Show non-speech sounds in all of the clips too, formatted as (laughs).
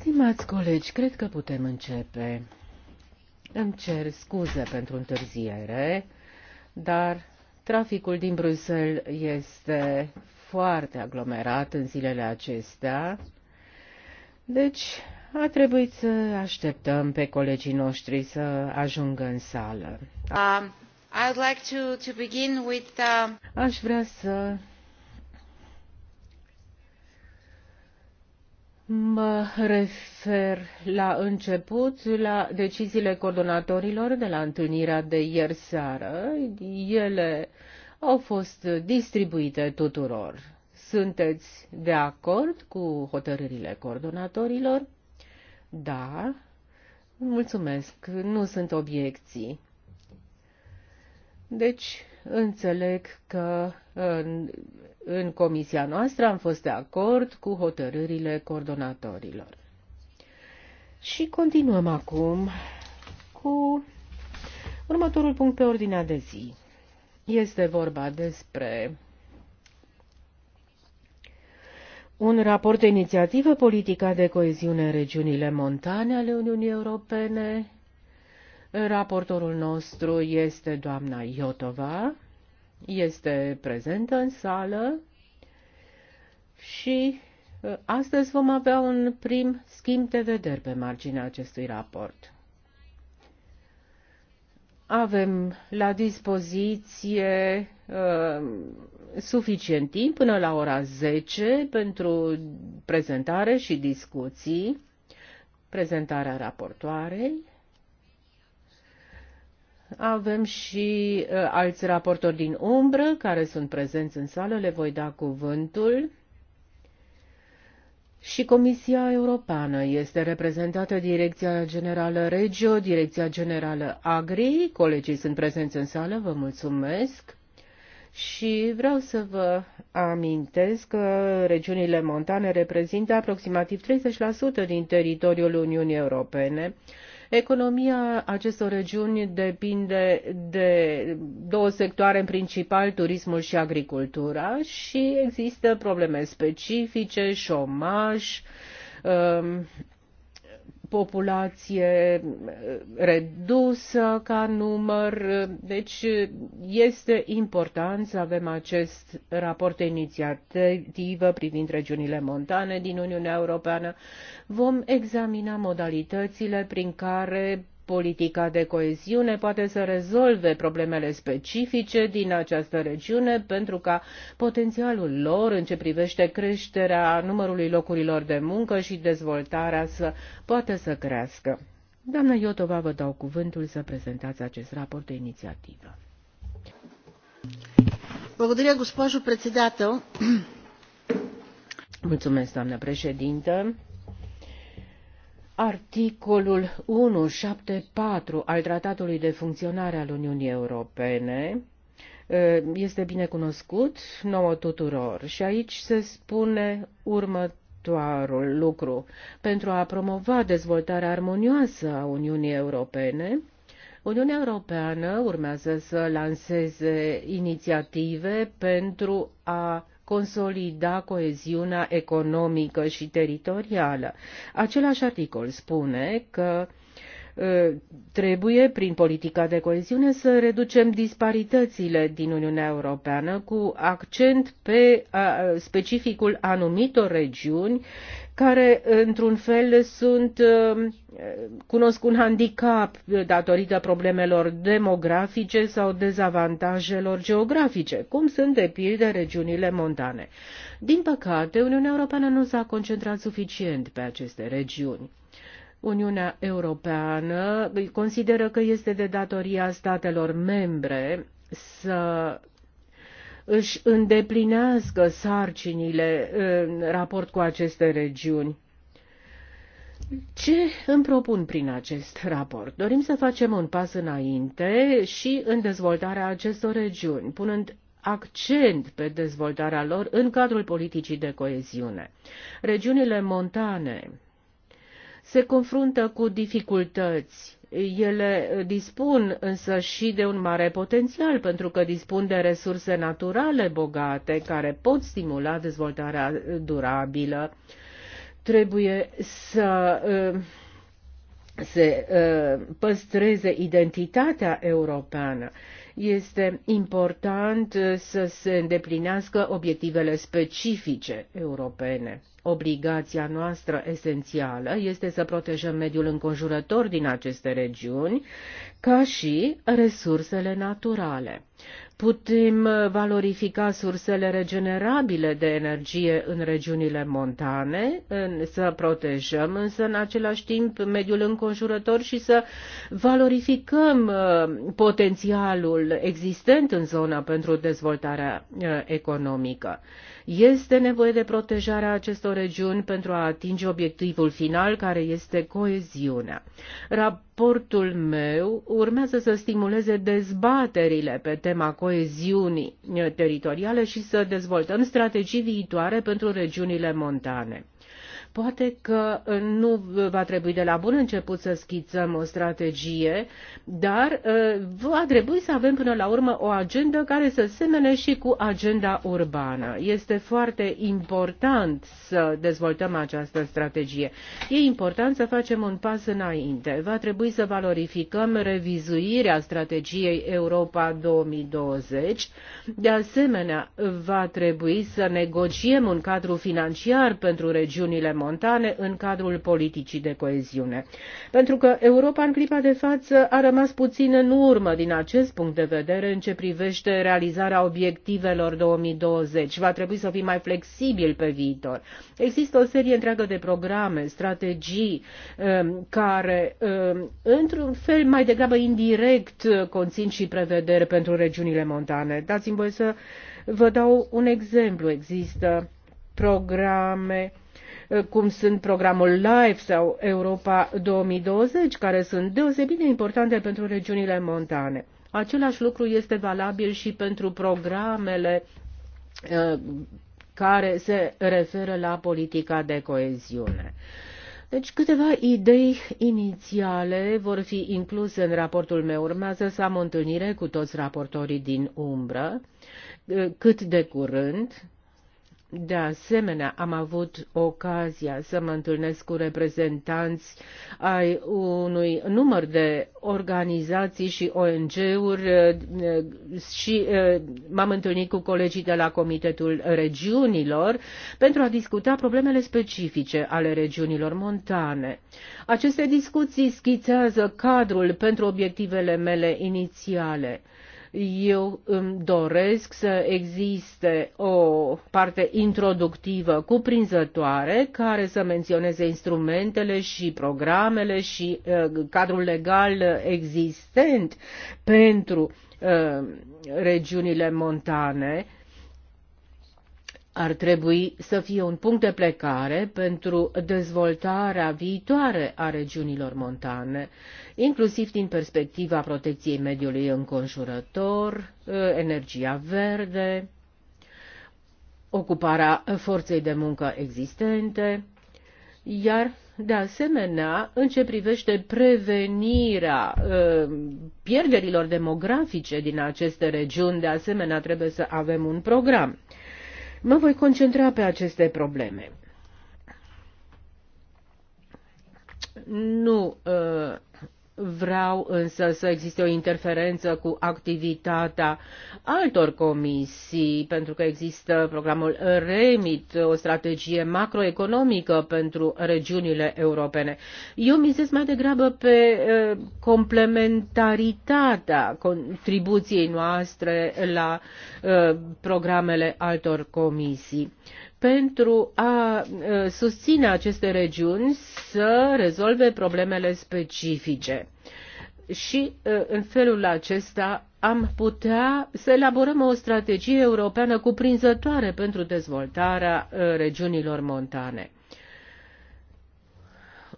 Stimați colegi, cred că putem începe. Îmi cer scuze pentru întârziere, dar traficul din Bruxelles este foarte aglomerat în zilele acestea. Deci a trebuit să așteptăm pe colegii noștri să ajungă în sală. Uh, I would like to, to begin with, uh... Aș vrea să Mă refer la început la deciziile coordonatorilor de la întâlnirea de ieri seară. Ele au fost distribuite tuturor. Sunteți de acord cu hotărârile coordonatorilor? Da. Mulțumesc, nu sunt obiecții. Deci, înțeleg că în, în comisia noastră am fost de acord cu hotărârile coordonatorilor. Și continuăm acum cu următorul punct pe ordinea de zi. Este vorba despre un raport de inițiativă politică de coeziune în regiunile montane ale Uniunii Europene, Raportorul nostru este doamna Iotova, este prezentă în sală și uh, astăzi vom avea un prim schimb de vederi pe marginea acestui raport. Avem la dispoziție uh, suficient timp până la ora 10 pentru prezentare și discuții, prezentarea raportoarei avem și uh, alți raportori din umbră care sunt prezenți în sală, le voi da cuvântul. Și Comisia Europeană este reprezentată Direcția Generală Regio, Direcția Generală Agri. Colegii sunt prezenți în sală, vă mulțumesc. Și vreau să vă amintesc că regiunile montane reprezintă aproximativ 30% din teritoriul Uniunii Europene Economia acestor regiuni depinde de două sectoare în principal, turismul și agricultura, și există probleme specifice, șomaj, um, populație eh, redusă ca număr, deci este important să avem acest raport de inițiativă privind regiunile montane din Uniunea Europeană. Vom examina modalitățile prin care politica de coeziune poate să rezolve problemele specifice din această regiune pentru ca potențialul lor în ce privește creșterea numărului locurilor de muncă și dezvoltarea să poată să crească. Doamnă Iotova, vă dau cuvântul să prezentați acest raport de inițiativă. Mulțumesc, doamnă președintă. Articolul 174 al Tratatului de Funcționare al Uniunii Europene este bine cunoscut nouă tuturor și aici se spune următoarul lucru. Pentru a promova dezvoltarea armonioasă a Uniunii Europene, Uniunea Europeană urmează să lanseze inițiative pentru a consolida coeziunea economică și teritorială. Același articol spune că trebuie, prin politica de coeziune, să reducem disparitățile din Uniunea Europeană cu accent pe specificul anumitor regiuni care, într-un fel, sunt, uh, cunosc un handicap datorită problemelor demografice sau dezavantajelor geografice, cum sunt, de pildă, regiunile montane. Din păcate, Uniunea Europeană nu s-a concentrat suficient pe aceste regiuni. Uniunea Europeană consideră că este de datoria statelor membre să își îndeplinească sarcinile în raport cu aceste regiuni. Ce îmi propun prin acest raport? Dorim să facem un pas înainte și în dezvoltarea acestor regiuni, punând accent pe dezvoltarea lor în cadrul politicii de coeziune. Regiunile montane se confruntă cu dificultăți ele dispun însă și de un mare potențial, pentru că dispun de resurse naturale bogate care pot stimula dezvoltarea durabilă. Trebuie să uh, se uh, păstreze identitatea europeană este important uh, să se îndeplinească obiectivele specifice europene. Obligația noastră esențială este să protejăm mediul înconjurător din aceste regiuni, ca și resursele naturale. Putem uh, valorifica sursele regenerabile de energie în regiunile montane, să protejăm însă în același timp mediul înconjurător și să valorificăm uh, potențialul existent în zona pentru dezvoltarea uh, economică. Este nevoie de protejarea acestor regiuni pentru a atinge obiectivul final, care este coeziunea. Raportul meu urmează să stimuleze dezbaterile pe tema coeziunii teritoriale și să dezvoltăm strategii viitoare pentru regiunile montane. Poate că uh, nu va trebui de la bun început să schițăm o strategie, dar uh, va trebui să avem până la urmă o agendă care să semene și cu agenda urbană. Este foarte important să dezvoltăm această strategie. E important să facem un pas înainte. Va trebui să valorificăm revizuirea strategiei Europa 2020. De asemenea, va trebui să negociem un cadru financiar pentru regiunile montane în cadrul politicii de coeziune. Pentru că Europa în clipa de față a rămas puțin în urmă din acest punct de vedere în ce privește realizarea obiectivelor 2020. Va trebui să fim mai flexibili pe viitor. Există o serie întreagă de programe, strategii um, care, um, într-un fel mai degrabă indirect, uh, conțin și prevederi pentru regiunile montane. Dați-mi voi să vă dau un exemplu. Există programe uh, Eh, cum sunt programul LIFE sau Europa 2020, care sunt deosebit de importante pentru regiunile montane. Același lucru este valabil și pentru programele eh, care se referă la politica de coeziune. Deci câteva idei inițiale vor fi incluse în raportul meu. Urmează să am o întâlnire cu toți raportorii din umbră, eh, cât de curând, de asemenea, am avut ocazia să mă întâlnesc cu reprezentanți ai unui număr de organizații și ONG-uri eh, și eh, m-am întâlnit cu colegii de la Comitetul Regiunilor pentru a discuta problemele specifice ale regiunilor montane. Aceste discuții schițează cadrul pentru obiectivele mele inițiale eu îmi doresc să existe o parte introductivă cuprinzătoare care să menționeze instrumentele și programele și uh, cadrul legal existent pentru uh, regiunile montane ar trebui să fie un punct de plecare pentru dezvoltarea viitoare a regiunilor montane, inclusiv din perspectiva protecției mediului înconjurător, energia verde, ocuparea forței de muncă existente, iar de asemenea, în ce privește prevenirea uh, pierderilor demografice din aceste regiuni, de asemenea trebuie să avem un program. Mă voi concentra pe aceste probleme. Nu uh, vreau însă să existe o interferență cu activitatea altor comisii, pentru că există programul REMIT, o strategie macroeconomică pentru regiunile europene. Eu mizez mai degrabă pe complementaritatea contribuției noastre la programele altor comisii pentru a susține aceste regiuni să rezolve problemele specifice. Și în felul acesta am putea să elaborăm o strategie europeană cuprinzătoare pentru dezvoltarea regiunilor montane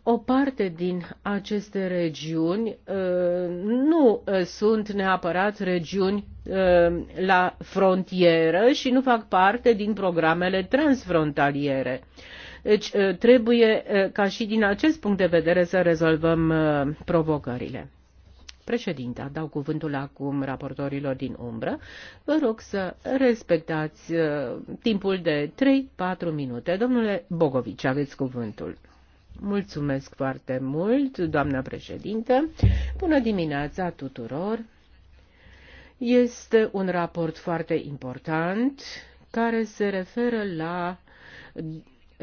o parte din aceste regiuni uh, nu uh, sunt neapărat regiuni uh, la frontieră și nu fac parte din programele transfrontaliere. Deci trebuie ca și din acest punct de vedere să rezolvăm provocările. Președinte, dau cuvântul acum raportorilor din umbră. Vă rog să respectați timpul de 3-4 minute. Domnule Bogovici, aveți cuvântul. Mulțumesc foarte mult, doamna președintă. Bună dimineața tuturor. Este un raport foarte important care se referă la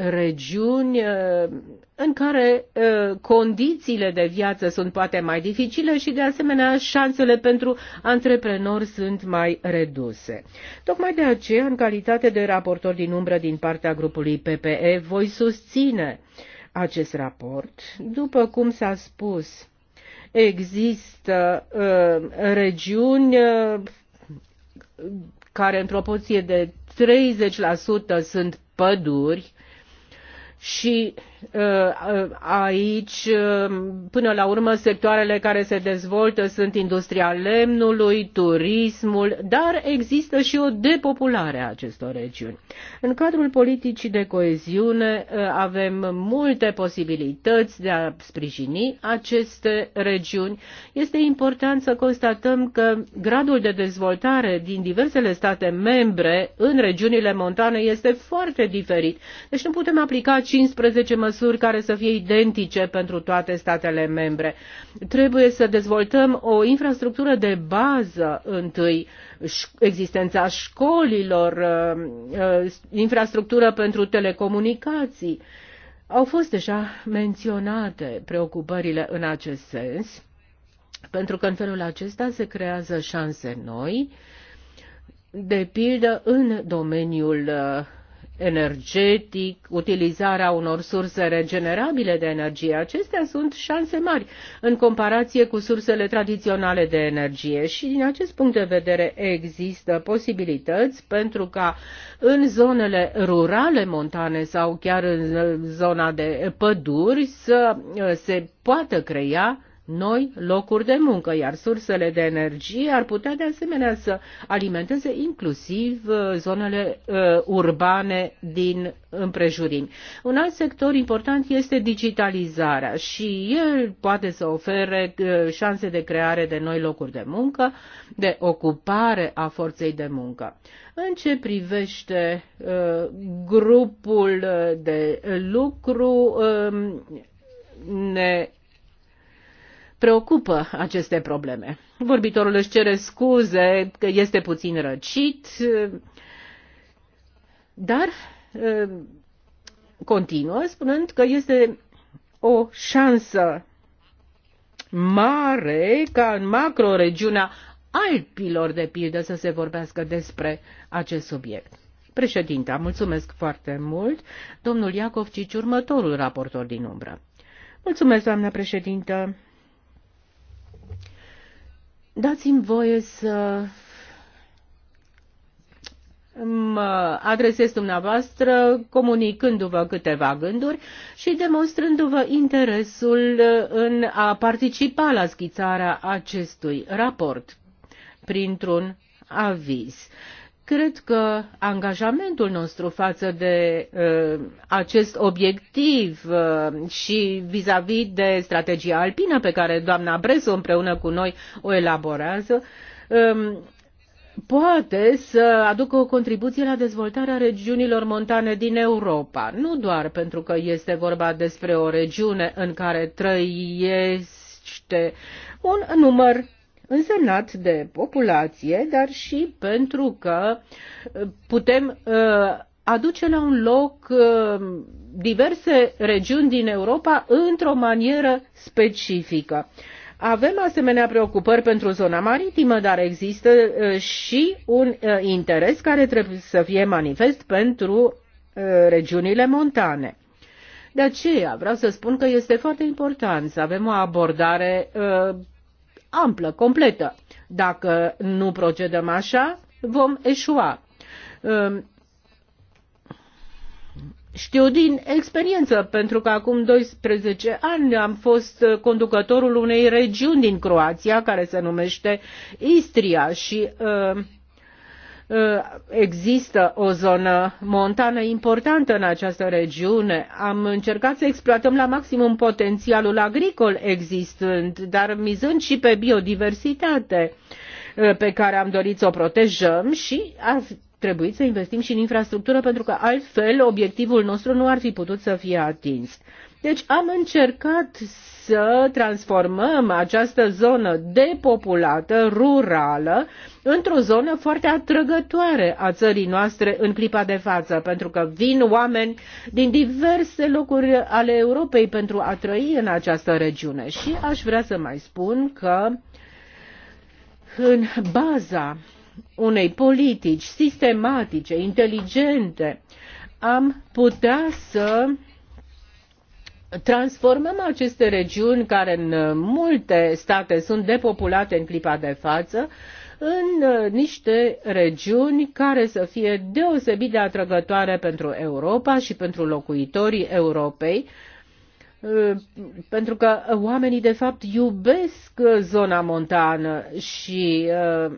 regiuni uh, în care uh, condițiile de viață sunt poate mai dificile și de asemenea șansele pentru antreprenori sunt mai reduse. Tocmai de aceea, în calitate de raportor din umbră din partea grupului PPE, voi susține uh, acest raport. După cum s-a spus, există uh, regiuni uh, care în proporție de 30% sunt păduri și Uh, uh, aici uh, până la urmă sectoarele care se dezvoltă sunt industria lemnului, turismul, dar există și o depopulare a acestor regiuni. În cadrul politicii de coeziune avem multe posibilități de a sprijini aceste regiuni. Este important să constatăm că gradul de dezvoltare din diversele state membre în regiunile montane este foarte diferit. Deci nu putem aplica 15 mă măsuri care să fie identice pentru toate statele membre. Trebuie să dezvoltăm o infrastructură de bază întâi, existența școlilor, uh, uh, infrastructură pentru telecomunicații. Au fost deja menționate preocupările în acest sens, pentru că în felul acesta se creează șanse noi, de pildă în domeniul uh, energetic, utilizarea unor surse regenerabile de energie. Acestea sunt șanse mari în comparație cu sursele tradiționale de energie și din acest punct de vedere există posibilități pentru ca în zonele rurale montane sau chiar în zona de păduri să se poată crea noi locuri de muncă, iar sursele de energie ar putea de asemenea să alimenteze inclusiv uh, zonele uh, urbane din împrejurimi. Un alt sector important este digitalizarea și el poate să ofere uh, șanse de creare de noi locuri de muncă, de ocupare a forței de muncă. În ce privește uh, grupul uh, de lucru, um, ne preocupă aceste probleme. Vorbitorul își cere scuze că este puțin răcit, dar eh, continuă spunând că este o șansă mare ca în macroregiunea Alpilor, de pildă, să se vorbească despre acest subiect. Președinte, mulțumesc foarte mult. Domnul Iacov Cici, următorul raportor din umbră. Mulțumesc, doamnă președintă. Dați-mi voie să mă adresez dumneavoastră comunicându-vă câteva gânduri și demonstrându-vă interesul în a participa la schițarea acestui raport printr-un aviz. Cred că angajamentul nostru față de uh, acest obiectiv uh, și vis-a-vis -vis de strategia alpină pe care doamna Bresu împreună cu noi o elaborează, um, poate să aducă o contribuție la dezvoltarea regiunilor montane din Europa, nu doar pentru că este vorba despre o regiune în care trăiește un număr însemnat de populație, dar și pentru că uh, putem uh, aduce la un loc uh, diverse regiuni din Europa într-o manieră specifică. Avem asemenea preocupări pentru zona maritimă, dar există și un interes care trebuie să fie manifest pentru regiunile montane. De aceea vreau să spun că este foarte important să avem o abordare amplă, completă. Dacă nu procedăm așa, vom eșua. Ehm, știu din experiență, pentru că acum 12 ani am fost conducătorul unei regiuni din Croația care se numește Istria și uh, Uh, există o zonă montană importantă în această regiune. Am încercat să exploatăm la maximum potențialul agricol existând, dar mizând și pe biodiversitate uh, pe care am dorit să o protejăm și ar trebuit să investim și în infrastructură pentru că altfel obiectivul nostru nu ar fi putut să fie atins. Deci am încercat să transformăm această zonă depopulată, rurală, într-o zonă foarte atrăgătoare a țării noastre în clipa de față, pentru că vin oameni din diverse locuri ale Europei pentru a trăi în această regiune. Și aș vrea să mai spun că în baza unei politici sistematice, inteligente, am putea să transformăm aceste regiuni care în uh, multe state sunt depopulate în clipa de față în uh, niște regiuni care să fie deosebit de atrăgătoare pentru Europa și pentru locuitorii Europei, uh, pentru că oamenii de fapt iubesc zona montană și uh,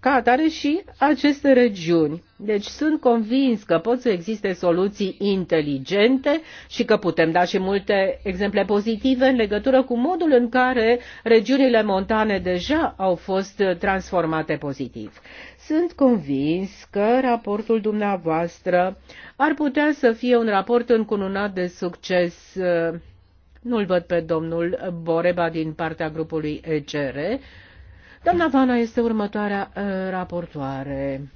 ca atare și aceste regiuni. Deci sunt convins că pot să existe soluții inteligente și că putem da și multe exemple pozitive în legătură cu modul în care regiunile montane deja au fost transformate pozitiv. Sunt convins că raportul dumneavoastră ar putea să fie un raport încununat de succes. Nu-l văd pe domnul Boreba din partea grupului ECR, Doamna Vana este următoarea uh, raportoare.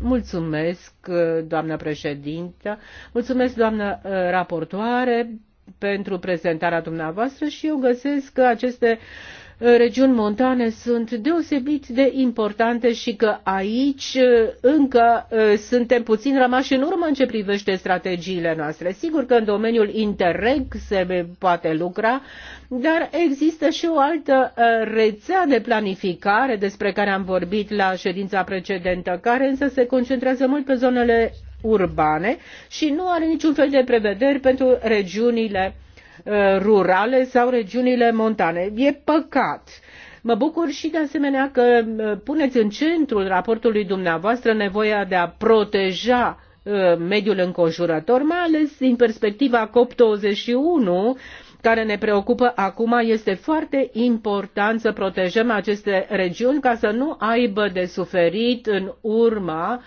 Mulțumesc, uh, doamna președintă, mulțumesc, doamna uh, raportoare, pentru prezentarea dumneavoastră și eu găsesc că aceste uh, regiuni montane sunt deosebit de importante și că aici uh, încă uh, suntem puțin rămași în urmă în ce privește strategiile noastre. Sigur că în domeniul Interreg se poate lucra, dar există și o altă uh, rețea de planificare despre care am vorbit la ședința precedentă, care însă se concentrează mult pe zonele urbane și nu are niciun fel de prevederi pentru regiunile Uh, rurale sau regiunile montane. E păcat. Mă bucur și de asemenea că uh, puneți în centrul raportului dumneavoastră nevoia de a proteja uh, mediul înconjurător, mai ales din perspectiva COP21, care ne preocupă acum, este foarte important să protejăm aceste regiuni ca să nu aibă de suferit în urma uh,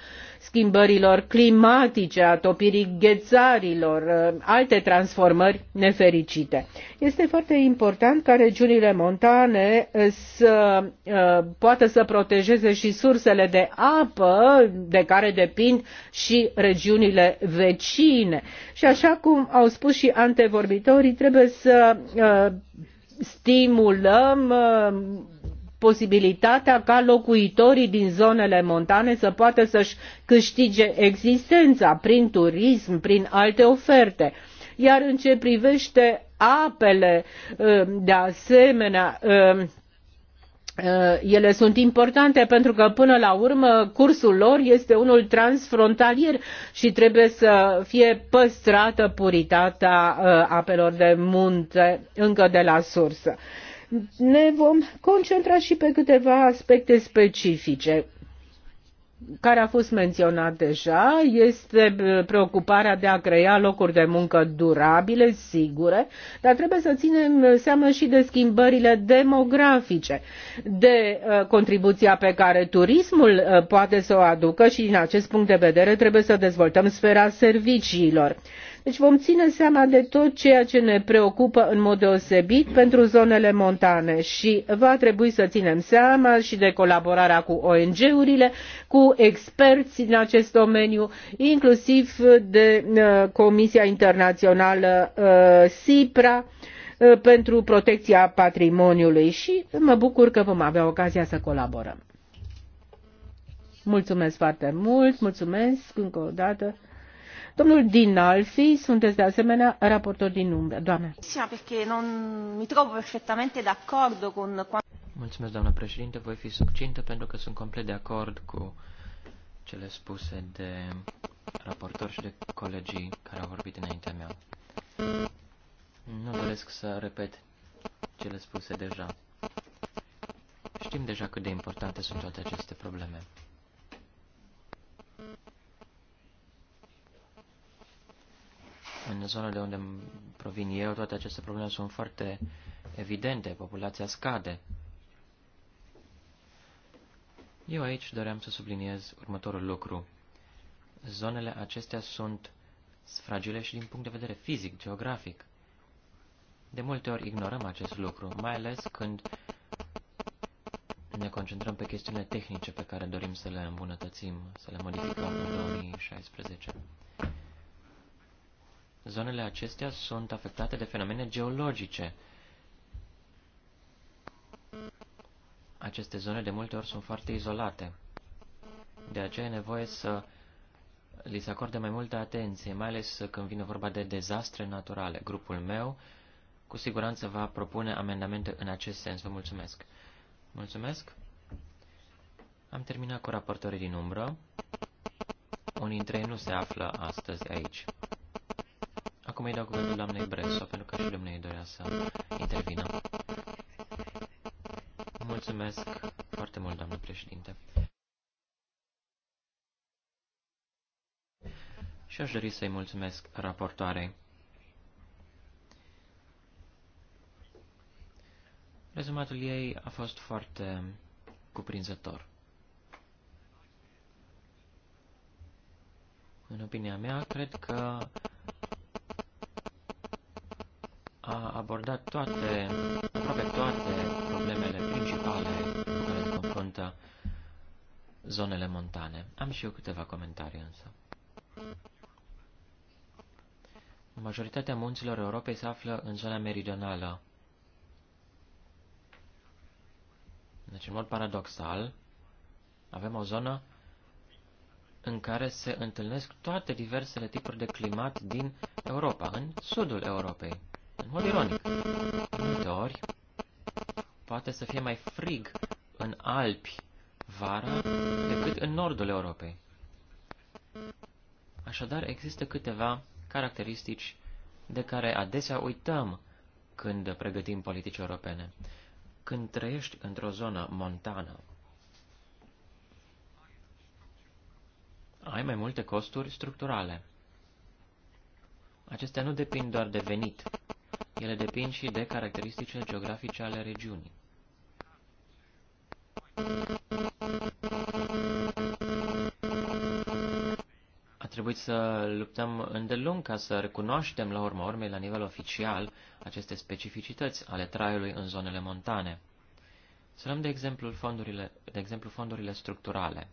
schimbărilor climatice, a topirii ghețarilor, uh, alte transformări nefericite. Este foarte important ca regiunile montane uh, să uh, poată să protejeze și sursele de apă de care depind și regiunile vecine. Și așa cum au spus și antevorbitorii, trebuie să stimulăm posibilitatea ca locuitorii din zonele montane să poată să-și câștige existența prin turism, prin alte oferte. Iar în ce privește apele, ă, de asemenea, ă, ă, ele sunt importante pentru că până la urmă cursul lor este unul transfrontalier și trebuie să fie păstrată puritatea apelor de munte încă de la sursă ne vom concentra și pe câteva aspecte specifice care a fost menționat deja este preocuparea de a crea locuri de muncă durabile, sigure, dar trebuie să ținem seama și de schimbările demografice, de ă, contribuția pe care turismul ă, poate să o aducă și din acest punct de vedere trebuie să dezvoltăm sfera serviciilor. Deci vom ține seama de tot ceea ce ne preocupă în mod deosebit pentru zonele montane și va trebui să ținem seama și de colaborarea cu ONG-urile, cu experți în acest domeniu, inclusiv de uh, Comisia Internațională uh, SIPRA uh, pentru protecția patrimoniului și mă bucur că vom avea ocazia să colaborăm. Mulțumesc foarte mult, mulțumesc încă o dată. Domnul Dinalfi, sunteți de asemenea raportor din umbră. Doamne. Mulțumesc, doamnă președinte. Voi fi succintă pentru că sunt complet de acord cu cele spuse de raportor și de colegii care au vorbit înaintea mea. Nu doresc să repet cele spuse deja. Știm deja cât de importante sunt toate aceste probleme. În zona de unde provin eu, toate aceste probleme sunt foarte evidente. Populația scade. Eu aici doream să subliniez următorul lucru. Zonele acestea sunt fragile și din punct de vedere fizic, geografic. De multe ori ignorăm acest lucru, mai ales când ne concentrăm pe chestiunile tehnice pe care dorim să le îmbunătățim, să le modificăm în 2016 zonele acestea sunt afectate de fenomene geologice. Aceste zone de multe ori sunt foarte izolate. De aceea e nevoie să li se acorde mai multă atenție, mai ales când vine vorba de dezastre naturale. Grupul meu cu siguranță va propune amendamente în acest sens. Vă mulțumesc. Mulțumesc. Am terminat cu raportorii din umbră. Unii dintre ei nu se află astăzi aici. Acum îi dau cuvântul doamnei Bresso, pentru că și dumnei dorea să intervină. Mulțumesc foarte mult, doamnă președinte. Și aș dori să-i mulțumesc raportoarei. Rezumatul ei a fost foarte cuprinzător. În opinia mea, cred că a abordat toate, aproape toate problemele principale cu care se confruntă zonele montane. Am și eu câteva comentarii însă. Majoritatea munților Europei se află în zona meridională. Deci, în mod paradoxal, avem o zonă în care se întâlnesc toate diversele tipuri de climat din Europa, în sudul Europei. În mod ironic, de multe ori poate să fie mai frig în Alpi vara decât în nordul Europei. Așadar, există câteva caracteristici de care adesea uităm când pregătim politici europene. Când trăiești într-o zonă montană, ai mai multe costuri structurale. Acestea nu depind doar de venit ele depind și de caracteristicile geografice ale regiunii. A trebuit să luptăm îndelung ca să recunoaștem la urma urmei la nivel oficial aceste specificități ale traiului în zonele montane. Să luăm de exemplu fondurile, de exemplu fondurile structurale.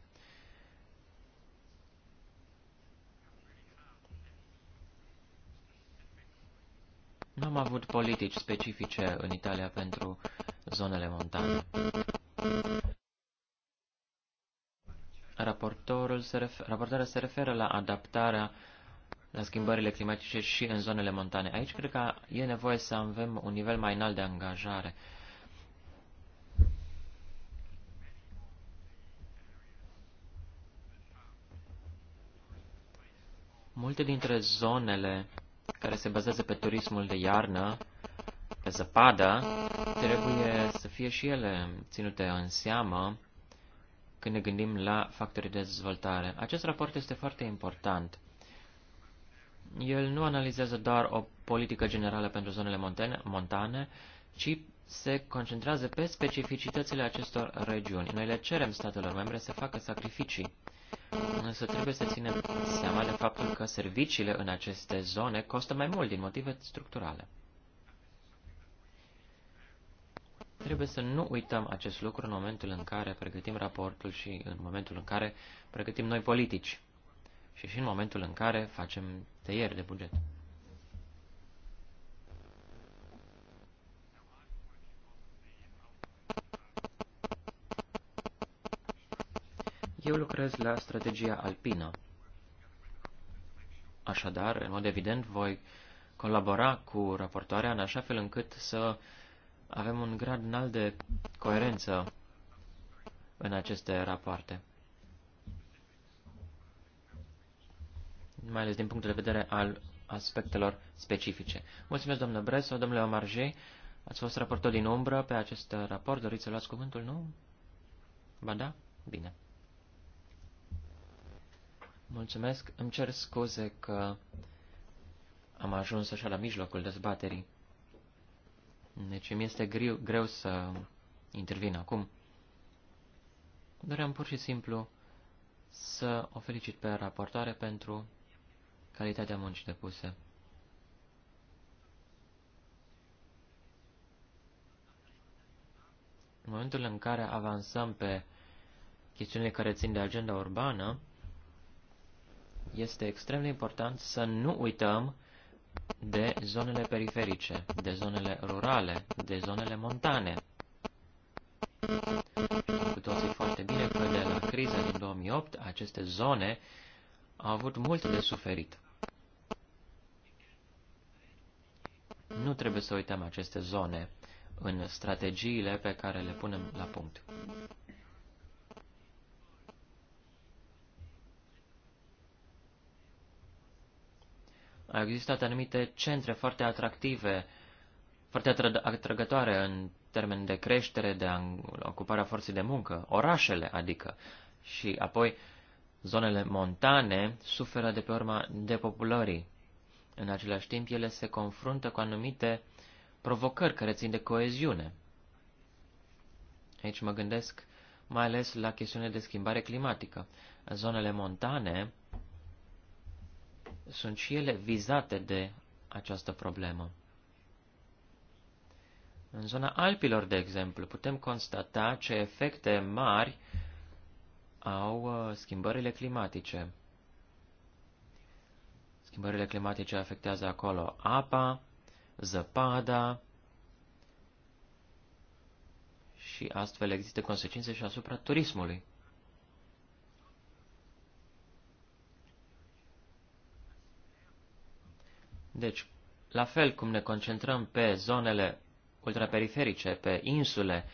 Nu am avut politici specifice în Italia pentru zonele montane. Raportorul se refer, raportarea se referă la adaptarea la schimbările climatice și în zonele montane. Aici cred că e nevoie să avem un nivel mai înalt de angajare. Multe dintre zonele care se bazează pe turismul de iarnă, pe zăpadă, trebuie să fie și ele ținute în seamă când ne gândim la factorii de dezvoltare. Acest raport este foarte important. El nu analizează doar o politică generală pentru zonele montane, montane, ci se concentrează pe specificitățile acestor regiuni. Noi le cerem statelor membre să facă sacrificii Însă trebuie să ținem seama de faptul că serviciile în aceste zone costă mai mult din motive structurale. Trebuie să nu uităm acest lucru în momentul în care pregătim raportul și în momentul în care pregătim noi politici și și în momentul în care facem tăieri de buget. Eu lucrez la strategia alpină. Așadar, în mod evident, voi colabora cu raportoarea în așa fel încât să avem un grad înalt de coerență în aceste rapoarte. mai ales din punct de vedere al aspectelor specifice. Mulțumesc, domnule Bresso, domnule Omarje, ați fost raportor din umbră pe acest raport, doriți să luați cuvântul, nu? Ba da? Bine. Mulțumesc. Îmi cer scuze că am ajuns așa la mijlocul dezbaterii. Deci mi este greu, greu să intervin acum. Doream pur și simplu să o felicit pe raportoare pentru calitatea muncii depuse. În momentul în care avansăm pe chestiunile care țin de agenda urbană, este extrem de important să nu uităm de zonele periferice, de zonele rurale, de zonele montane. Cu toții foarte bine că de la criza din 2008, aceste zone au avut mult de suferit. Nu trebuie să uităm aceste zone în strategiile pe care le punem la punct. Au existat anumite centre foarte atractive, foarte atrăgătoare în termen de creștere, de ocuparea forței de muncă, orașele, adică. Și apoi zonele montane suferă de pe urma depopulării. În același timp, ele se confruntă cu anumite provocări care țin de coeziune. Aici mă gândesc mai ales la chestiune de schimbare climatică. Zonele montane sunt și ele vizate de această problemă. În zona Alpilor, de exemplu, putem constata ce efecte mari au uh, schimbările climatice. Schimbările climatice afectează acolo apa, zăpada și astfel există consecințe și asupra turismului. Deci, la fel cum ne concentrăm pe zonele ultraperiferice, pe insule,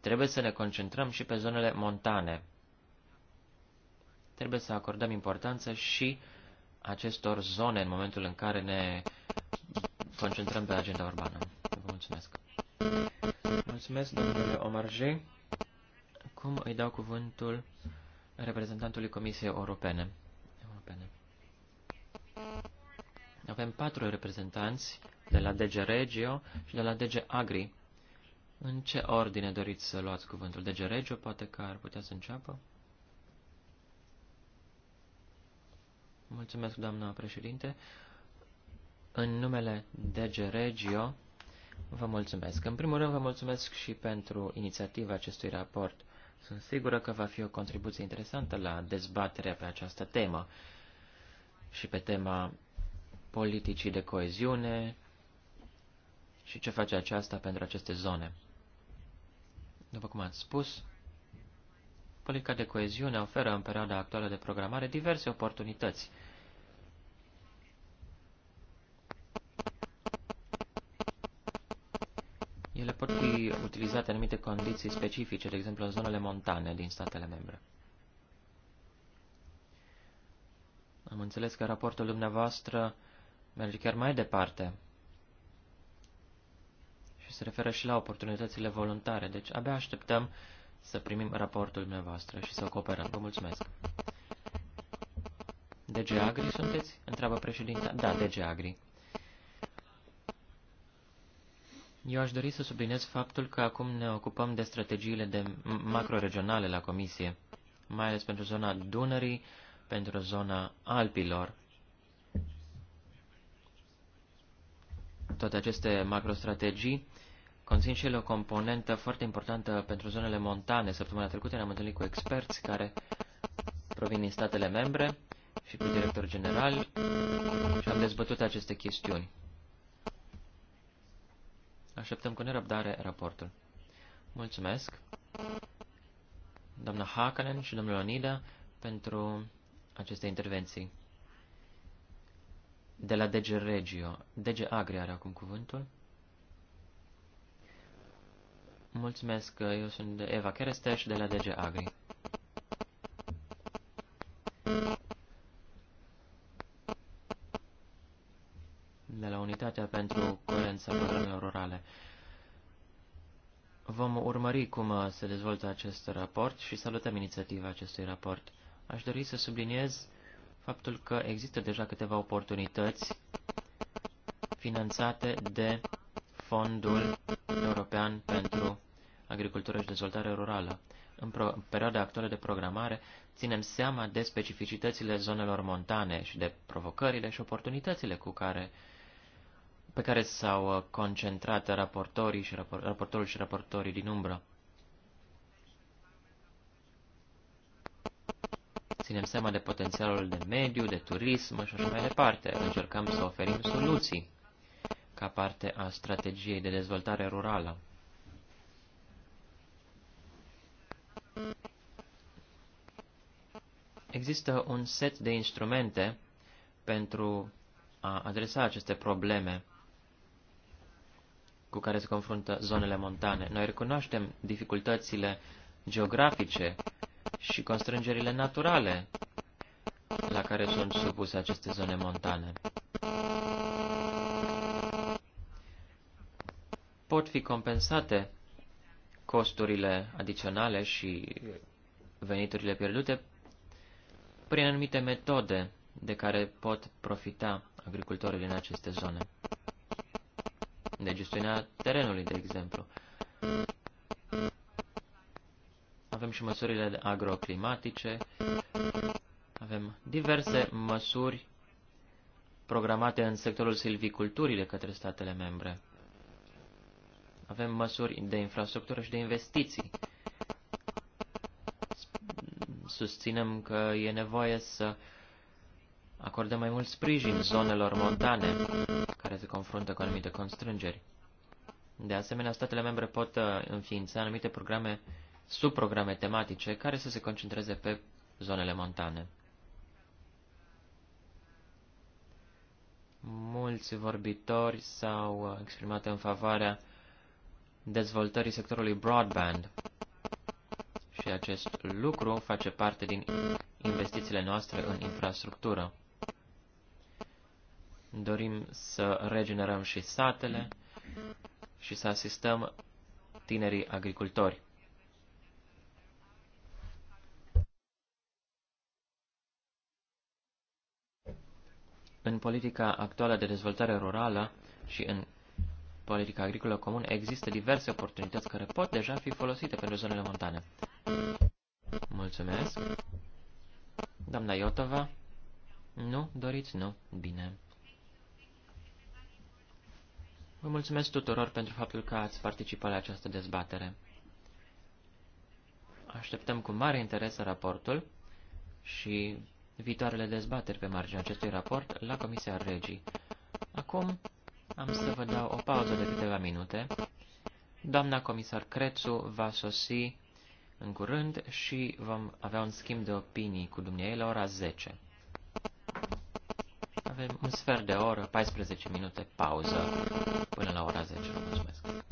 trebuie să ne concentrăm și pe zonele montane. Trebuie să acordăm importanță și acestor zone în momentul în care ne concentrăm pe agenda urbană. Vă mulțumesc. Mulțumesc, domnule Omarje. Cum îi dau cuvântul reprezentantului Comisiei Europene? Europene. Avem patru reprezentanți de la DG Regio și de la DG Agri. În ce ordine doriți să luați cuvântul? DG Regio poate că ar putea să înceapă? Mulțumesc, doamna președinte. În numele DG Regio, vă mulțumesc. În primul rând, vă mulțumesc și pentru inițiativa acestui raport. Sunt sigură că va fi o contribuție interesantă la dezbaterea pe această temă și pe tema politicii de coeziune și ce face aceasta pentru aceste zone. După cum ați spus, politica de coeziune oferă în perioada actuală de programare diverse oportunități. Ele pot fi utilizate în anumite condiții specifice, de exemplu în zonele montane din statele membre. Am înțeles că raportul dumneavoastră merge chiar mai departe și se referă și la oportunitățile voluntare. Deci abia așteptăm să primim raportul dumneavoastră și să cooperăm. Vă mulțumesc. DG Agri sunteți? Întreabă președinta. Da, DG Agri. Eu aș dori să subliniez faptul că acum ne ocupăm de strategiile de macroregionale la Comisie, mai ales pentru zona Dunării, pentru zona Alpilor. toate aceste macrostrategii conțin și ele o componentă foarte importantă pentru zonele montane. Săptămâna trecută ne-am întâlnit cu experți care provin din statele membre și cu director general și am dezbătut aceste chestiuni. Așteptăm cu nerăbdare raportul. Mulțumesc, doamna Hakanen și domnul Onida, pentru aceste intervenții de la DG Regio. DG Agri are acum cuvântul. Mulțumesc, eu sunt Eva Keresteș de la DG Agri. De la Unitatea pentru Coerența Programelor Rurale. Vom urmări cum se dezvoltă acest raport și salutăm inițiativa acestui raport. Aș dori să subliniez faptul că există deja câteva oportunități finanțate de Fondul European pentru Agricultură și Dezvoltare Rurală. În, pro- în perioada actuală de programare, ținem seama de specificitățile zonelor montane și de provocările și oportunitățile cu care, pe care s-au uh, concentrat raportorii și rapor- raportorul și raportorii din umbră. ținem seama de potențialul de mediu, de turism și așa mai departe. Încercăm să oferim soluții ca parte a strategiei de dezvoltare rurală. Există un set de instrumente pentru a adresa aceste probleme cu care se confruntă zonele montane. Noi recunoaștem dificultățile geografice și constrângerile naturale la care sunt supuse aceste zone montane. Pot fi compensate costurile adiționale și veniturile pierdute prin anumite metode de care pot profita agricultorii din aceste zone. De gestiunea terenului, de exemplu avem și măsurile agroclimatice, avem diverse măsuri programate în sectorul silviculturii de către statele membre. Avem măsuri de infrastructură și de investiții. Susținem că e nevoie să acordăm mai mult sprijin zonelor montane care se confruntă cu anumite constrângeri. De asemenea, statele membre pot uh, înființa anumite programe subprograme tematice care să se concentreze pe zonele montane. Mulți vorbitori s-au exprimat în favoarea dezvoltării sectorului broadband și acest lucru face parte din investițiile noastre în infrastructură. Dorim să regenerăm și satele și să asistăm tinerii agricultori. În politica actuală de dezvoltare rurală și în politica agricolă comună există diverse oportunități care pot deja fi folosite pentru zonele montane. Mulțumesc. Doamna Iotova? Nu? Doriți? Nu? Bine. Vă mulțumesc tuturor pentru faptul că ați participat la această dezbatere. Așteptăm cu mare interes raportul și viitoarele dezbateri pe marginea acestui raport la Comisia Regii. Acum am să vă dau o pauză de câteva minute. Doamna comisar Crețu va sosi în curând și vom avea un schimb de opinii cu dumneai la ora 10. Avem un sfert de oră, 14 minute pauză până la ora 10. Mulțumesc!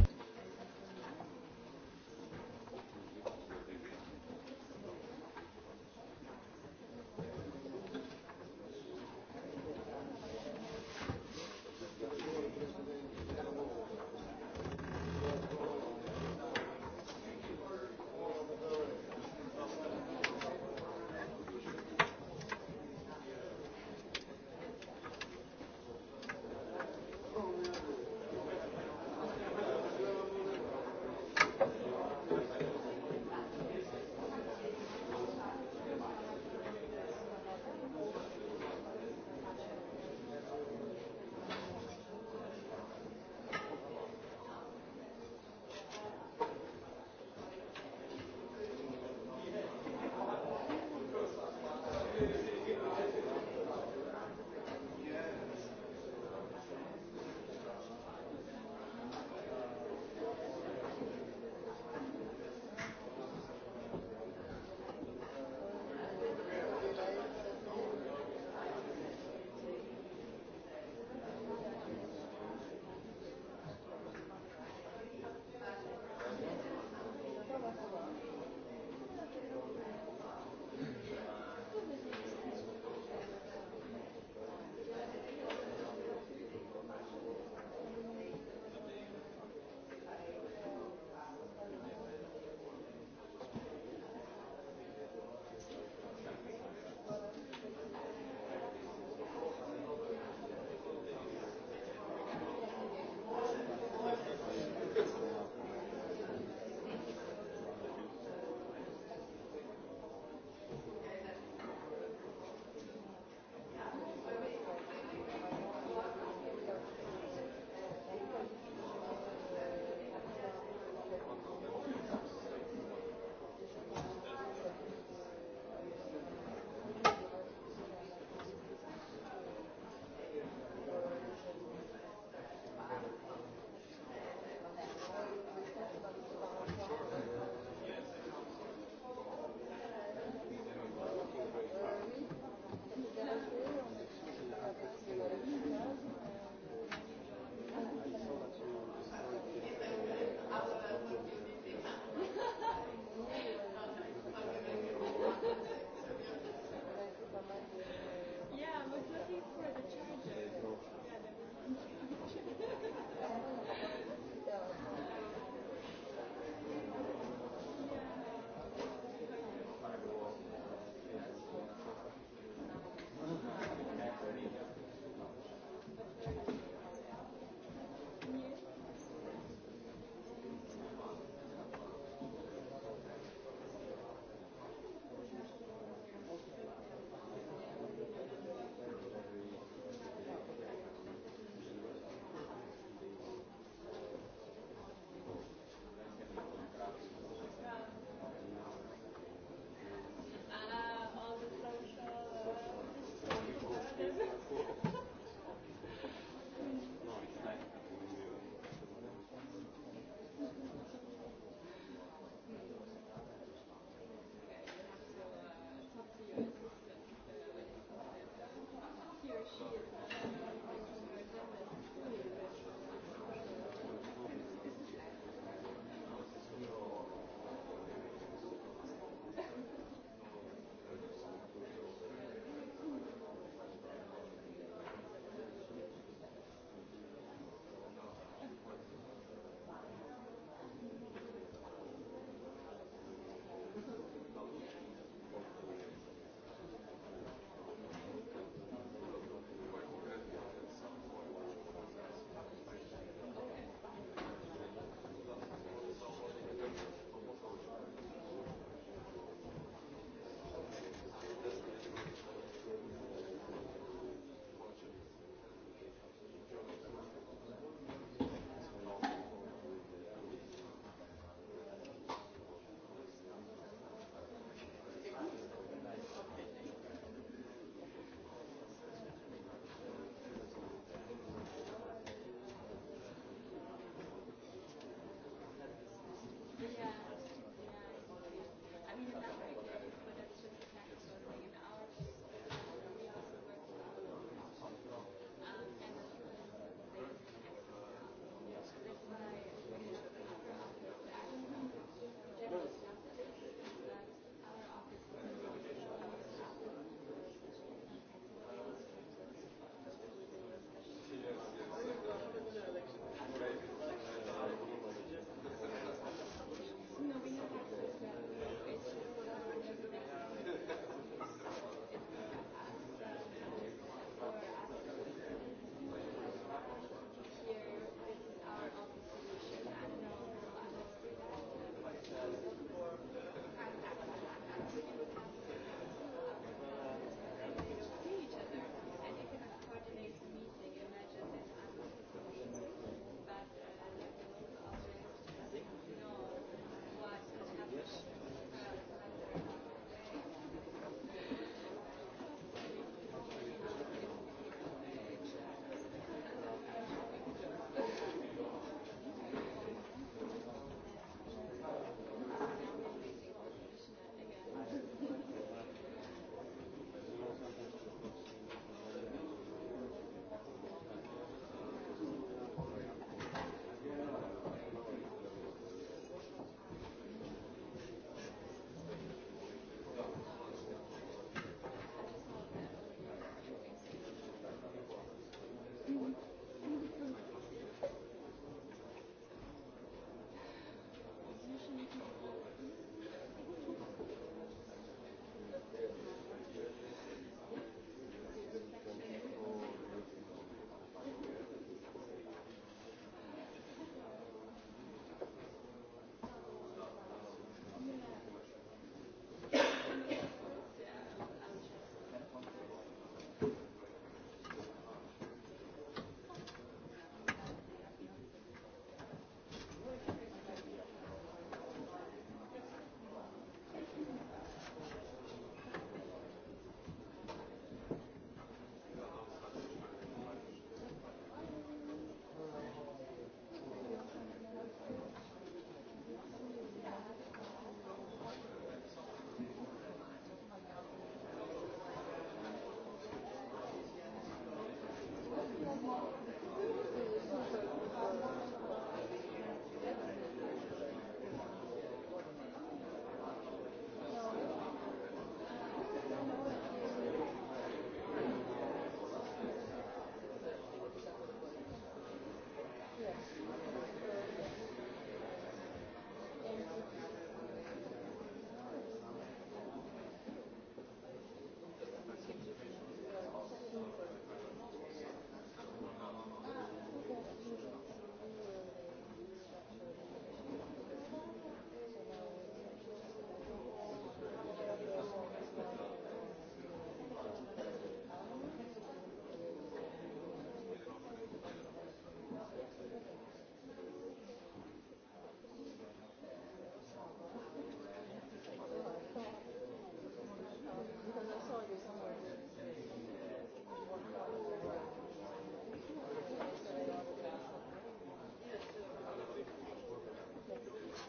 persoană.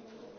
Thank you.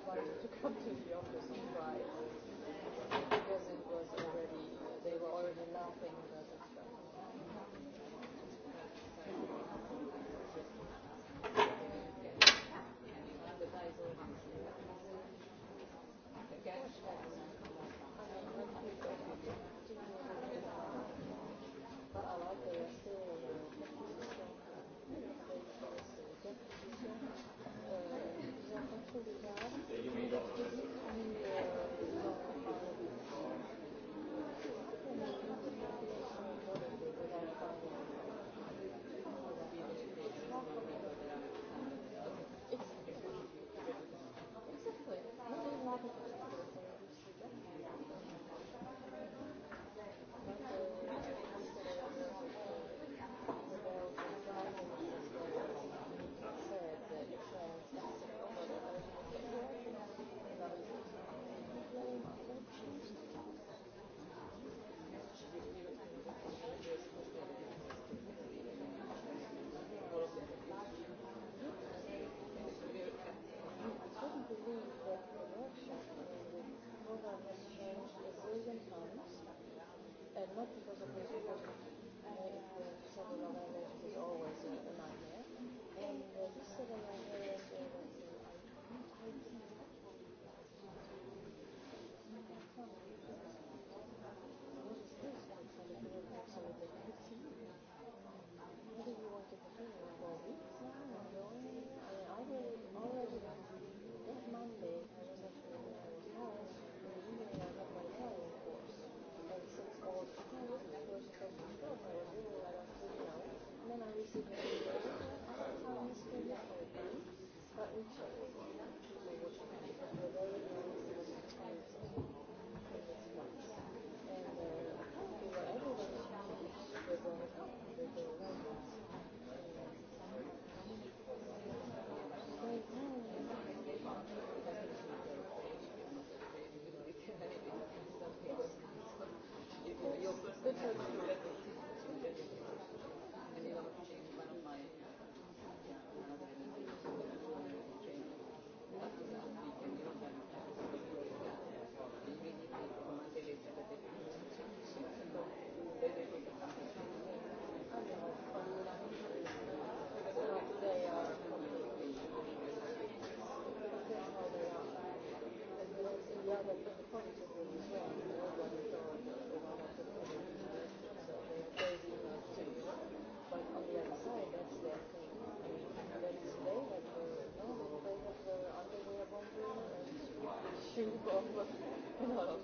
invited to come to the office on Friday because it was already, they were already laughing Genau.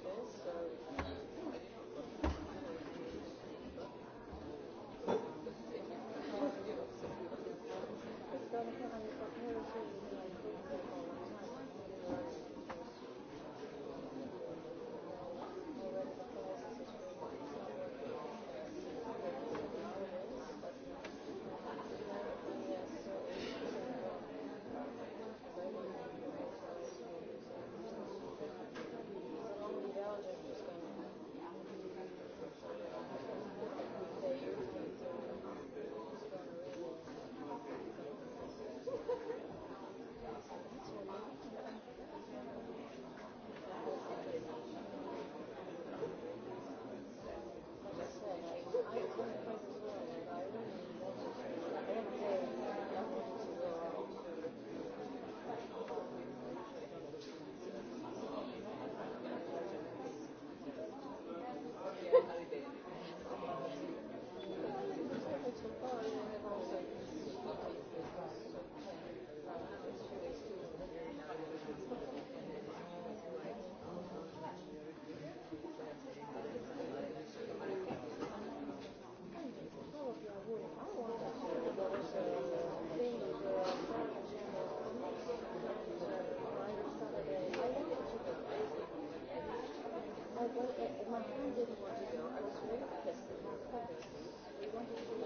Well, uh, my friend didn't want to go. I was very pissed because Thursday. They wanted to go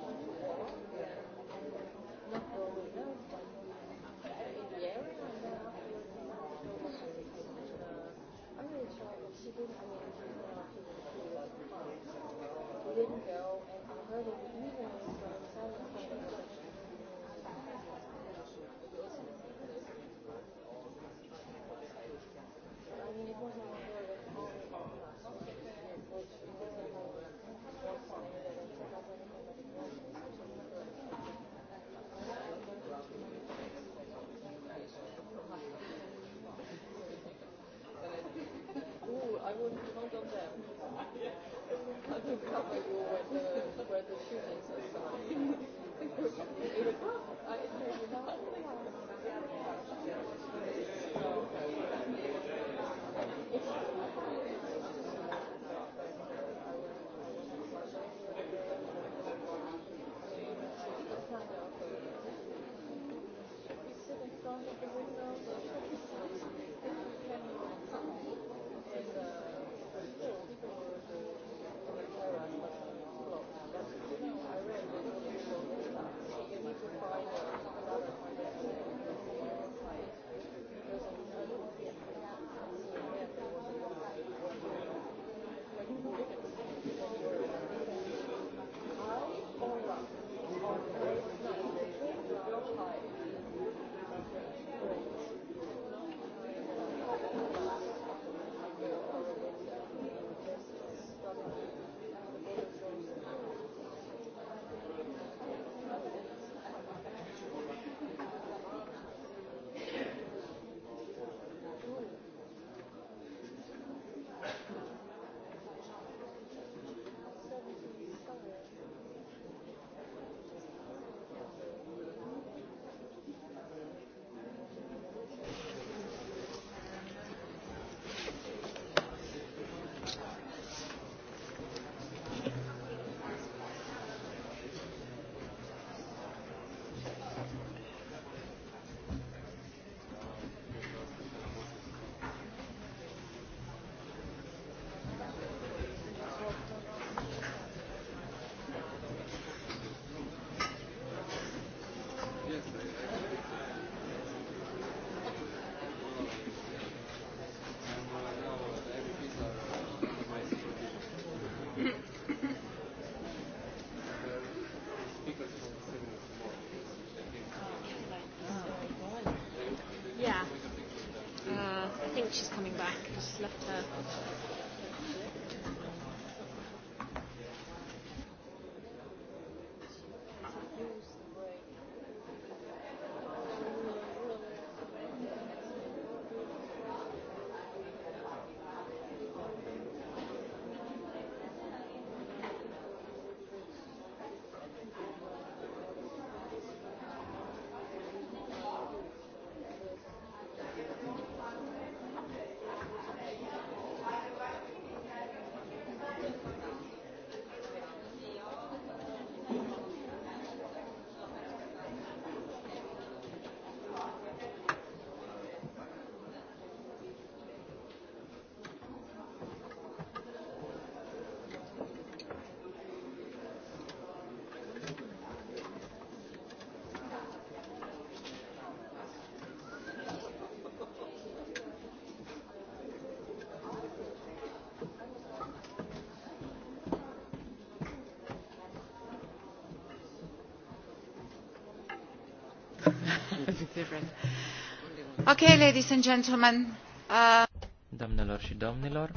okay, ladies and gentlemen. Uh... Doamnelor și domnilor,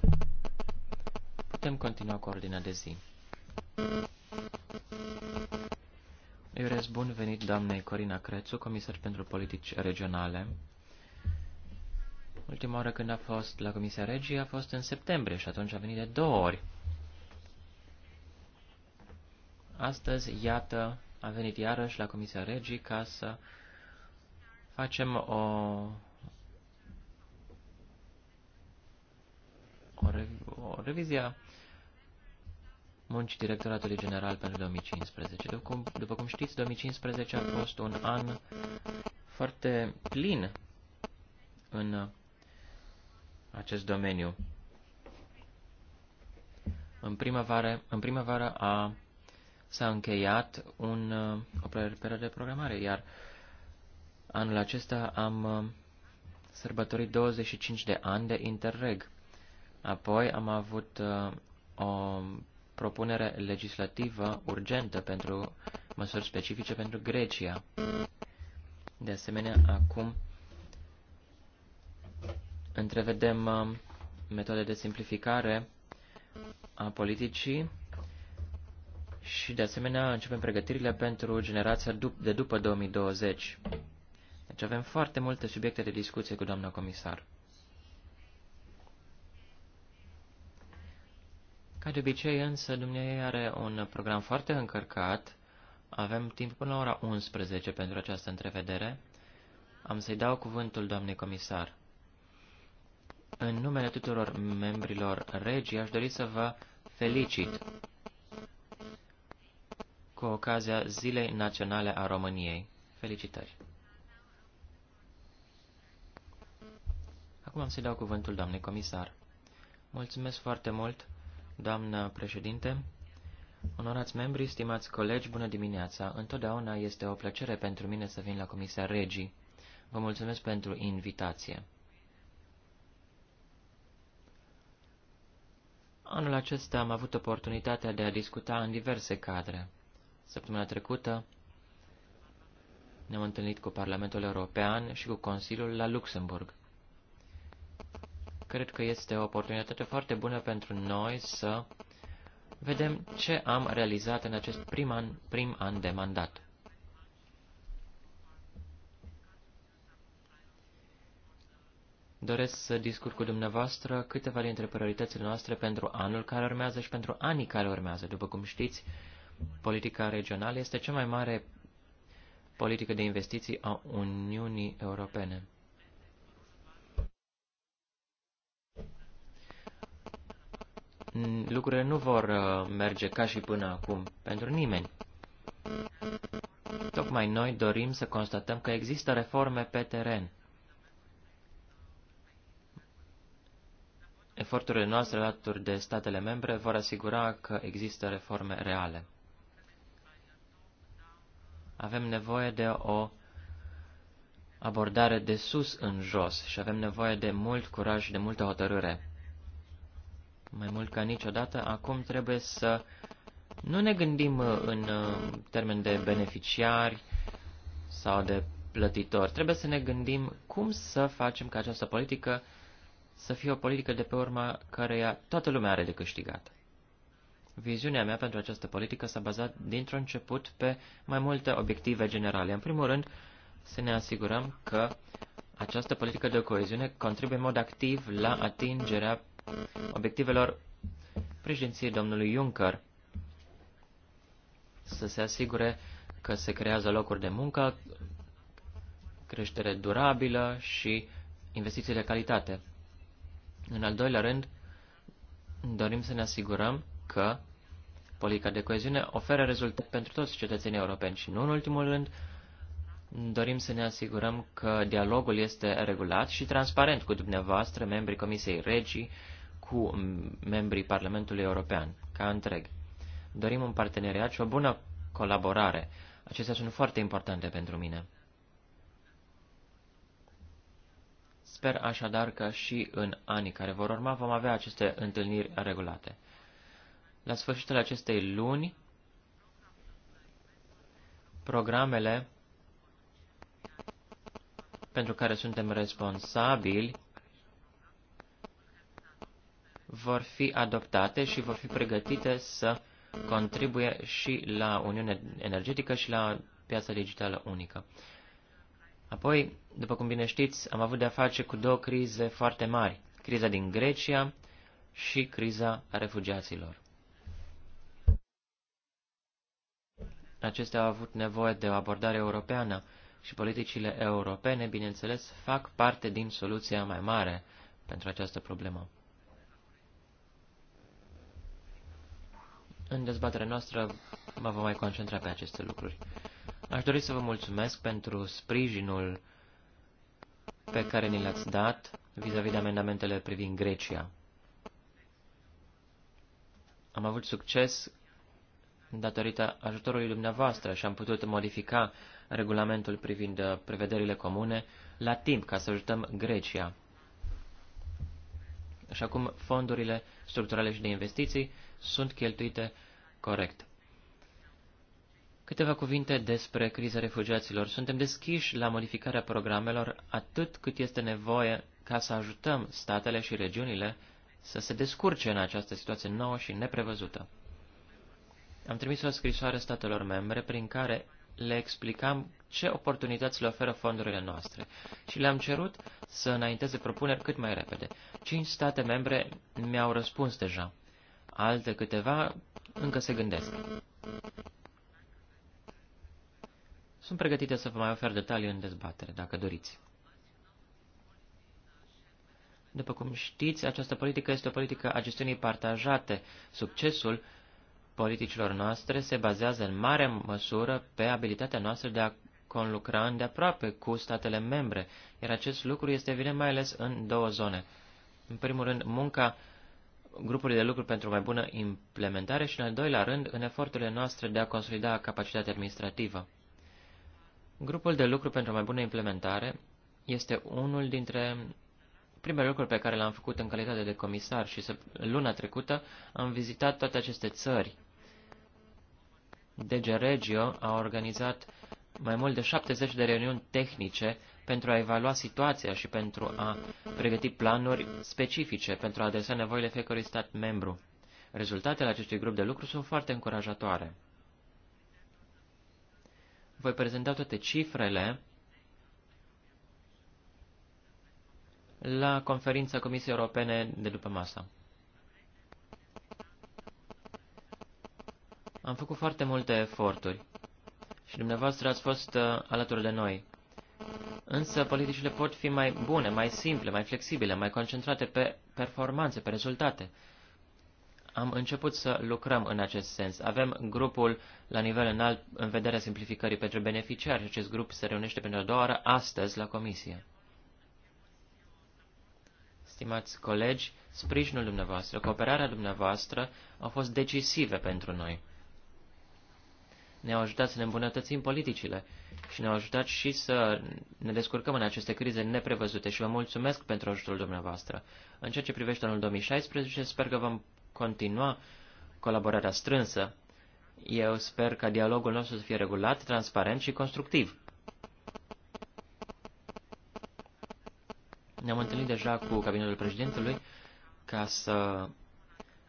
putem continua cu ordinea de zi. Eu urez bun venit doamnei Corina Crețu, comisar pentru politici regionale. Ultima oară când a fost la Comisia Regii a fost în septembrie și atunci a venit de două ori. Astăzi, iată, a venit iarăși la Comisia Regii ca să facem o, o, o revizie a muncii Directoratului General pentru 2015. După cum, după cum știți, 2015 a fost un an foarte plin în acest domeniu. În primăvară, în primăvară a, s-a încheiat un, o perioadă de programare, iar uh, Anul acesta am uh, sărbătorit 25 de ani de interreg. Apoi am avut uh, o propunere legislativă urgentă pentru măsuri specifice pentru Grecia. De asemenea, acum întrevedem uh, metode de simplificare a politicii și, de asemenea, începem pregătirile pentru generația de după 2020. Deci avem foarte multe subiecte de discuție cu doamna comisar. Ca de obicei, însă, dumneavoastră are un program foarte încărcat. Avem timp până la ora 11 pentru această întrevedere. Am să-i dau cuvântul doamnei comisar. În numele tuturor membrilor regii, aș dori să vă felicit cu ocazia Zilei Naționale a României. Felicitări! Acum am să dau cuvântul doamnei comisar. Mulțumesc foarte mult, doamnă președinte. Onorați membri, stimați colegi, bună dimineața. Întotdeauna este o plăcere pentru mine să vin la Comisia Regii. Vă mulțumesc pentru invitație. Anul acesta am avut oportunitatea de a discuta în diverse cadre. Săptămâna trecută ne-am întâlnit cu Parlamentul European și cu Consiliul la Luxemburg. Cred că este o oportunitate foarte bună pentru noi să vedem ce am realizat în acest prim an, prim an de mandat. Doresc să discut cu dumneavoastră câteva dintre prioritățile noastre pentru anul care urmează și pentru anii care urmează. După cum știți, politica regională este cea mai mare politică de investiții a Uniunii Europene. lucrurile nu vor uh, merge ca și până acum pentru nimeni. Tocmai noi dorim să constatăm că există reforme pe teren. Eforturile noastre alături de statele membre vor asigura că există reforme reale. Avem nevoie de o abordare de sus în jos și avem nevoie de mult curaj și de multă hotărâre mai mult ca niciodată, acum trebuie să nu ne gândim uh, în uh, termen de beneficiari sau de plătitori. Trebuie să ne gândim cum să facem ca această politică să fie o politică de pe urma căreia toată lumea are de câștigat. Viziunea mea pentru această politică s-a bazat dintr-un început pe mai multe obiective generale. În primul rând, să ne asigurăm că această politică de coeziune contribuie în mod activ la atingerea obiectivelor președinției domnului Juncker să se asigure că se creează locuri de muncă, creștere durabilă și investiții de calitate. În al doilea rând, dorim să ne asigurăm că politica de coeziune oferă rezultate pentru toți cetățenii europeni și nu în ultimul rând, Dorim să ne asigurăm că dialogul este regulat și transparent cu dumneavoastră, membrii Comisiei Regii, cu membrii Parlamentului European, ca întreg. Dorim un parteneriat și o bună colaborare. Acestea sunt foarte importante pentru mine. Sper așadar că și în anii care vor urma vom avea aceste întâlniri regulate. La sfârșitul acestei luni, programele pentru care suntem responsabili vor fi adoptate și vor fi pregătite să contribuie și la Uniunea Energetică și la piața digitală unică. Apoi, după cum bine știți, am avut de-a face cu două crize foarte mari, criza din Grecia și criza refugiaților. Acestea au avut nevoie de o abordare europeană și politicile europene, bineînțeles, fac parte din soluția mai mare pentru această problemă. În dezbaterea noastră mă vom mai concentra pe aceste lucruri. Aș dori să vă mulțumesc pentru sprijinul pe care ni l-ați dat vis-a-vis -vis de amendamentele privind Grecia. Am avut succes datorită ajutorului dumneavoastră și am putut modifica regulamentul privind uh, prevederile comune la timp ca să ajutăm Grecia. Și acum fondurile structurale și de investiții sunt cheltuite corect. Câteva cuvinte despre criza refugiaților. Suntem deschiși la modificarea programelor atât cât este nevoie ca să ajutăm statele și regiunile să se descurce în această situație nouă și neprevăzută. Am trimis o scrisoare statelor membre prin care le explicam ce oportunități le oferă fondurile noastre și le-am cerut să înainteze propuneri cât mai repede. Cinci state membre mi-au răspuns deja, alte câteva încă se gândesc. Sunt pregătite să vă mai ofer detalii în dezbatere, dacă doriți. După cum știți, această politică este o politică a gestiunii partajate. Succesul politicilor noastre se bazează în mare măsură pe abilitatea noastră de a conlucra îndeaproape cu statele membre, iar acest lucru este evident mai ales în două zone. În primul rând, munca grupului de lucru pentru mai bună implementare și, în al doilea rând, în eforturile noastre de a consolida capacitatea administrativă. Grupul de lucru pentru mai bună implementare este unul dintre primele lucruri pe care le-am făcut în calitate de comisar și luna trecută am vizitat toate aceste țări DG Regio a organizat mai mult de 70 de reuniuni tehnice pentru a evalua situația și pentru a pregăti planuri specifice pentru a adresa nevoile fiecărui stat membru. Rezultatele acestui grup de lucru sunt foarte încurajatoare. Voi prezenta toate cifrele la conferința Comisiei Europene de după masă. Am făcut foarte multe eforturi și dumneavoastră ați fost uh, alături de noi. Însă politicile pot fi mai bune, mai simple, mai flexibile, mai concentrate pe performanțe, pe rezultate. Am început să lucrăm în acest sens. Avem grupul la nivel înalt în vederea simplificării pentru beneficiari și acest grup se reunește pentru a doua oară astăzi la comisie. Stimați colegi, sprijinul dumneavoastră, cooperarea dumneavoastră au fost decisive pentru noi ne-au ajutat să ne îmbunătățim politicile și ne-au ajutat și să ne descurcăm în aceste crize neprevăzute și vă mulțumesc pentru ajutorul dumneavoastră. În ceea ce privește anul 2016, sper că vom continua colaborarea strânsă. Eu sper ca dialogul nostru să fie regulat, transparent și constructiv. Ne-am întâlnit deja cu cabinetul președintelui ca să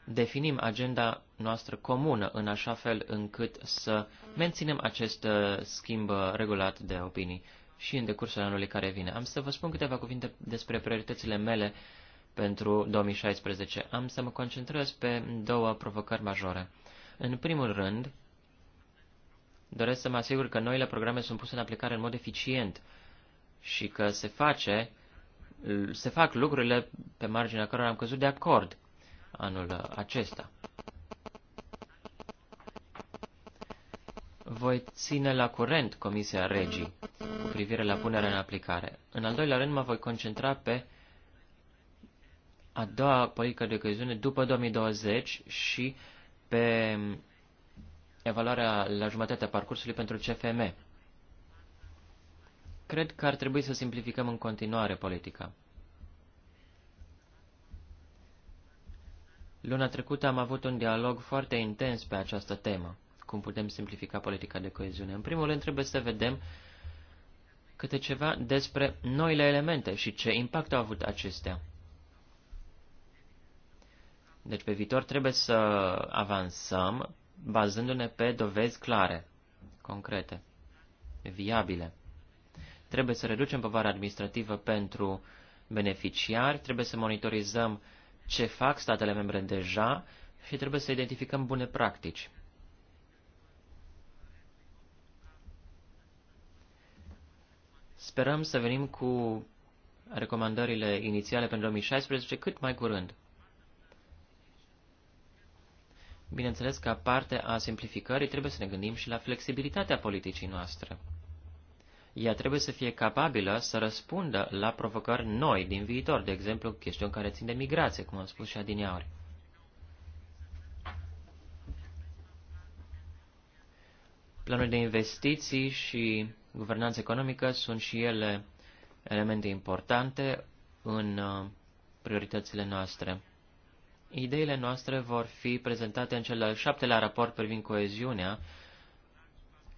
definim agenda noastră comună în așa fel încât să menținem acest uh, schimb uh, regulat de opinii și în decursul anului care vine. Am să vă spun câteva cuvinte despre prioritățile mele pentru 2016. Am să mă concentrez pe două provocări majore. În primul rând, doresc să mă asigur că noile programe sunt puse în aplicare în mod eficient și că se face se fac lucrurile pe marginea cărora am căzut de acord anul acesta. Voi ține la curent Comisia Regii cu privire la punerea în aplicare. În al doilea rând, mă voi concentra pe a doua politică de coeziune după 2020 și pe evaluarea la jumătatea parcursului pentru CFM. Cred că ar trebui să simplificăm în continuare politica. Luna trecută am avut un dialog foarte intens pe această temă. Cum putem simplifica politica de coeziune? În primul rând trebuie să vedem câte ceva despre noile elemente și ce impact au avut acestea. Deci pe viitor trebuie să avansăm bazându-ne pe dovezi clare, concrete, viabile. Trebuie să reducem povara administrativă pentru beneficiari, trebuie să monitorizăm uh, ce fac statele membre deja și trebuie să identificăm bune practici. Sperăm să venim cu recomandările inițiale pentru 2016 cât mai curând. Bineînțeles că, parte a simplificării, trebuie să ne gândim și la flexibilitatea politicii noastre ea trebuie să fie capabilă să răspundă la provocări noi din viitor, de exemplu, chestiuni care țin de migrație, cum am spus și adineauri. Planul de investiții și guvernanță economică sunt și ele elemente importante în uh, prioritățile noastre. Ideile noastre vor fi prezentate în cel al șaptelea raport privind coeziunea,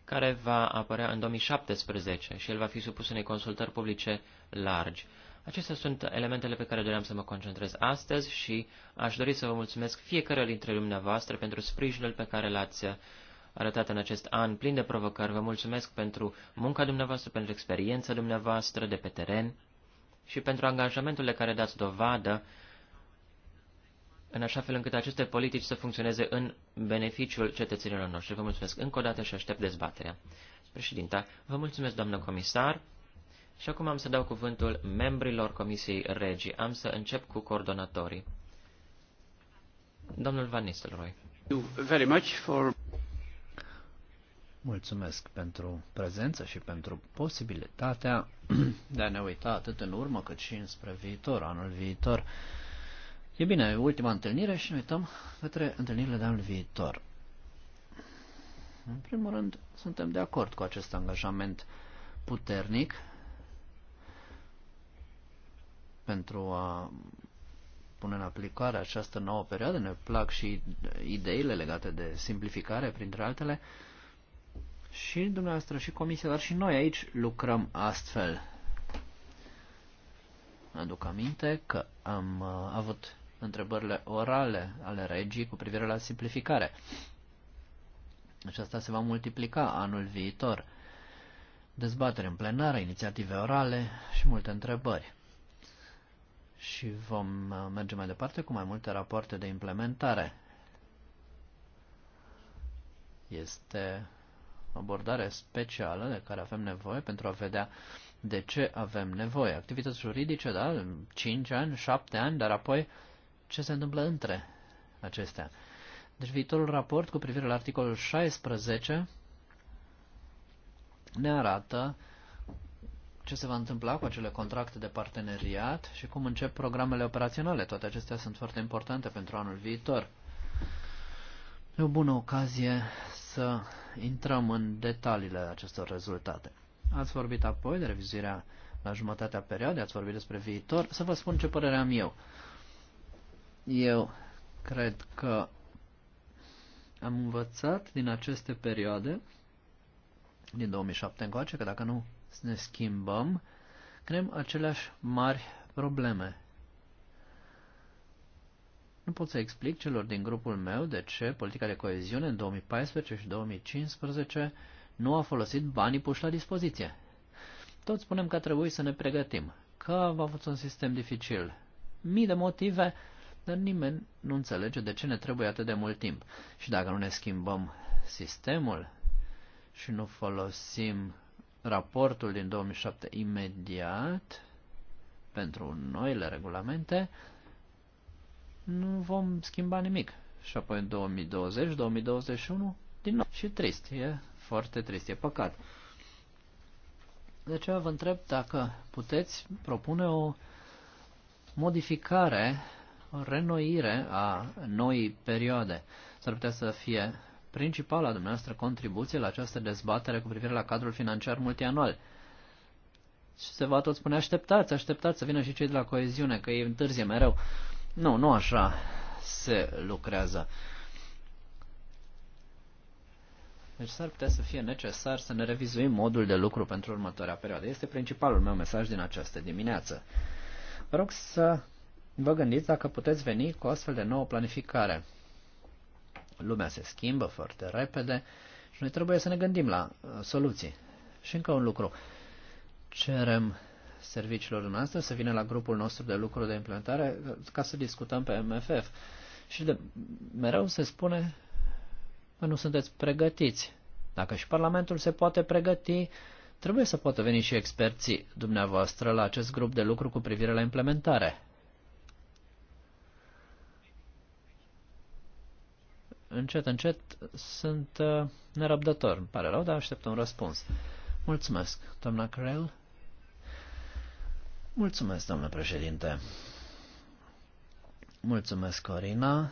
care va apărea în 2017 și el va fi supus unei consultări publice largi. Acestea sunt elementele pe care doream să mă concentrez astăzi și aș dori să vă mulțumesc fiecare dintre dumneavoastră pentru sprijinul pe care l-ați arătat în acest an plin de provocări. Vă mulțumesc pentru munca dumneavoastră, pentru experiența dumneavoastră de pe teren și pentru angajamentul de care dați dovadă în așa fel încât aceste politici să funcționeze în beneficiul cetățenilor noștri. Vă mulțumesc încă o dată și aștept dezbaterea. Președinta, vă mulțumesc, doamnă comisar. Și acum am să dau cuvântul membrilor Comisiei Regii. Am să încep cu coordonatorii. Domnul Van Nistelrooy. Mulțumesc pentru prezență și pentru posibilitatea (clears throat) de a ne uita atât în urmă cât și înspre viitor, anul viitor. E bine, ultima întâlnire și ne uităm către întâlnirile de anul viitor. În primul rând, suntem de acord cu acest angajament puternic pentru a pune în aplicare această nouă perioadă. Ne plac și ideile legate de simplificare, printre altele. Și dumneavoastră, și comisia, dar și noi aici lucrăm astfel. Aduc aminte că am uh, avut întrebările orale ale regii cu privire la simplificare. Deci asta se va multiplica anul viitor. Dezbatere în plenară, inițiative orale și multe întrebări. Și vom uh, merge mai departe cu mai multe rapoarte de implementare. Este o abordare specială de care avem nevoie pentru a vedea de ce avem nevoie. Activități juridice, da, 5 ani, 7 ani, dar apoi ce se întâmplă între acestea. Deci viitorul raport cu privire la articolul 16 ne arată ce se va întâmpla cu acele contracte de parteneriat și cum încep programele operaționale. Toate acestea sunt foarte importante pentru anul viitor. E o bună ocazie să intrăm în detaliile acestor rezultate. Ați vorbit apoi de revizuirea la jumătatea perioadei, ați vorbit despre viitor. Să vă spun ce părere am eu. Eu cred că am învățat din aceste perioade, din 2007 încoace, că dacă nu ne schimbăm, creăm aceleași mari probleme. Nu pot să explic celor din grupul meu de ce politica de coeziune în 2014 și 2015 nu a folosit banii puși la dispoziție. Toți spunem că trebuie să ne pregătim, că a avut un sistem dificil. Mii de motive dar nimeni nu înțelege de ce ne trebuie atât de mult timp. Și dacă nu ne schimbăm sistemul și nu folosim raportul din 2007 imediat pentru noile regulamente, nu vom schimba nimic. Și apoi în 2020, 2021, din nou. Și trist, e foarte trist, e păcat. De deci aceea vă întreb dacă puteți propune o modificare renoire a noii perioade. S-ar putea să fie principala dumneavoastră contribuție la această dezbatere cu privire la cadrul financiar multianual. Și se va tot spune, așteptați, așteptați să vină și cei de la coeziune, că ei întârzie mereu. Nu, nu așa se lucrează. Deci s-ar putea să fie necesar să ne revizuim modul de lucru pentru următoarea perioadă. Este principalul meu mesaj din această dimineață. Vă rog să vă gândiți dacă puteți veni cu astfel de nouă planificare. Lumea se schimbă foarte repede și noi trebuie să ne gândim la uh, soluții. Și încă un lucru. Cerem serviciilor noastre să vină la grupul nostru de lucru de implementare uh, ca să discutăm pe MFF. Și de, mereu se spune că nu sunteți pregătiți. Dacă și Parlamentul se poate pregăti, trebuie să poată veni și experții dumneavoastră la acest grup de lucru cu privire la implementare. încet, încet sunt uh, nerăbdător. Îmi pare rău, dar aștept un răspuns. Mulțumesc, doamna Creel. Mulțumesc, domnule președinte. Mulțumesc, Corina.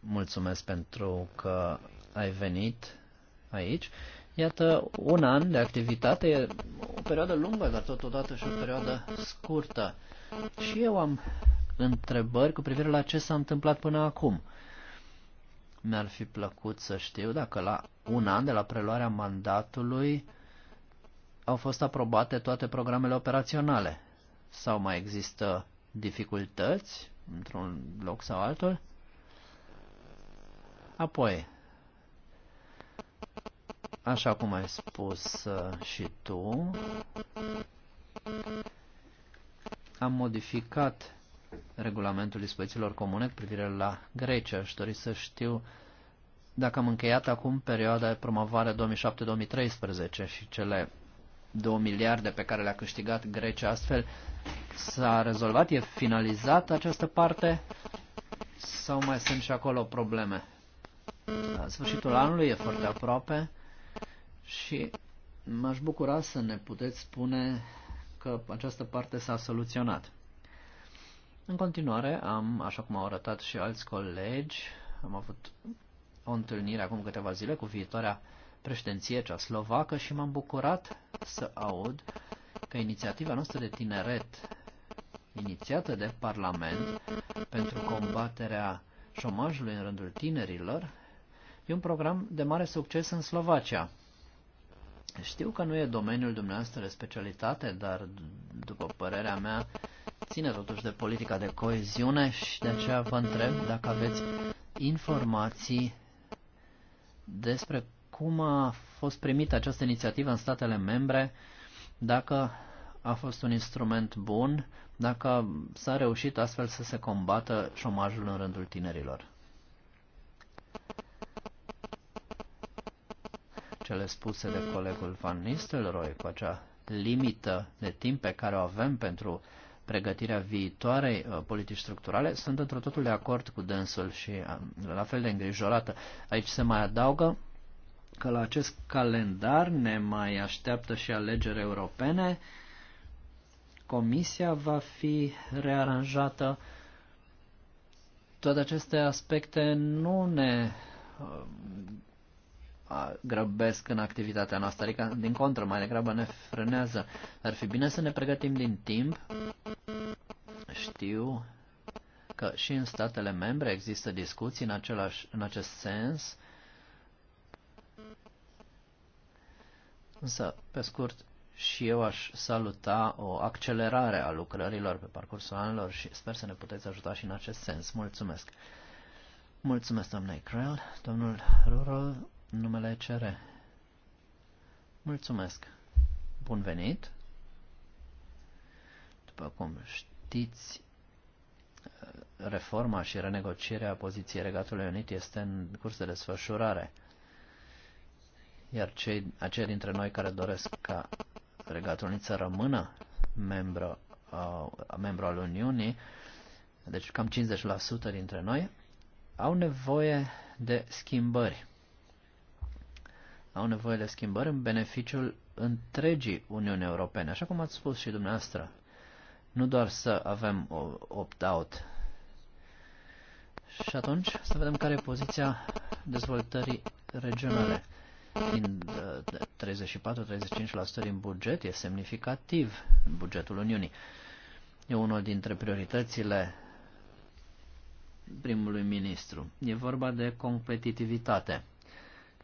Mulțumesc pentru că ai venit aici. Iată, un an de activitate e o perioadă lungă, dar totodată și o perioadă scurtă. Și eu am întrebări cu privire la ce s-a întâmplat până acum. Mi-ar fi plăcut să știu dacă la un an de la preluarea mandatului au fost aprobate toate programele operaționale. Sau mai există dificultăți într-un loc sau altul? Apoi, așa cum ai spus uh, și tu, am modificat regulamentul dispozițiilor comune cu privire la Grecia. Aș dori să știu dacă am încheiat acum perioada de promovare 2007-2013 și cele 2 miliarde pe care le-a câștigat Grecia astfel, s-a rezolvat, e finalizată această parte sau mai sunt și acolo probleme? La sfârșitul anului e foarte aproape și m-aș bucura să ne puteți spune că această parte s-a soluționat. În continuare, am, așa cum au arătat și alți colegi, am avut o întâlnire acum câteva zile cu viitoarea președinție cea slovacă și m-am bucurat să aud că inițiativa noastră de tineret inițiată de Parlament pentru combaterea șomajului în rândul tinerilor e un program de mare succes în Slovacia. Știu că nu e domeniul dumneavoastră de specialitate, dar, după părerea mea, ține totuși de politica de coeziune și de aceea vă întreb dacă aveți informații despre cum a fost primită această inițiativă în statele membre, dacă a fost un instrument bun, dacă s-a reușit astfel să se combată șomajul în rândul tinerilor. Cele spuse de colegul Van Nistelrooy cu acea limită de timp pe care o avem pentru pregătirea viitoarei uh, politici structurale, sunt într totul de acord cu dânsul și um, la fel de îngrijorată. Aici se mai adaugă că la acest calendar ne mai așteaptă și alegeri europene. Comisia va fi rearanjată. Toate aceste aspecte nu ne uh, grăbesc în activitatea noastră, adică din contră, mai degrabă ne frânează. Ar fi bine să ne pregătim din timp. Știu că și în statele membre există discuții în, același, în acest sens. Însă, pe scurt, și eu aș saluta o accelerare a lucrărilor pe parcursul anilor și sper să ne puteți ajuta și în acest sens. Mulțumesc! Mulțumesc, domnule Crell, domnul Rural, numele CR. Mulțumesc! Bun venit! După cum știți, reforma și renegocierea poziției Regatului Unit este în curs de desfășurare. Iar cei, acei dintre noi care doresc ca Regatul Unit să rămână membru, uh, membru al Uniunii, deci cam 50% dintre noi, au nevoie de schimbări au nevoie de schimbări în beneficiul întregii Uniuni Europene, așa cum ați spus și dumneavoastră. Nu doar să avem opt-out. Și atunci să vedem care e poziția dezvoltării regionale. Din 34-35% uh, din buget e semnificativ în bugetul Uniunii. E unul dintre prioritățile primului ministru. E vorba de competitivitate.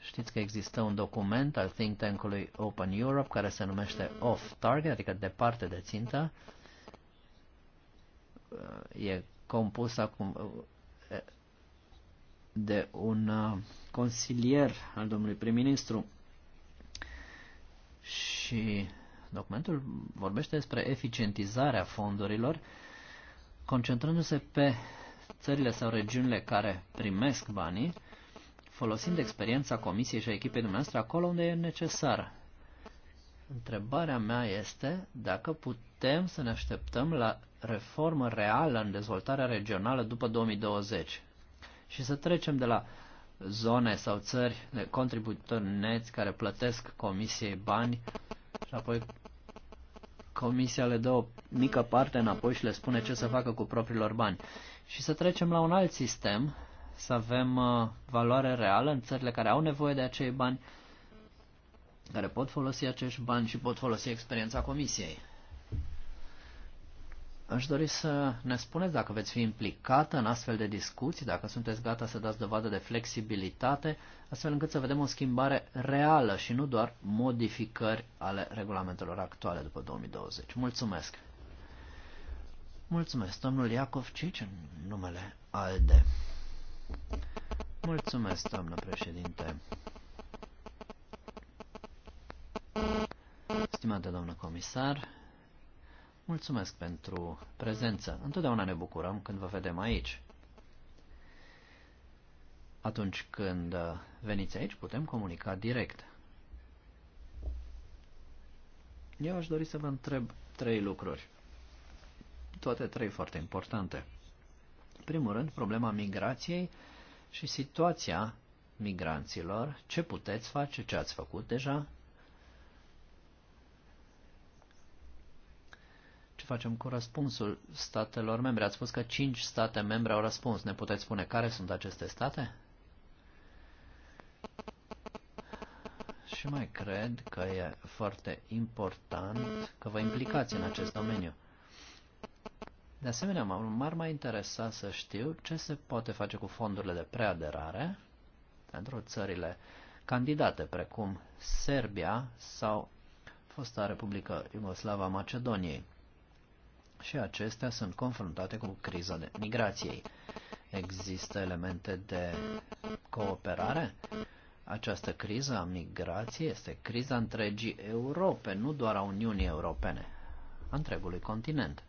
Știți că există un document al think tank-ului Open Europe care se numește Off Target, adică departe de țintă. E compus acum de un uh, consilier al domnului prim-ministru și documentul vorbește despre eficientizarea fondurilor, concentrându-se pe țările sau regiunile care primesc banii folosind experiența comisiei și a echipei dumneavoastră acolo unde e necesar. Întrebarea mea este dacă putem să ne așteptăm la reformă reală în dezvoltarea regională după 2020 și să trecem de la zone sau țări de contributori neți care plătesc comisiei bani și apoi comisia le dă o mică parte înapoi și le spune ce să facă cu propriilor bani. Și să trecem la un alt sistem să avem uh, valoare reală în țările care au nevoie de acei bani, care pot folosi acești bani și pot folosi experiența comisiei. Aș dori să ne spuneți dacă veți fi implicată în astfel de discuții, dacă sunteți gata să dați dovadă de flexibilitate, astfel încât să vedem o schimbare reală și nu doar modificări ale regulamentelor actuale după 2020. Mulțumesc! Mulțumesc, domnul Iacov Cici, în numele ALDE. Mulțumesc, doamnă președinte. Stimată doamnă comisar, mulțumesc pentru prezență. Întotdeauna ne bucurăm când vă vedem aici. Atunci când veniți aici, putem comunica direct. Eu aș dori să vă întreb trei lucruri. Toate trei foarte importante primul rând, problema migrației și situația migranților, ce puteți face, ce ați făcut deja, ce facem cu răspunsul statelor membre. Ați spus că 5 state membre au răspuns. Ne puteți spune care sunt aceste state? Și mai cred că e foarte important că vă implicați în acest domeniu. De asemenea, m-ar mai interesa să știu ce se poate face cu fondurile de preaderare pentru țările candidate, precum Serbia sau fosta Republică Iugoslava Macedoniei. Și acestea sunt confruntate cu criza de migrației. Există elemente de cooperare? Această criză a migrației este criza întregii Europe, nu doar a Uniunii Europene, a întregului continent.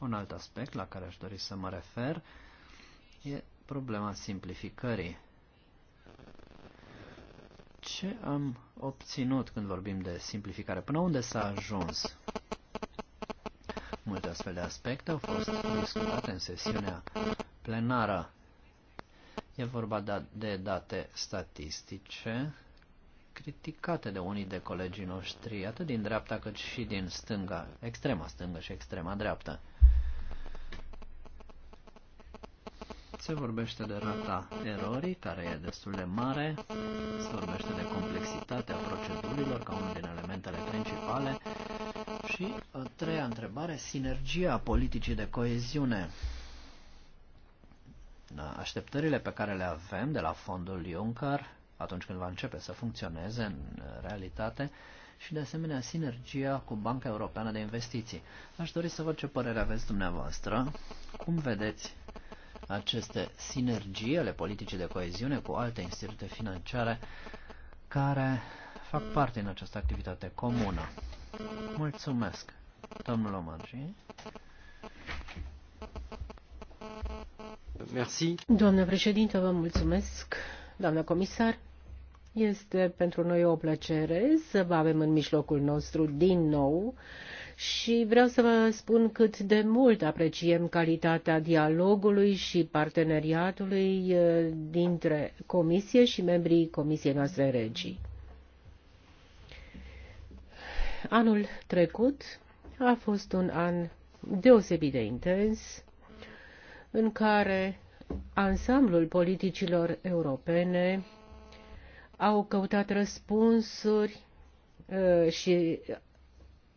Un alt aspect la care aș dori să mă refer e problema simplificării. Ce am obținut când vorbim de simplificare? Până unde s-a ajuns? Multe astfel de aspecte au fost discutate în sesiunea plenară. E vorba da, de date statistice criticate de unii de colegii noștri, atât din dreapta cât și din stânga, extrema stângă și extrema dreaptă. Se vorbește de rata erorii, care e destul de mare, se vorbește de complexitatea procedurilor ca unul din elementele principale și a treia întrebare, sinergia politicii de coeziune. Da, așteptările pe care le avem de la fondul Juncker atunci când va începe să funcționeze în realitate și de asemenea sinergia cu Banca Europeană de Investiții. Aș dori să văd ce părere aveți dumneavoastră, cum vedeți aceste sinergii ale politicii de coeziune cu alte instituții financiare care fac parte în această activitate comună. Mulțumesc, domnul Omagi. Merci. Doamnă președinte. vă mulțumesc, doamnă comisar. Este pentru noi o plăcere să vă avem în mijlocul nostru din nou și vreau să vă spun cât de mult apreciem calitatea dialogului și parteneriatului dintre Comisie și membrii Comisiei noastre regii. Anul trecut a fost un an deosebit de intens în care ansamblul politicilor europene au căutat răspunsuri și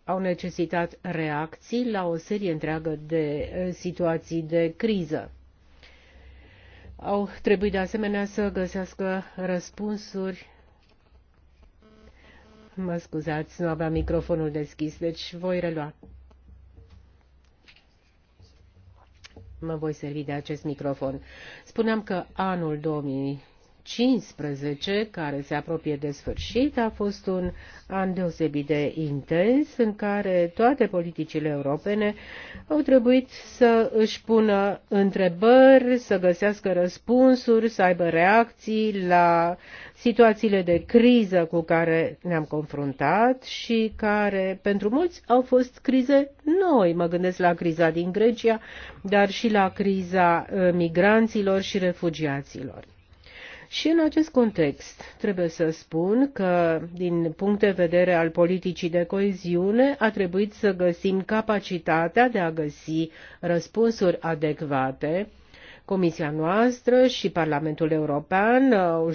au necesitat reacții la o serie întreagă de eh, situații de criză. Au trebuit de asemenea să găsească răspunsuri Mă scuzați, nu aveam microfonul deschis, deci voi relua. Mă voi servi de acest microfon. Spuneam că anul 2000 2015, care se apropie de sfârșit, a fost un an deosebit de intens în care toate politicile europene au trebuit să își pună întrebări, să găsească răspunsuri, să aibă reacții la situațiile de criză cu care ne-am confruntat și care pentru mulți au fost crize noi. Mă gândesc la criza din Grecia, dar și la criza uh, migranților și refugiaților. Și în acest context trebuie să spun că, din punct de vedere al politicii de coeziune, a trebuit să găsim capacitatea de a găsi răspunsuri adecvate. Comisia noastră și Parlamentul European au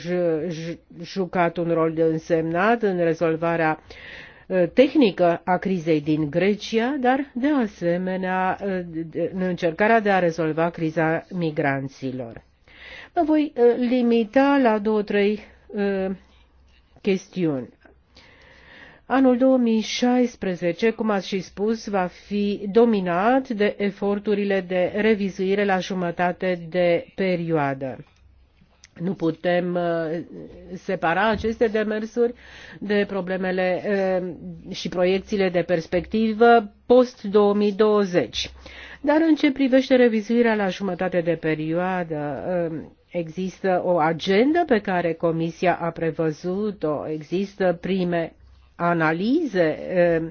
jucat un rol de însemnat în rezolvarea ă, tehnică a crizei din Grecia, dar de asemenea ă, în încercarea de a rezolva criza migranților. Mă voi uh, limita la două, trei uh, chestiuni. Anul 2016, cum ați și spus, va fi dominat de eforturile de revizuire la jumătate de perioadă. Nu putem uh, separa aceste demersuri de problemele și proiecțiile de perspectivă post-2020. Dar în ce privește revizuirea la jumătate de perioadă, Există o agendă pe care Comisia a prevăzut-o, există prime analize eh,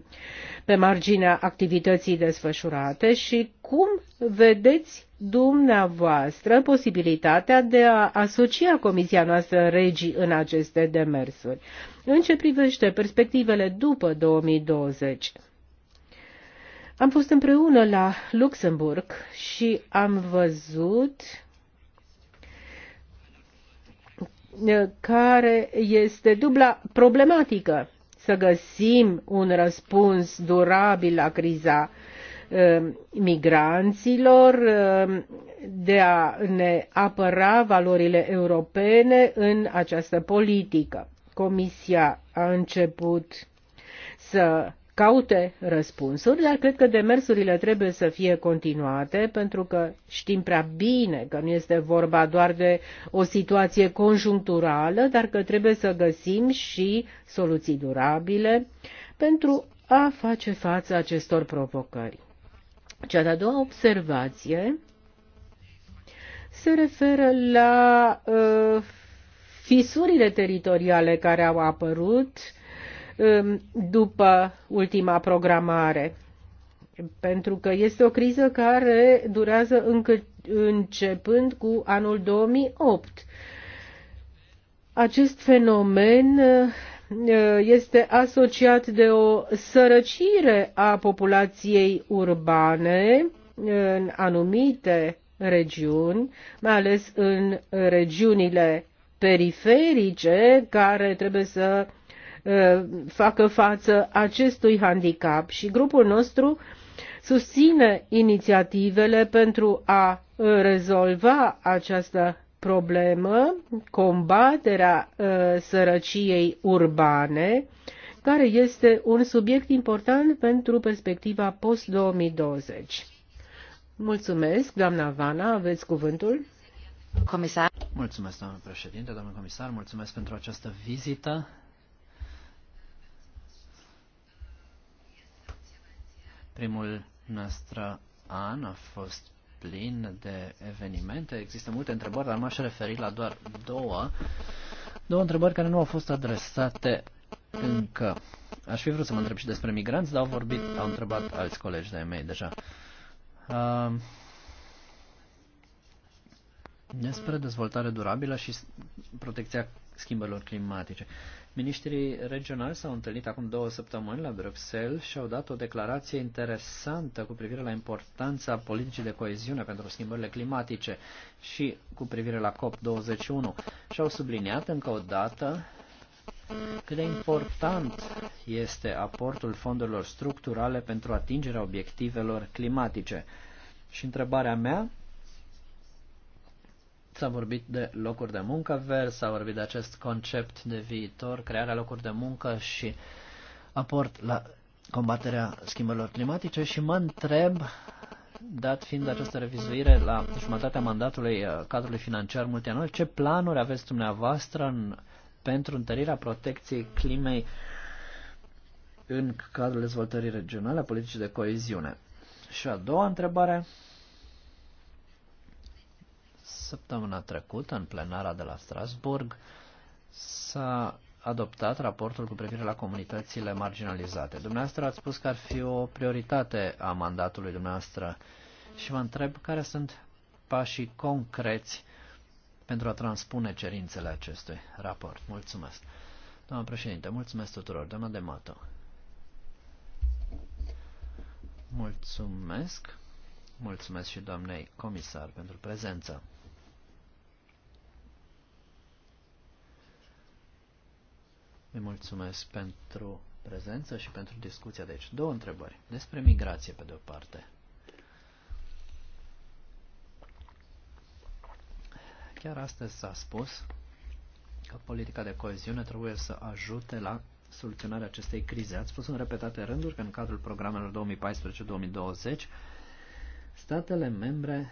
pe marginea activității desfășurate și cum vedeți dumneavoastră posibilitatea de a asocia Comisia noastră regii în aceste demersuri. În ce privește perspectivele după 2020? Am fost împreună la Luxemburg și am văzut care este dubla problematică. Să găsim un răspuns durabil la criza uh, migranților, uh, de a ne apăra valorile europene în această politică. Comisia a început să caute răspunsuri, dar cred că demersurile trebuie să fie continuate, pentru că știm prea bine că nu este vorba doar de o situație conjuncturală, dar că trebuie să găsim și soluții durabile pentru a face față acestor provocări. Cea de-a doua observație se referă la uh, fisurile teritoriale care au apărut uh, Um, după ultima programare. Pentru că este o criză care durează încă, începând cu anul 2008. Acest fenomen uh, este asociat de o sărăcire a populației urbane în anumite regiuni, mai ales în regiunile periferice, care trebuie să Uh, facă față acestui handicap și grupul nostru susține inițiativele pentru a uh, rezolva această problemă, combaterea uh, sărăciei urbane, care este un subiect important pentru perspectiva post-2020. Mulțumesc, doamna Vana, aveți cuvântul. Comisar. Mulțumesc, doamnă președinte, doamnă comisar, mulțumesc pentru această vizită. Primul nostru an a fost plin de evenimente. Există multe întrebări, dar m-aș referi la doar două. Două întrebări care nu au fost adresate încă. Aș fi vrut să mă întreb și despre migranți, dar au vorbit, au întrebat alți colegi de-ai mei deja. Uh, despre dezvoltare durabilă și protecția schimbărilor climatice. Ministrii regionali s-au întâlnit acum două săptămâni la Bruxelles și au dat o declarație interesantă cu privire la importanța politicii de coeziune pentru schimbările climatice și cu privire la COP21 și au subliniat încă o dată cât de important este aportul fondurilor structurale pentru atingerea obiectivelor climatice. Și întrebarea mea S-a vorbit de locuri de muncă verzi, s-a vorbit de acest concept de viitor, crearea locuri de muncă și aport la combaterea schimbărilor climatice și mă întreb, dat fiind această revizuire la jumătatea mandatului uh, cadrului financiar multianual, ce planuri aveți dumneavoastră în, pentru întărirea protecției climei în cadrul dezvoltării regionale a politicii de coeziune? Și a doua întrebare, Săptămâna trecută, în plenara de la Strasburg, s-a adoptat raportul cu privire la comunitățile marginalizate. Dumneavoastră ați spus că ar fi o prioritate a mandatului dumneavoastră și vă întreb care sunt pașii concreți pentru a transpune cerințele acestui raport. Mulțumesc. Doamna președinte, mulțumesc tuturor. Doamna de Mato. Mulțumesc. Mulțumesc și doamnei comisar pentru prezență. Îi mulțumesc pentru prezență și pentru discuția. Deci, două întrebări. Despre migrație, pe de-o parte. Chiar astăzi s-a spus că politica de coeziune trebuie să ajute la soluționarea acestei crize. Ați spus în repetate rânduri că în cadrul programelor 2014-2020 statele membre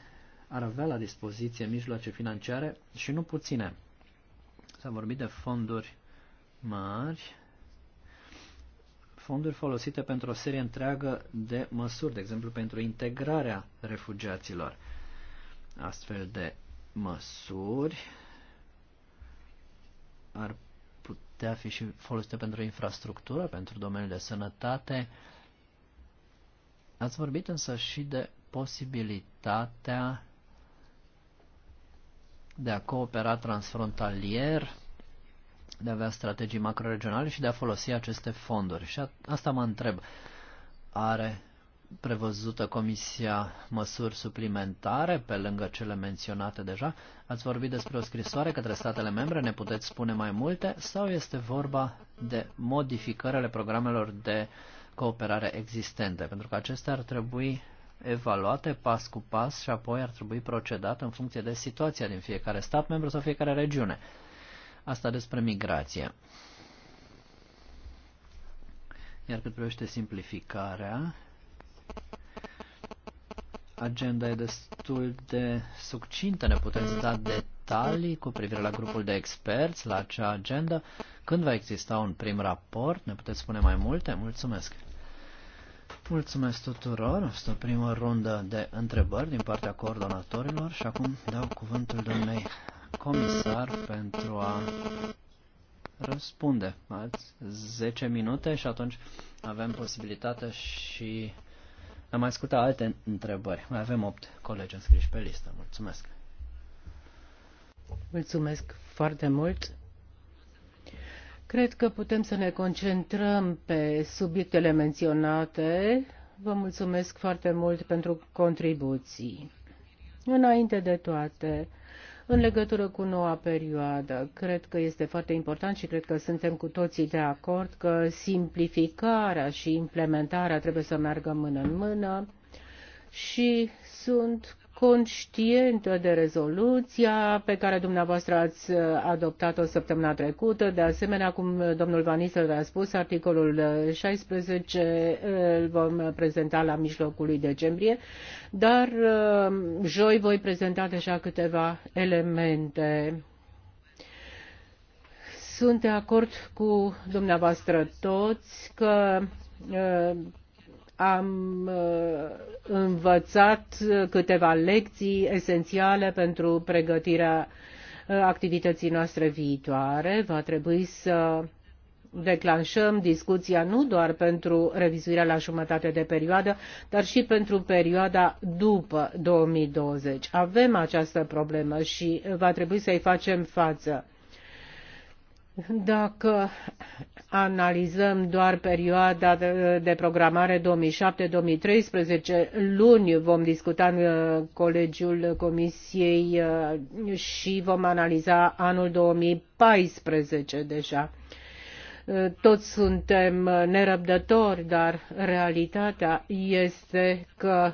ar avea la dispoziție mijloace financiare și nu puține. S-a vorbit de fonduri mari, fonduri folosite pentru o serie întreagă de măsuri, de exemplu pentru integrarea refugiaților. Astfel de măsuri ar putea fi și folosite pentru infrastructură, pentru domeniul de sănătate. Ați vorbit însă și de posibilitatea de a coopera transfrontalier de a avea strategii macroregionale și de a folosi aceste fonduri. Și asta mă întreb, are prevăzută Comisia măsuri suplimentare pe lângă cele menționate deja? Ați vorbit despre o scrisoare către statele membre, ne puteți spune mai multe? Sau este vorba de modificări ale programelor de cooperare existente? Pentru că acestea ar trebui evaluate pas cu pas și apoi ar trebui procedat în funcție de situația din fiecare stat membru sau fiecare regiune. Asta despre migrație. Iar cât privește simplificarea, agenda e destul de succintă. Ne puteți da detalii cu privire la grupul de experți, la acea agenda? Când va exista un prim raport? Ne puteți spune mai multe? Mulțumesc! Mulțumesc tuturor! Asta o primă rundă de întrebări din partea coordonatorilor și acum dau cuvântul domnului comisar pentru a răspunde. Ați 10 minute și atunci avem posibilitatea și am mai ascultat alte întrebări. Mai avem 8 colegi înscriși pe listă. Mulțumesc! Mulțumesc foarte mult! Cred că putem să ne concentrăm pe subiectele menționate. Vă mulțumesc foarte mult pentru contribuții. Înainte de toate, în legătură cu noua perioadă, cred că este foarte important și cred că suntem cu toții de acord că simplificarea și implementarea trebuie să meargă mână în mână și sunt conștientă de rezoluția pe care dumneavoastră ați uh, adoptat-o săptămâna trecută. De asemenea, cum domnul Vanisel a spus, articolul 16 uh, uh, îl vom prezenta la mijlocul lui decembrie, dar joi voi prezenta deja câteva elemente. Sunt de acord cu dumneavoastră toți că am uh, învățat câteva lecții esențiale pentru pregătirea uh, activității noastre viitoare. Va trebui să declanșăm discuția nu doar pentru revizuirea la jumătate de perioadă, dar și pentru perioada după 2020. Avem această problemă și va trebui să-i facem față. Dacă analizăm doar perioada de programare 2007-2013, luni vom discuta în uh, colegiul Comisiei uh, și vom analiza anul 2014 deja toți suntem nerăbdători, dar realitatea este că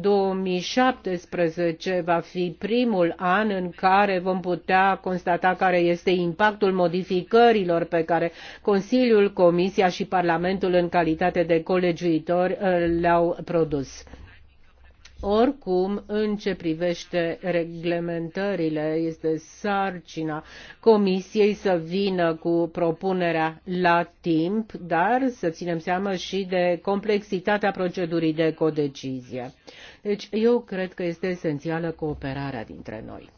2017 va fi primul an în care vom putea constata care este impactul modificărilor pe care Consiliul, Comisia și Parlamentul în calitate de colegiuitori uh, le-au produs. Oricum, în ce privește reglementările, este sarcina Comisiei să vină cu propunerea la timp, dar să ținem seama și de complexitatea procedurii de codecizie. Deci, eu cred că este esențială cooperarea dintre noi.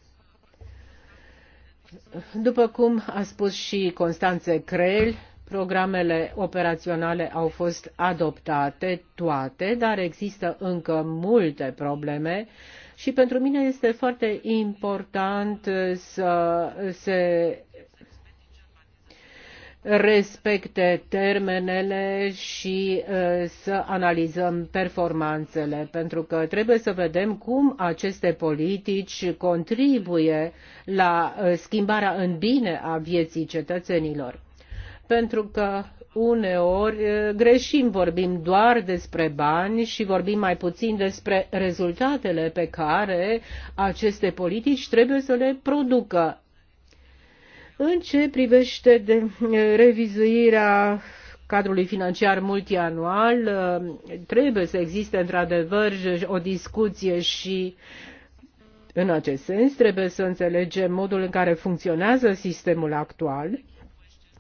După cum a spus și Constanțe Creel, Programele operaționale au fost adoptate toate, dar există încă multe probleme și pentru mine este foarte important să se respecte termenele și uh, să analizăm performanțele, pentru că trebuie să vedem cum aceste politici contribuie la uh, schimbarea în bine a vieții cetățenilor pentru că uneori greșim, vorbim doar despre bani și vorbim mai puțin despre rezultatele pe care aceste politici trebuie să le producă. În ce privește de revizuirea cadrului financiar multianual, trebuie să existe într-adevăr o discuție și în acest sens trebuie să înțelegem modul în care funcționează sistemul actual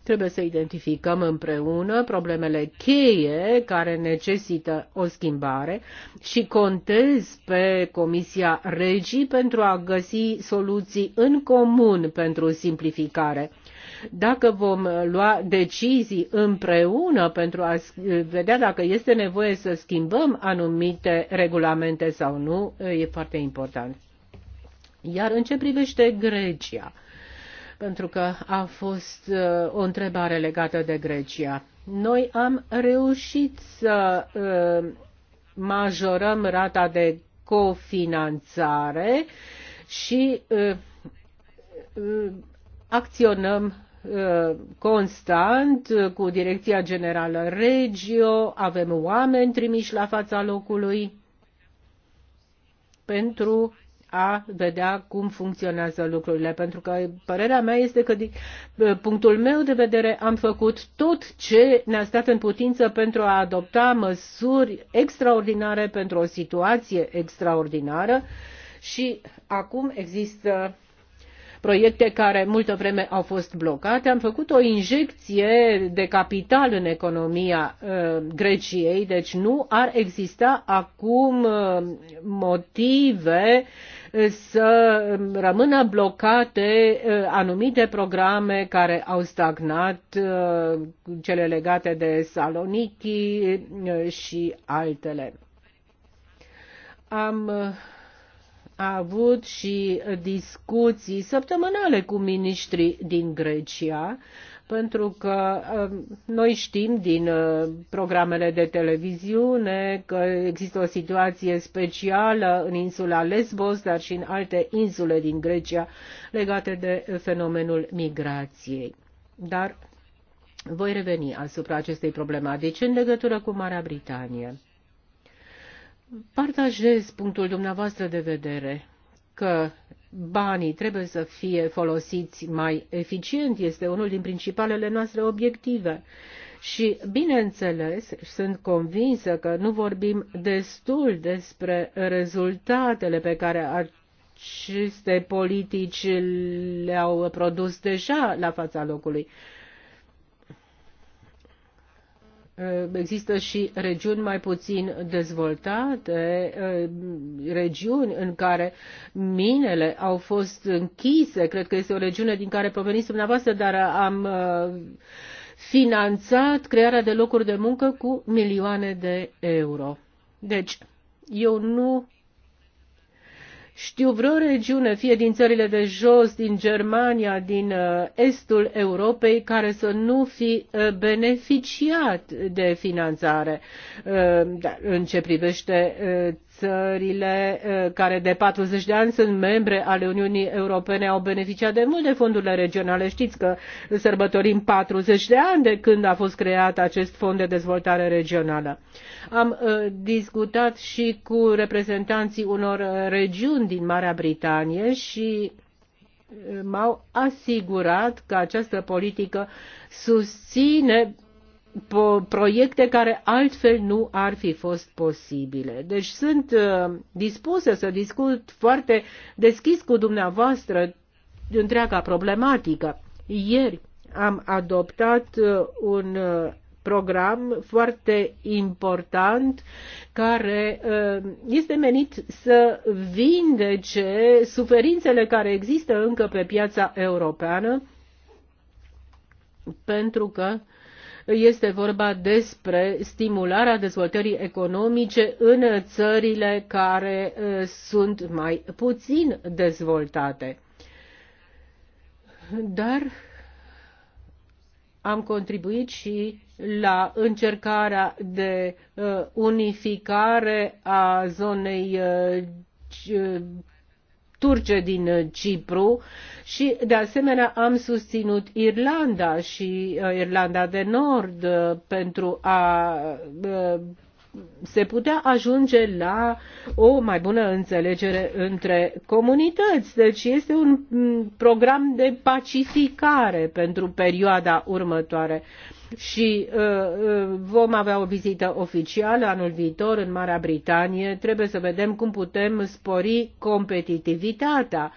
Trebuie să identificăm împreună problemele cheie care necesită o schimbare și contez pe Comisia Regii pentru a găsi soluții în comun pentru simplificare dacă vom lua decizii împreună pentru a vedea dacă este nevoie să schimbăm anumite regulamente sau nu, e foarte important. Iar în ce privește Grecia, pentru că a fost uh, o întrebare legată de Grecia. Noi am reușit să uh, majorăm rata de cofinanțare și uh, acționăm constant cu Direcția Generală Regio, avem oameni trimiși la fața locului pentru a vedea cum funcționează lucrurile, pentru că părerea mea este că, din punctul meu de vedere, am făcut tot ce ne-a stat în putință pentru a adopta măsuri extraordinare pentru o situație extraordinară și acum există proiecte care multă vreme au fost blocate. Am făcut o injecție de capital în economia uh, Greciei, deci nu ar exista acum uh, motive să rămână blocate uh, anumite programe care au stagnat, uh, cele legate de Saloniki uh, și altele. Am a avut și discuții săptămânale cu miniștrii din Grecia, pentru că um, noi știm din uh, programele de televiziune că există o situație specială în insula Lesbos, dar și în alte insule din Grecia legate de fenomenul migrației. Dar voi reveni asupra acestei probleme. Deci, în legătură cu Marea Britanie. Partajez punctul dumneavoastră de vedere că banii trebuie să fie folosiți mai eficient, este unul din principalele noastre obiective. Și, bineînțeles, sunt convinsă că nu vorbim destul despre rezultatele pe care aceste politici le-au produs deja la fața locului. Eh, există și regiuni mai puțin dezvoltate, eh, regiuni în care minele au fost închise. Cred că este o regiune din care proveniți dumneavoastră, dar am eh, finanțat crearea de locuri de muncă cu milioane de euro. Deci, eu nu știu vreo regiune, fie din țările de jos, din Germania, din uh, estul Europei, care să nu fi uh, beneficiat de finanțare uh, da, în ce privește țările eh, care de 40 de ani sunt membre ale Uniunii Europene au beneficiat de multe fondurile regionale. Știți că sărbătorim 40 de ani de când a fost creat acest fond de dezvoltare regională. Am eh, discutat și cu reprezentanții unor eh, regiuni din Marea Britanie și m-au asigurat că această politică susține proiecte care altfel nu ar fi fost posibile. Deci sunt uh, dispusă să discut foarte deschis cu dumneavoastră întreaga problematică. Ieri am adoptat uh, un uh, program foarte important care este menit să vindece suferințele care există încă pe piața europeană pentru că este vorba despre stimularea dezvoltării economice în țările care uh, sunt mai puțin dezvoltate. Dar am contribuit și la încercarea de uh, unificare a zonei uh, turce din uh, Cipru și de asemenea am susținut Irlanda și uh, Irlanda de Nord uh, pentru a se putea ajunge la o mai bună înțelegere între comunități. Deci este un mm, program de pacificare pentru perioada următoare și uh, uh, vom avea o vizită oficială anul viitor în Marea Britanie. Trebuie să vedem cum putem spori competitivitatea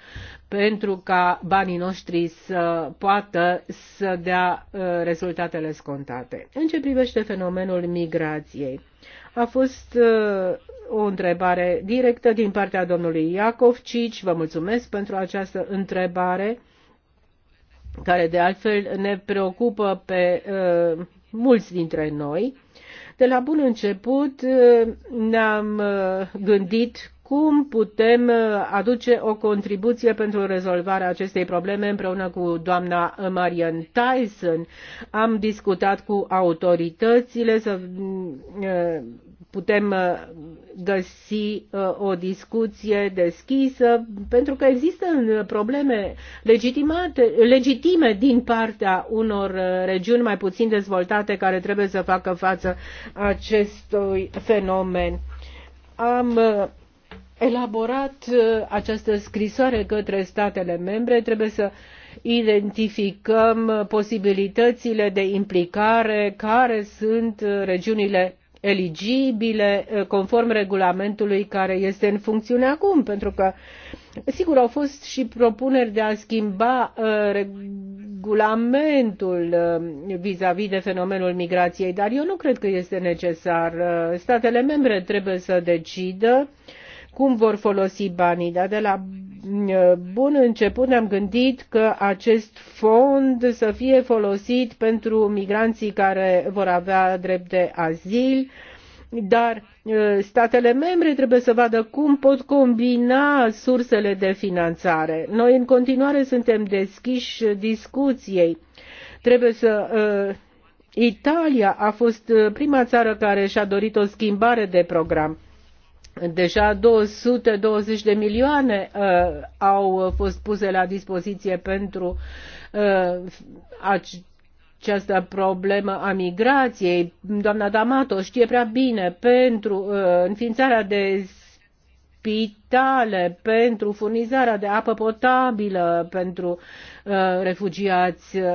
pentru ca banii noștri să poată să dea uh, rezultatele scontate. În ce privește fenomenul migrației, a fost o întrebare directă din partea domnului Iacov Cici. Vă mulțumesc pentru această întrebare care de altfel ne preocupă pe uh, mulți dintre noi. De la bun început uh, ne-am uh, gândit cum putem uh, aduce o contribuție pentru rezolvarea acestei probleme împreună cu doamna Marian Tyson. Am discutat cu autoritățile să putem uh, găsi uh, o discuție deschisă, pentru că există uh, probleme legitimate, legitime din partea unor regiuni mai puțin dezvoltate care trebuie să facă față acestui fenomen. Am elaborat această scrisoare către statele membre, trebuie să identificăm posibilitățile de implicare, care sunt regiunile eligibile eh, conform regulamentului care este în funcțiune acum, pentru că sigur au fost și propuneri de a schimba eh, regulamentul eh, vis-a-vis -vis de fenomenul migrației, dar eu nu cred că este necesar. Statele membre trebuie să decidă cum vor folosi banii, dar de la bun început ne-am gândit că acest fond să fie folosit pentru migranții care vor avea drept de azil, dar uh, statele membre trebuie să vadă cum pot combina sursele de finanțare. Noi în continuare suntem deschiși discuției. Trebuie să uh, Italia a fost uh, prima țară care și-a dorit o schimbare de program Deja 220 de milioane uh, au fost puse la dispoziție pentru uh, această problemă a migrației. Doamna D'Amato știe prea bine pentru uh, înființarea de spitale, pentru furnizarea de apă potabilă pentru uh, refugiați. Uh,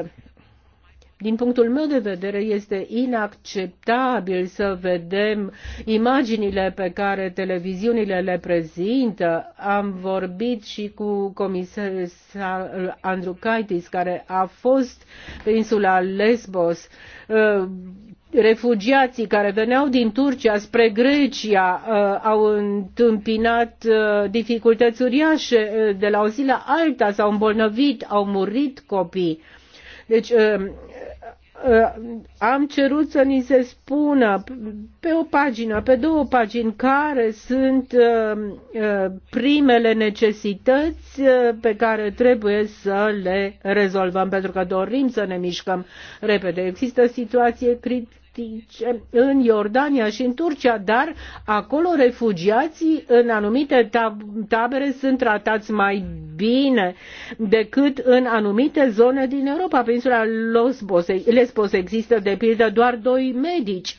din punctul meu de vedere, este inacceptabil să vedem imaginile pe care televiziunile le prezintă. Am vorbit și cu comisarul Kaitis, care a fost pe insula Lesbos. Uh, refugiații care veneau din Turcia spre Grecia uh, au întâmpinat uh, dificultăți uriașe de la o zi la alta, s-au îmbolnăvit, au murit copii. Deci Uh, am cerut să ni se spună pe o pagină, pe două pagini, care sunt uh, uh, primele necesități pe care trebuie să le rezolvăm, pentru că dorim să ne mișcăm repede. Există situație practice în Iordania și în Turcia, dar acolo refugiații în anumite tabere sunt tratați mai bine decât în anumite zone din Europa. Pe insula Lesbos există de pildă doar doi medici.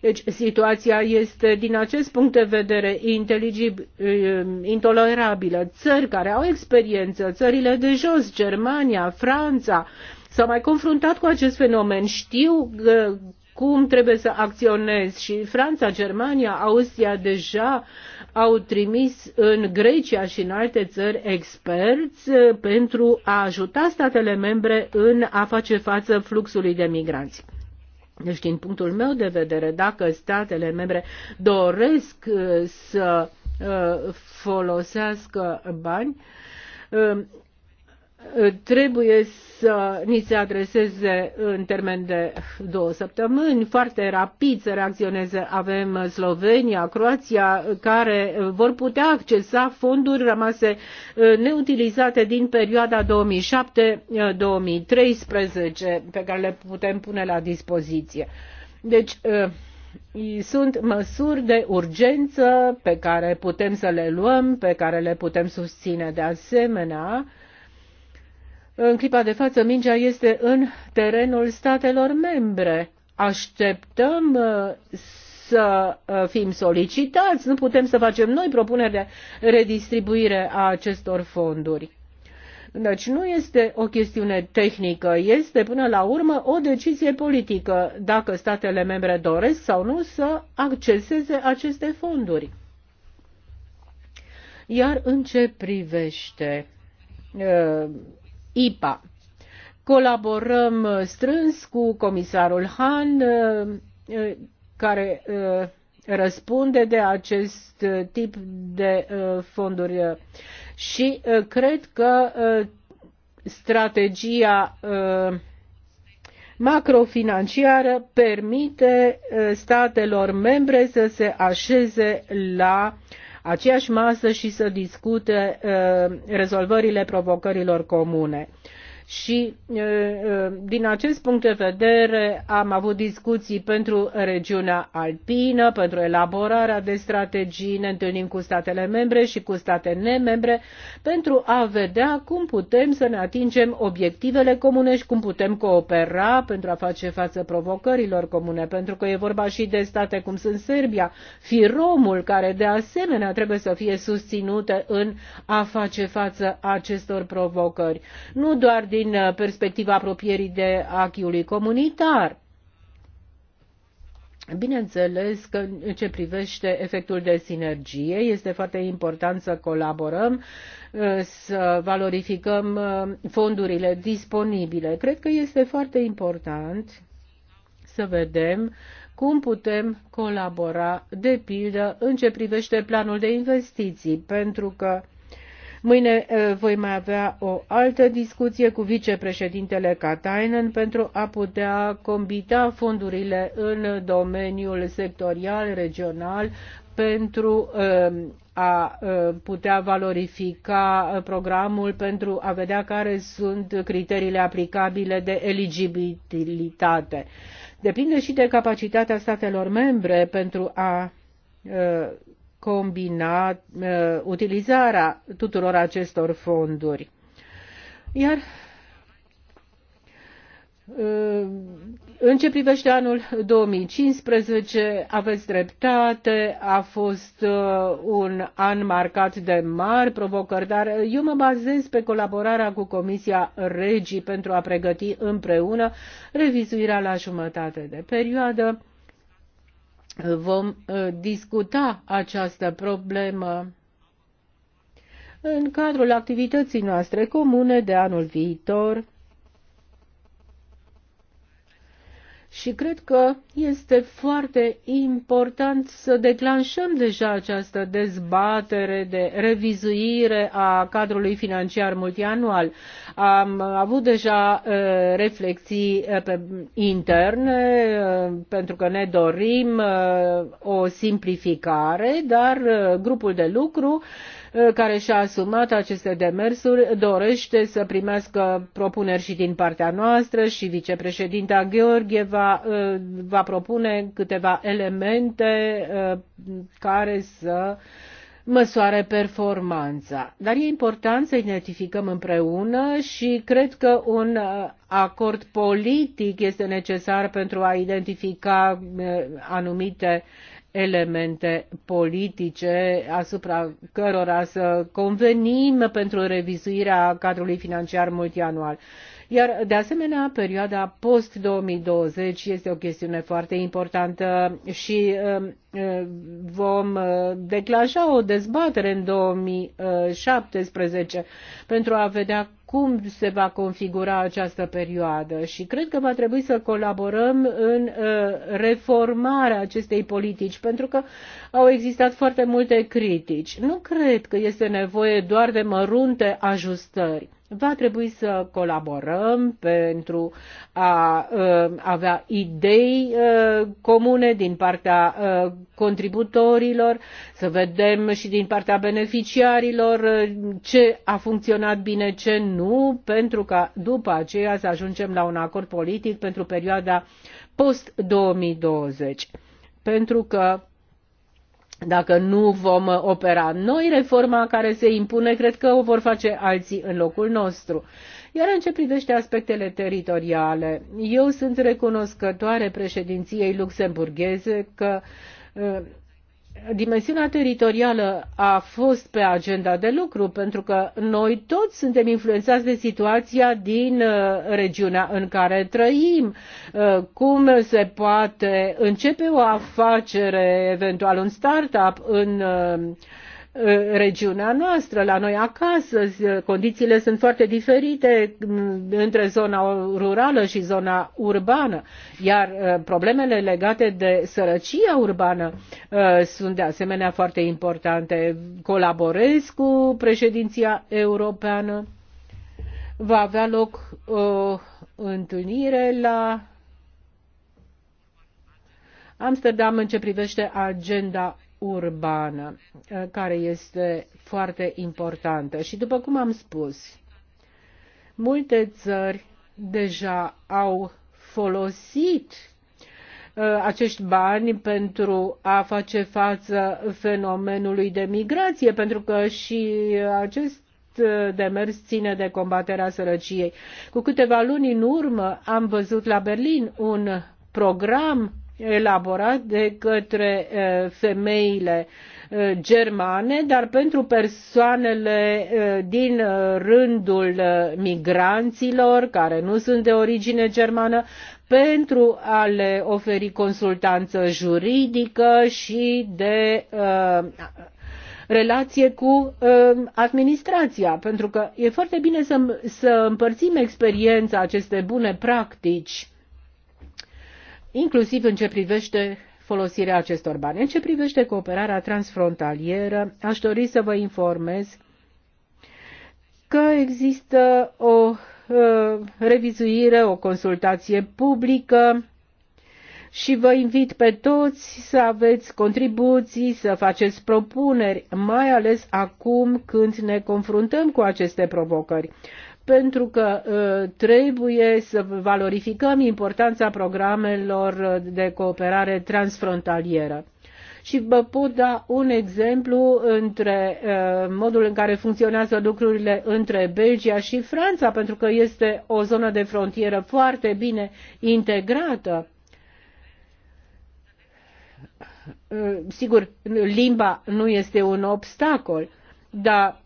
Deci situația este din acest punct de vedere um, intolerabilă. Țări care au experiență, țările de jos, Germania, Franța, s-au mai confruntat cu acest fenomen, știu uh, cum trebuie să acționezi și Franța, Germania, Austria deja au trimis în Grecia și în alte țări experți uh, pentru a ajuta statele membre în a face față fluxului de migranți. Deci, din punctul meu de vedere, dacă statele membre doresc uh, să uh, folosească bani, Uh, trebuie să ni se adreseze în termen de două săptămâni, foarte rapid să reacționeze. Avem uh, Slovenia, Croația, uh, care vor putea accesa fonduri rămase neutilizate din perioada 2007-2013, pe care le putem pune la dispoziție. Deci, sunt măsuri de urgență pe care putem să le luăm, pe care le putem susține de asemenea în clipa de față, mingea este în terenul statelor membre. Așteptăm uh, să uh, fim solicitați, nu putem să facem noi propuneri de redistribuire a acestor fonduri. Deci nu este o chestiune tehnică, este până la urmă o decizie politică dacă statele membre doresc sau nu să acceseze aceste fonduri. Iar în ce privește uh, IPA. Colaborăm uh, strâns cu comisarul Han, uh, uh, care răspunde de acest tip de fonduri și cred că strategia macrofinanciară permite statelor membre să se așeze la uh, aceeași masă și să discute uh, rezolvările provocărilor comune și din acest punct de vedere am avut discuții pentru regiunea alpină, pentru elaborarea de strategii, ne întâlnim cu statele membre și cu state nemembre pentru a vedea cum putem să ne atingem obiectivele comune și cum putem coopera pentru a face față provocărilor comune, pentru că e vorba și de state cum sunt Serbia, Firomul, care de asemenea trebuie să fie susținute în a face față acestor provocări. Nu doar din uh, perspectiva apropierii de achiului comunitar. Bineînțeles că în ce privește efectul de sinergie, este foarte important să colaborăm, uh, să valorificăm uh, fondurile disponibile. Cred că este foarte important să vedem cum putem colabora, de pildă, în ce privește planul de investiții, pentru că Mâine eh, voi mai avea o altă discuție cu vicepreședintele Katainen pentru a putea combina fondurile în domeniul sectorial, regional, pentru ehm, a eh, putea valorifica programul pentru a vedea care sunt criteriile aplicabile de eligibilitate. Depinde și de capacitatea statelor membre pentru a eh, combina uh, utilizarea tuturor acestor fonduri. Iar uh, în ce privește anul 2015, aveți dreptate, a fost uh, un an marcat de mari provocări, dar eu mă bazez pe colaborarea cu Comisia Regii pentru a pregăti împreună revizuirea la jumătate de perioadă vom uh, discuta această problemă în cadrul activității noastre comune de anul viitor Și cred că este foarte important să declanșăm deja această dezbatere de revizuire a cadrului financiar multianual. Am avut deja uh, reflexii uh, pe interne uh, pentru că ne dorim uh, o simplificare, dar uh, grupul de lucru Uh, care și-a asumat aceste demersuri dorește să primească propuneri și din partea noastră și vicepreședinta Gheorgheva uh, va propune câteva elemente uh, care să măsoare performanța. Dar e important să identificăm împreună și cred că un acord politic este necesar pentru a identifica anumite uh, elemente politice asupra cărora să convenim pentru revizuirea cadrului financiar multianual. Iar, de asemenea, perioada post-2020 este o chestiune foarte importantă și um, uh, vom uh, declanșa o dezbatere în 2017 uh, pentru a vedea cum se va configura această perioadă și cred că va trebui să colaborăm în uh, reformarea acestei politici, pentru că au existat foarte multe critici. Nu cred că este nevoie doar de mărunte ajustări. Va trebui să colaborăm pentru a uh, avea idei uh, comune din partea uh, contributorilor, să vedem și din partea beneficiarilor uh, ce a funcționat bine, ce nu, pentru ca după aceea să ajungem la un acord politic pentru perioada post-2020. Pentru că dacă nu vom opera noi reforma care se impune, cred că o vor face alții în locul nostru. Iar în ce privește aspectele teritoriale, eu sunt recunoscătoare președinției luxemburgheze că uh, dimensiunea teritorială a fost pe agenda de lucru, pentru că noi toți suntem influențați de situația din uh, regiunea în care trăim, uh, cum se poate începe o afacere, eventual un startup în uh, regiunea noastră, la noi acasă. Condițiile sunt foarte diferite între zona rurală și zona urbană, iar uh, problemele legate de sărăcia urbană uh, sunt de asemenea foarte importante. Colaborez cu președinția europeană. Va avea loc o întâlnire la Amsterdam în ce privește agenda urbană, uh, care este foarte importantă. Și după cum am spus, multe țări deja au folosit uh, acești bani pentru a face față fenomenului de migrație, pentru că și acest uh, demers ține de combaterea sărăciei. Cu câteva luni în urmă am văzut la Berlin un program elaborat de către femeile germane, dar pentru persoanele din rândul migranților care nu sunt de origine germană, pentru a le oferi consultanță juridică și de relație cu uh, administrația, pentru că e foarte bine să, să împărțim experiența aceste bune practici inclusiv în ce privește folosirea acestor bani. În ce privește cooperarea transfrontalieră, aș dori să vă informez că există o uh, revizuire, o consultație publică și vă invit pe toți să aveți contribuții, să faceți propuneri, mai ales acum când ne confruntăm cu aceste provocări pentru că uh, trebuie să valorificăm importanța programelor de cooperare transfrontalieră. Și vă pot da un exemplu între uh, modul în care funcționează lucrurile între Belgia și Franța, pentru că este o zonă de frontieră foarte bine integrată uh, sigur, limba nu este un obstacol, dar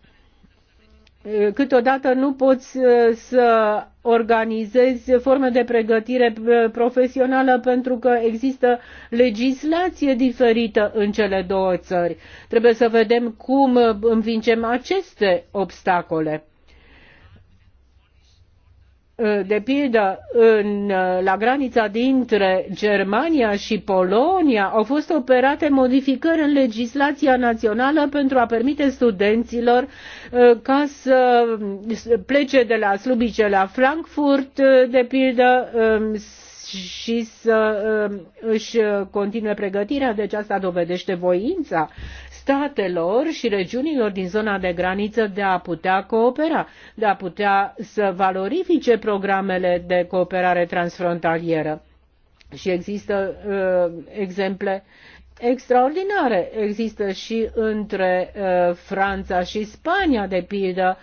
câteodată nu poți uh, să organizezi forme de pregătire uh, profesională pentru că există legislație diferită în cele două țări. Trebuie să vedem cum uh, învingem aceste obstacole. Ă, de pildă în, ă, la granița dintre Germania și Polonia au fost operate modificări în legislația națională pentru a permite studenților ă, ca să plece de la Slubice la Frankfurt, de pildă, și să își continue pregătirea. Deci asta dovedește voința statelor și regiunilor din zona de graniță de a putea coopera, de a putea să valorifice programele de cooperare transfrontalieră. Și există uh, exemple extraordinare. Există și între uh, Franța și Spania, de pildă,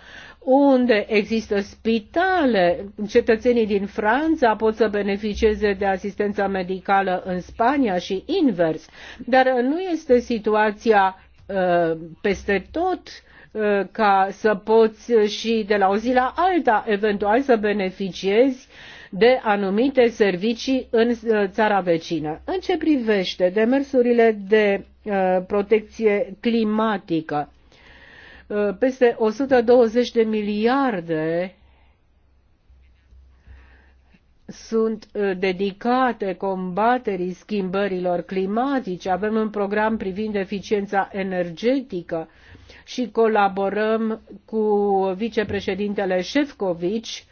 unde există spitale, cetățenii din Franța pot să beneficieze de asistența medicală în Spania și invers. Dar nu este situația Uh, peste tot uh, ca să poți și de la o zi la alta eventual să beneficiezi de anumite servicii în uh, țara vecină. În ce privește demersurile de protecție climatică, peste 120 de miliarde sunt uh, dedicate combaterii schimbărilor climatice, avem un program privind eficiența energetică și colaborăm cu vicepreședintele Șefcovici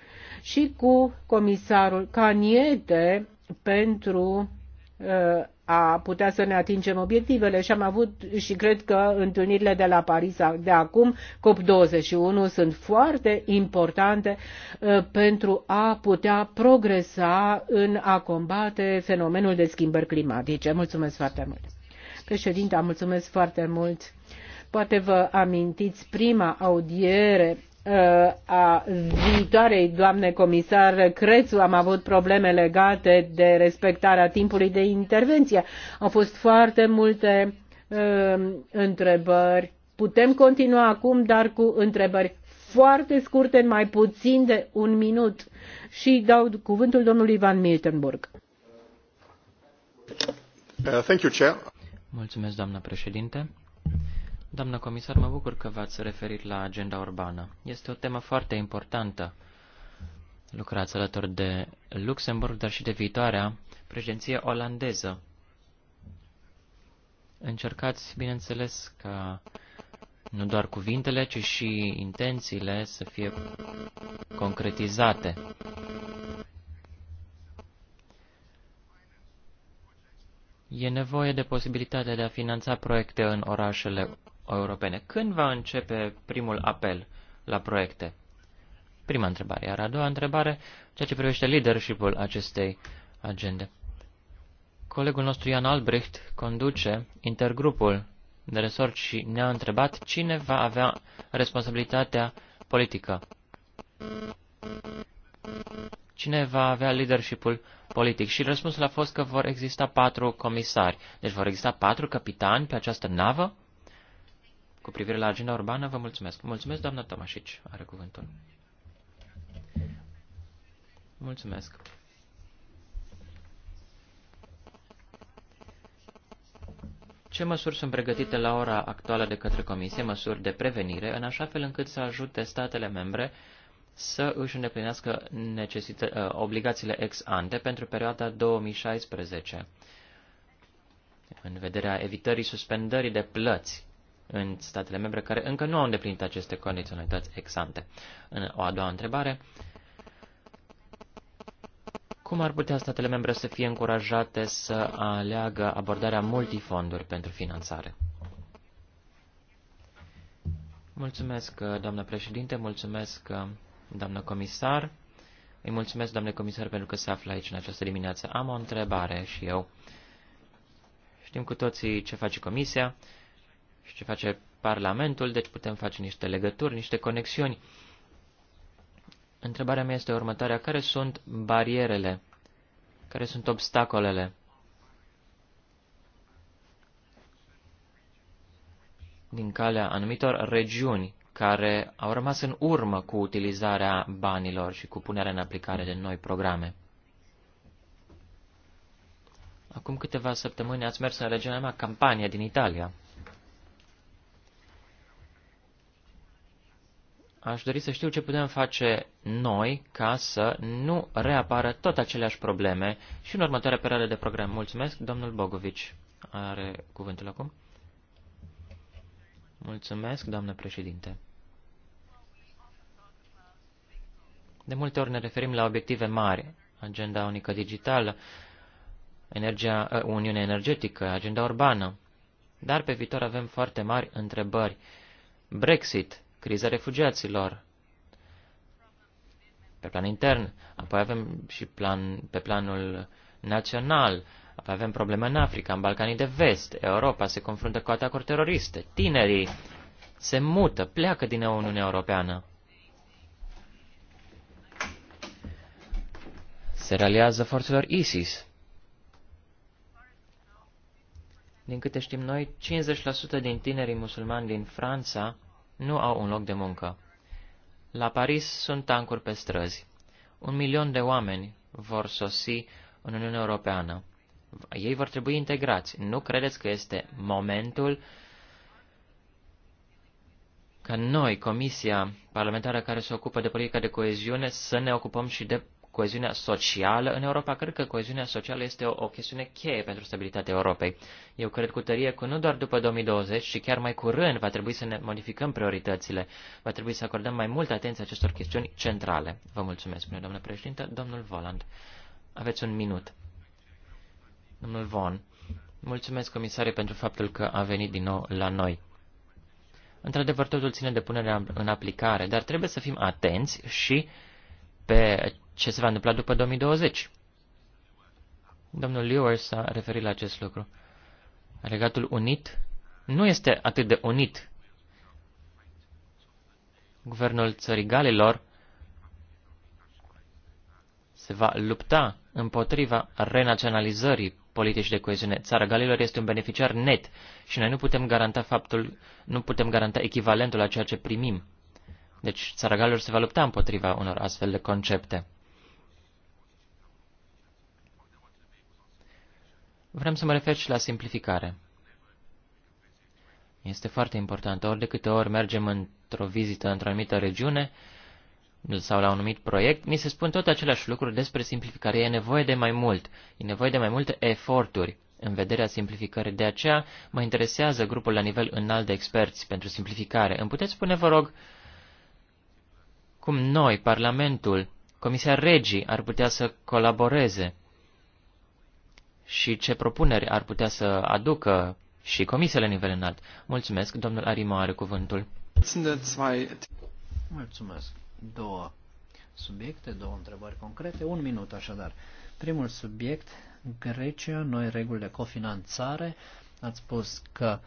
și cu comisarul Caniete pentru uh, a putea să ne atingem obiectivele și am avut și cred că întâlnirile de la Paris de acum, COP21, sunt foarte importante uh, pentru a putea progresa în a combate fenomenul de schimbări climatice. Mulțumesc foarte mult. Președinte, mulțumesc foarte mult. Poate vă amintiți prima audiere a viitoarei doamne comisar Crețu am avut probleme legate de respectarea timpului de intervenție. Au fost foarte multe uh, întrebări. Putem continua acum, dar cu întrebări foarte scurte, mai puțin de un minut. Și dau cuvântul domnului Ivan Miltenburg. Uh, Mulțumesc, doamnă președinte. Doamnă comisar, mă bucur că v-ați referit la agenda urbană. Este o temă foarte importantă. Lucrați alături de Luxemburg, dar și de viitoarea președinție olandeză. Încercați, bineînțeles, ca nu doar cuvintele, ci și intențiile să fie concretizate. E nevoie de posibilitatea de a finanța proiecte în orașele europene. Când va începe primul apel la proiecte? Prima întrebare. Iar a doua întrebare, ceea ce privește leadership-ul acestei agende. Colegul nostru Ian Albrecht conduce intergrupul de resort și ne-a întrebat cine va avea responsabilitatea politică. Cine va avea leadership-ul politic? Și răspunsul a fost că vor exista patru comisari. Deci vor exista patru capitani pe această navă? cu privire la agenda urbană, vă mulțumesc. Mulțumesc, doamna Tomașici, are cuvântul. Mulțumesc. Ce măsuri sunt pregătite la ora actuală de către Comisie, măsuri de prevenire, în așa fel încât să ajute statele membre să își îndeplinească necesită, obligațiile ex ante pentru perioada 2016, în vederea evitării suspendării de plăți în statele membre care încă nu au îndeplinit aceste condiționalități exante. În o a doua întrebare, cum ar putea statele membre să fie încurajate să aleagă abordarea multifonduri pentru finanțare? Mulțumesc, doamnă președinte, mulțumesc, doamnă comisar. Îi mulțumesc, doamne comisar, pentru că se află aici în această dimineață. Am o întrebare și eu. Știm cu toții ce face comisia și ce face Parlamentul, deci putem face niște legături, niște conexiuni. Întrebarea mea este următoarea. Care sunt barierele? Care sunt obstacolele? din calea anumitor regiuni care au rămas în urmă cu utilizarea banilor și cu punerea în aplicare de noi programe. Acum câteva săptămâni ați mers în regiunea mea, Campania, din Italia. aș dori să știu ce putem face noi ca să nu reapară tot aceleași probleme și în următoarea perioadă de program. Mulțumesc, domnul Bogovici. Are cuvântul acum? Mulțumesc, doamnă președinte. De multe ori ne referim la obiective mari, agenda unică digitală, energia, ă, Uniunea energetică, agenda urbană, dar pe viitor avem foarte mari întrebări. Brexit, criza refugiaților pe plan intern, apoi avem și plan, pe planul național, apoi avem probleme în Africa, în Balcanii de Vest, Europa se confruntă cu atacuri teroriste, tinerii se mută, pleacă din Uniunea Europeană. Se realiază forțelor ISIS. Din câte știm noi, 50% din tinerii musulmani din Franța nu au un loc de muncă. La Paris sunt tancuri pe străzi. Un milion de oameni vor sosi în Uniunea Europeană. Ei vor trebui integrați. Nu credeți că este momentul ca noi, Comisia Parlamentară care se ocupă de politica de coeziune, să ne ocupăm și de coeziunea socială în Europa. Cred că coeziunea socială este o, o chestiune cheie pentru stabilitatea Europei. Eu cred cu tărie că nu doar după 2020, ci chiar mai curând va trebui să ne modificăm prioritățile. Va trebui să acordăm mai multă atenție acestor chestiuni centrale. Vă mulțumesc, spune domnule președinte. Domnul Voland, aveți un minut. Domnul Von, mulțumesc comisare pentru faptul că a venit din nou la noi. Într-adevăr, totul ține de punerea în aplicare, dar trebuie să fim atenți și pe ce se va întâmpla după 2020. Domnul Lewis s-a referit la acest lucru. Regatul Unit nu este atât de unit. Guvernul țării Galilor se va lupta împotriva renaționalizării politici de coeziune. Țara Galilor este un beneficiar net și noi nu putem garanta faptul, nu putem garanta echivalentul a ceea ce primim. Deci țara Galilor se va lupta împotriva unor astfel de concepte. Vrem să mă refer și la simplificare. Este foarte important. Ori de câte ori mergem într-o vizită într-o anumită regiune sau la un anumit proiect, ni se spun tot aceleași lucruri despre simplificare. E nevoie de mai mult. E nevoie de mai multe eforturi în vederea simplificării. De aceea mă interesează grupul la nivel înalt de experți pentru simplificare. Îmi puteți spune, vă rog, cum noi, Parlamentul, Comisia Regii ar putea să colaboreze și ce propuneri ar putea să aducă și comisiile la nivel înalt. Mulțumesc, domnul Arima are cuvântul. Mulțumesc. Două subiecte, două întrebări concrete, un minut așadar. Primul subiect, Grecia, noi reguli de cofinanțare. Ați spus că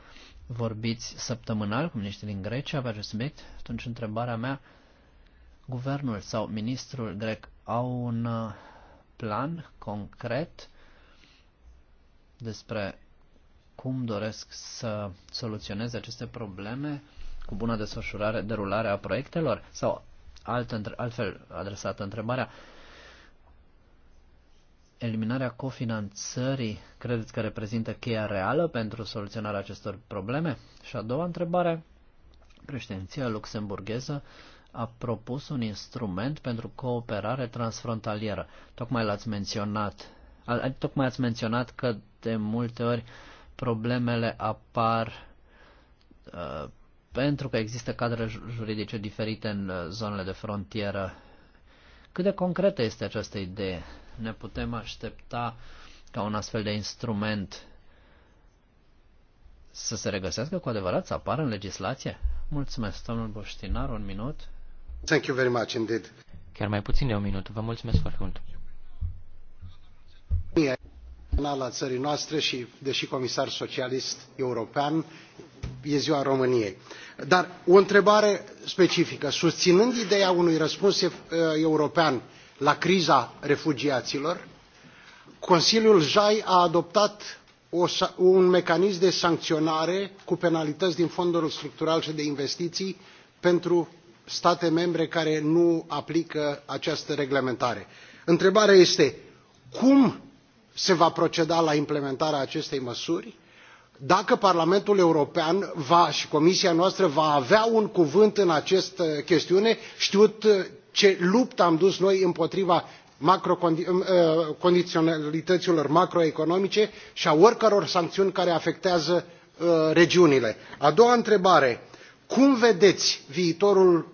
vorbiți săptămânal cu niște din Grecia pe acest subiect. Atunci întrebarea mea, guvernul sau ministrul grec au un uh, plan concret despre cum doresc să soluționeze aceste probleme cu bună desfășurare, derulare a proiectelor? Sau alt, altfel adresată întrebarea, eliminarea cofinanțării credeți că reprezintă cheia reală pentru soluționarea acestor probleme? Și a doua întrebare, președinția luxemburgheză a propus un instrument pentru cooperare transfrontalieră. Tocmai l-ați menționat Tocmai ați menționat că de multe ori problemele apar uh, pentru că există cadre juridice diferite în uh, zonele de frontieră. Cât de concretă este această idee? Ne putem aștepta ca un astfel de instrument să se regăsească cu adevărat, să apară în legislație? Mulțumesc, domnul Boștinar, un minut. Thank you very much indeed. Chiar mai puțin de un minut. Vă mulțumesc foarte mult. Națională a țării noastre și, deși comisar socialist european, e ziua României. Dar o întrebare specifică. Susținând ideea unui răspuns european la criza refugiaților, Consiliul JAI a adoptat o, un mecanism de sancționare cu penalități din fondul structural și de investiții pentru state membre care nu aplică această reglementare. Întrebarea este cum se va proceda la implementarea acestei măsuri dacă parlamentul european va, și comisia noastră va avea un cuvânt în această chestiune știut ce luptă am dus noi împotriva macro uh, condiționalităților macroeconomice și a oricăror sancțiuni care afectează uh, regiunile. a doua întrebare cum vedeți viitorul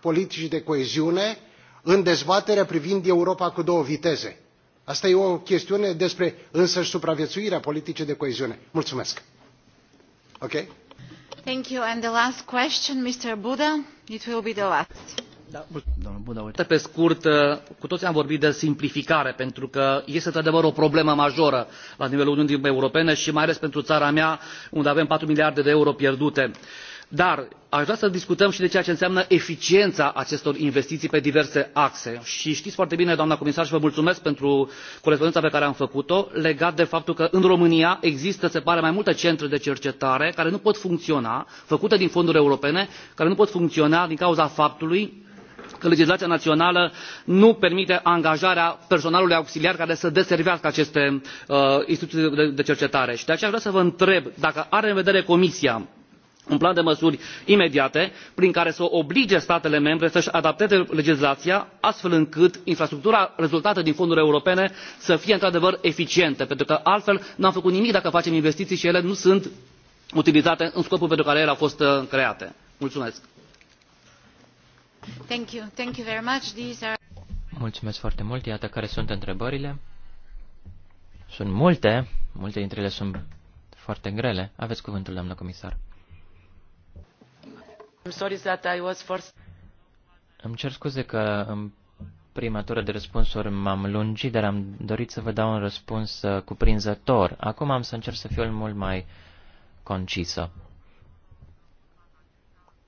politicii de coeziune în dezbaterea privind europa cu două viteze? Asta e o chestiune despre însăși supraviețuirea politicii de coeziune. Mulțumesc. Ok? Thank you. And the last question, Mr. Buda. It will be the last. Da, Buda, pe scurt, uh, cu toții am vorbit de simplificare, pentru că este într-adevăr o problemă majoră la nivelul Uniunii Europene și mai ales pentru țara mea, unde avem patru miliarde de euro pierdute. Uh, dar aș vrea să discutăm și de ceea ce înseamnă eficiența acestor investiții pe diverse axe și știți foarte bine doamnă comisar și vă mulțumesc pentru corespondența pe care am făcut o legat de faptul că în românia există se pare mai multe centre de cercetare care nu pot funcționa făcute din fonduri europene care nu pot funcționa din cauza faptului că legislația națională nu permite angajarea personalului auxiliar care să deservească aceste uh, instituții de cercetare și de aceea aș vrea să vă întreb dacă are în vedere comisia un plan de măsuri imediate prin care să oblige statele membre să își adapteze legislația astfel încât infrastructura rezultată din fonduri europene să fie într adevăr eficientă pentru că altfel nu am făcut nimic dacă facem investiții și ele nu sunt utilizate în scopul pentru care ele au fost uh, create. mulțumesc. Mulțumesc foarte mult. Iată care sunt întrebările. Sunt multe. Multe dintre ele sunt foarte grele. Aveți cuvântul, doamnă comisar. Îmi cer scuze că în prima tură de răspunsuri m-am lungit, dar am dorit să vă dau un răspuns uh, cuprinzător. Acum am să încerc să fiu mult mai concisă.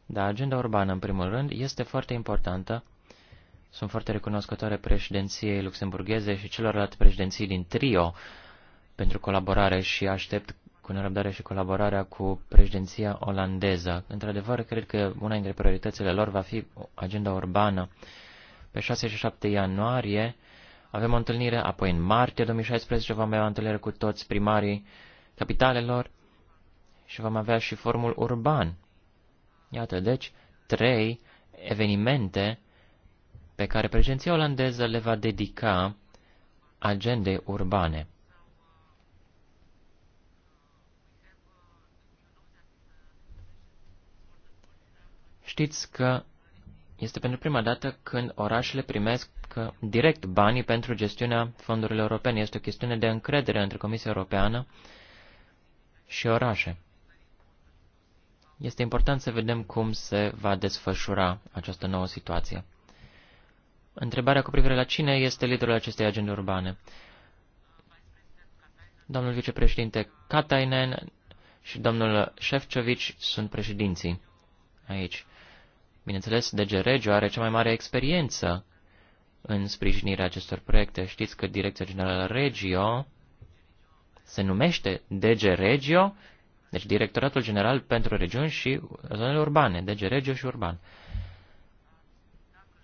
Da, agenda urbană, în primul rând, este foarte importantă. Sunt foarte recunoscătoare președinției luxemburgheze și celorlalte președinții din trio pentru colaborare și aștept cu nerăbdare și colaborarea cu președinția olandeză. Într-adevăr, cred că una dintre prioritățile lor va fi agenda urbană. Pe 6 și 7 ianuarie avem o întâlnire, apoi în martie 2016 vom avea o întâlnire cu toți primarii capitalelor și vom avea și formul urban. Iată, deci, trei evenimente pe care președinția olandeză le va dedica agendei urbane. Știți că este pentru prima dată când orașele primesc direct banii pentru gestiunea fondurilor europene. Este o chestiune de încredere între Comisia Europeană și orașe. Este important să vedem cum se va desfășura această nouă situație. Întrebarea cu privire la cine este liderul acestei agende urbane. Domnul vicepreședinte Katainen și domnul Șefcovici sunt președinții aici. Bineînțeles, DG Regio are cea mai mare experiență în sprijinirea acestor proiecte. Știți că Direcția Generală Regio se numește DG Regio, deci Directoratul General pentru Regiuni și Zonele Urbane, DG Regio și Urban.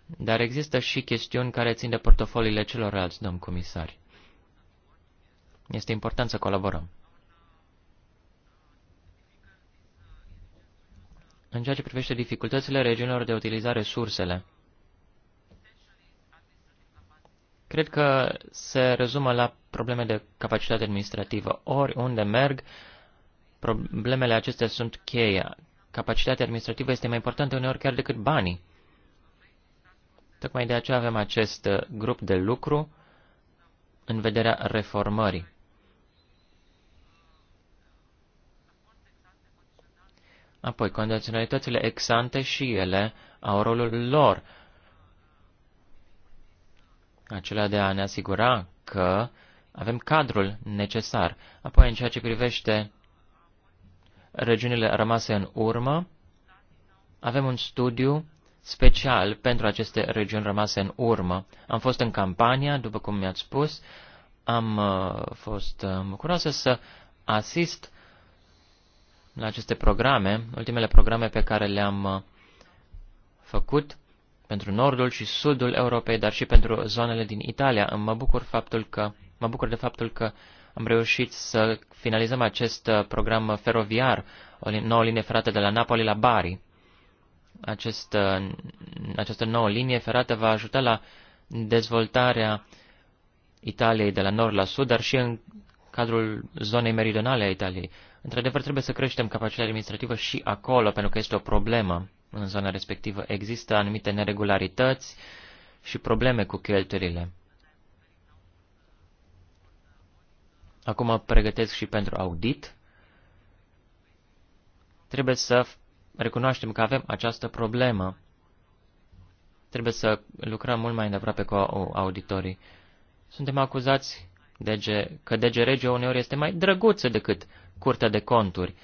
Dar există și chestiuni care țin de portofoliile celorlalți, domn comisari. Este important să colaborăm. în ceea ce privește dificultățile regiunilor de utilizare resursele. Cred că se rezumă la probleme de capacitate administrativă. Oriunde merg, problemele acestea sunt cheia. Capacitatea administrativă este mai importantă uneori chiar decât banii. Tocmai de aceea avem acest uh, grup de lucru în vederea reformării. Apoi, condiționalitățile exante și ele au rolul lor. Acela de a ne asigura că avem cadrul necesar. Apoi, în ceea ce privește regiunile rămase în urmă, avem un studiu special pentru aceste regiuni rămase în urmă. Am fost în campania, după cum mi-ați spus, am uh, fost uh, bucuroasă să asist la aceste programe, ultimele programe pe care le-am uh, făcut pentru nordul și sudul Europei, dar și pentru zonele din Italia. Mă bucur, faptul că, mă bucur de faptul că am reușit să finalizăm acest uh, program feroviar, o nouă linie ferată de la Napoli la Bari. Acest, uh, această nouă linie ferată va ajuta la dezvoltarea Italiei de la nord la sud, dar și în cadrul zonei meridionale a Italiei. Într-adevăr, trebuie să creștem capacitatea administrativă și acolo, pentru că este o problemă în zona respectivă. Există anumite neregularități și probleme cu cheltuielile. Acum mă pregătesc și pentru audit. Trebuie să recunoaștem că avem această problemă. Trebuie să lucrăm mult mai îndeaproape cu auditorii. Suntem acuzați dege, că dege rege uneori este mai drăguță decât Curtea de Conturi.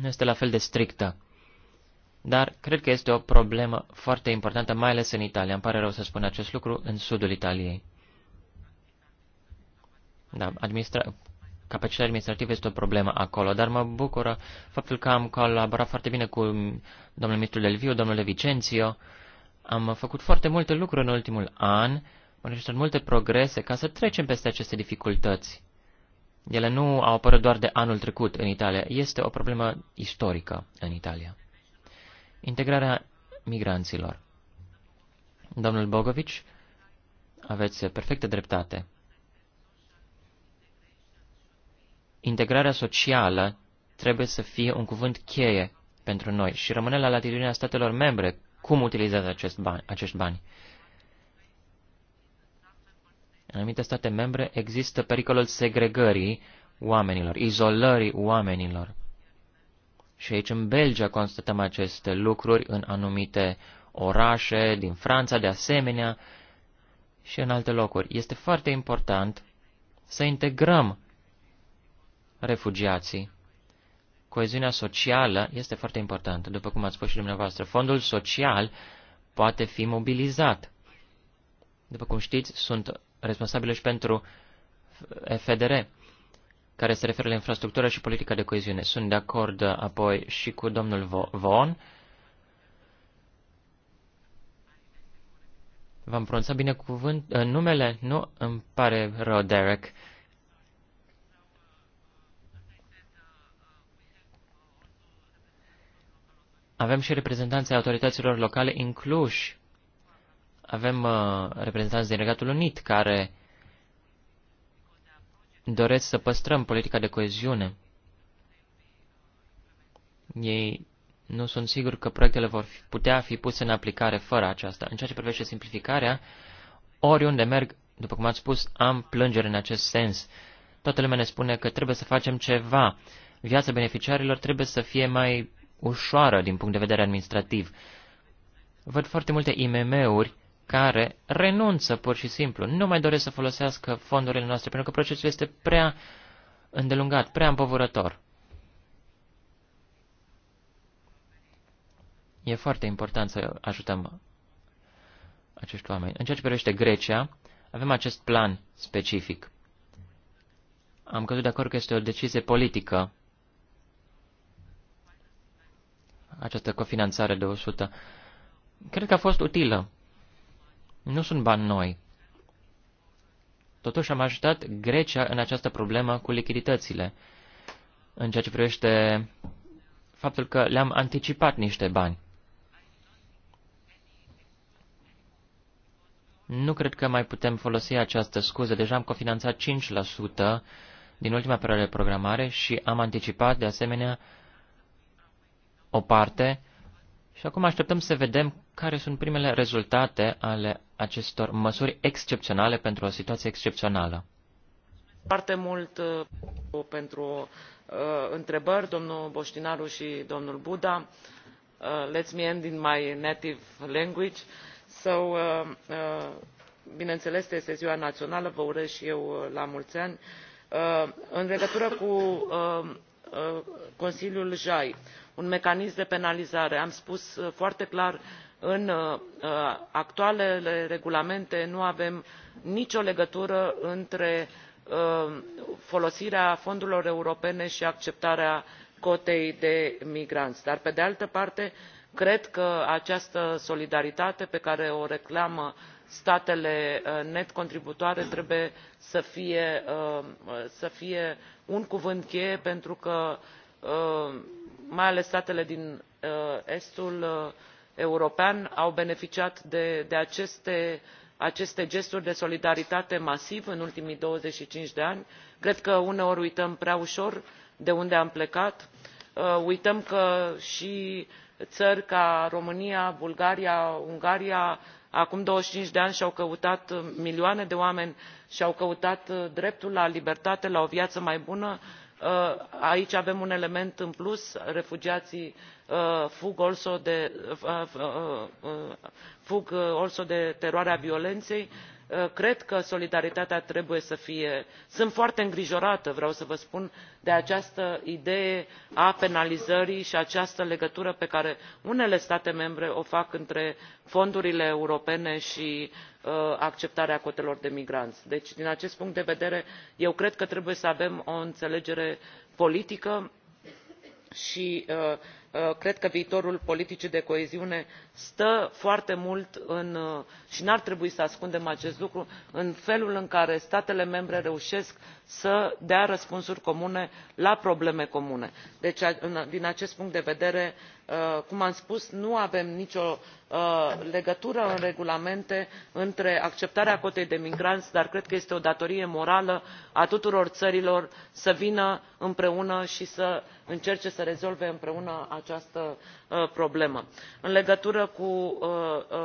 Nu este la fel de strictă. Dar cred că este o problemă foarte importantă, mai ales în Italia. Îmi pare rău să spun acest lucru, în sudul Italiei. Da, administra- capacitatea administrativă este o problemă acolo, dar mă bucură faptul că am colaborat foarte bine cu domnul ministru Delviu, domnul Vicențio. Am făcut foarte multe lucruri în ultimul an manifestat multe progrese ca să trecem peste aceste dificultăți. Ele nu au apărut doar de anul trecut în Italia, este o problemă istorică în Italia. Integrarea migranților. Domnul Bogovici, aveți perfectă dreptate. Integrarea socială trebuie să fie un cuvânt cheie pentru noi și rămâne la latitudinea statelor membre cum utilizează acest bani, acești bani. În anumite state membre există pericolul segregării oamenilor, izolării oamenilor. Și aici în Belgia constatăm aceste lucruri în anumite orașe, din Franța de asemenea și în alte locuri. Este foarte important să integrăm refugiații. Coeziunea socială este foarte importantă, după cum ați spus și dumneavoastră. Fondul social poate fi mobilizat. După cum știți, sunt responsabilă și pentru FDR, care se referă la infrastructură și politica de coeziune. Sunt de acord apoi și cu domnul Vaughan. V-am pronunțat bine cuvânt, numele? Nu, îmi pare rău, Derek. Avem și reprezentanții autorităților locale incluși avem uh, reprezentanți din Regatul Unit care doresc să păstrăm politica de coeziune. Ei nu sunt sigur că proiectele vor putea fi puse în aplicare fără aceasta. În ceea ce privește simplificarea, oriunde merg, după cum ați spus, am plângeri în acest sens. Toată lumea ne spune că trebuie să facem ceva. Viața beneficiarilor trebuie să fie mai ușoară din punct de vedere administrativ. Văd foarte multe IMM-uri care renunță pur și simplu, nu mai doresc să folosească fondurile noastre, pentru că procesul este prea îndelungat, prea împovărător. E foarte important să ajutăm acești oameni. În ceea ce privește Grecia, avem acest plan specific. Am căzut de acord că este o decizie politică această cofinanțare de 100. Cred că a fost utilă nu sunt bani noi. Totuși am ajutat Grecia în această problemă cu lichiditățile, în ceea ce privește faptul că le-am anticipat niște bani. Nu cred că mai putem folosi această scuză. Deja am cofinanțat 5% din ultima perioadă de programare și am anticipat, de asemenea, o parte și acum așteptăm să vedem care sunt primele rezultate ale acestor măsuri excepționale pentru o situație excepțională. Foarte mult uh, pentru uh, întrebări, domnul Boștinaru și domnul Buda. Uh, Let me end in my native language. So, bineînțeles, este ziua națională, vă urez și eu la mulți ani. În legătură cu Uh, consiliul jai un mecanism de penalizare am spus uh, foarte clar în uh, actualele regulamente nu avem nicio legătură între folosirea fondurilor europene și acceptarea cotei de migranți dar pe de altă parte cred că această solidaritate pe care o reclamă statele net contributoare trebuie să fie, să fie un cuvânt cheie pentru că uh, mai ales statele din uh, estul uh, european au beneficiat de, aceste, aceste gesturi de solidaritate masiv în ultimii douăzeci și cinci de ani. cred că uneori uităm prea ușor de unde am plecat uităm că și țări ca românia bulgaria ungaria acum douăzeci și cinci de ani și au căutat uh, milioane de oameni și au căutat uh, dreptul la libertate la o viață mai bună uh, aici avem un element în plus refugiații fug also de, de teroarea violenței și Ă, cred că solidaritatea trebuie să fie sunt foarte îngrijorată vreau să vă spun de această idee a penalizării și această legătură pe care unele state membre o fac între fondurile europene și ă, acceptarea cotelor de migranți. deci din acest punct de vedere eu cred că trebuie să avem o înțelegere politică și ă, Uh, cred că viitorul politicii de coeziune stă foarte mult uh, și nu ar trebui să ascundem acest lucru în felul în care statele membre reușesc să dea răspunsuri comune la probleme comune. deci din acest punct de vedere uh, cum am spus nu avem nicio uh, legătură în regulamente între acceptarea cotei de migranți dar cred că este o datorie morală a tuturor țărilor să vină împreună și să încerce să rezolve împreună această uh, problemă. în legătură cu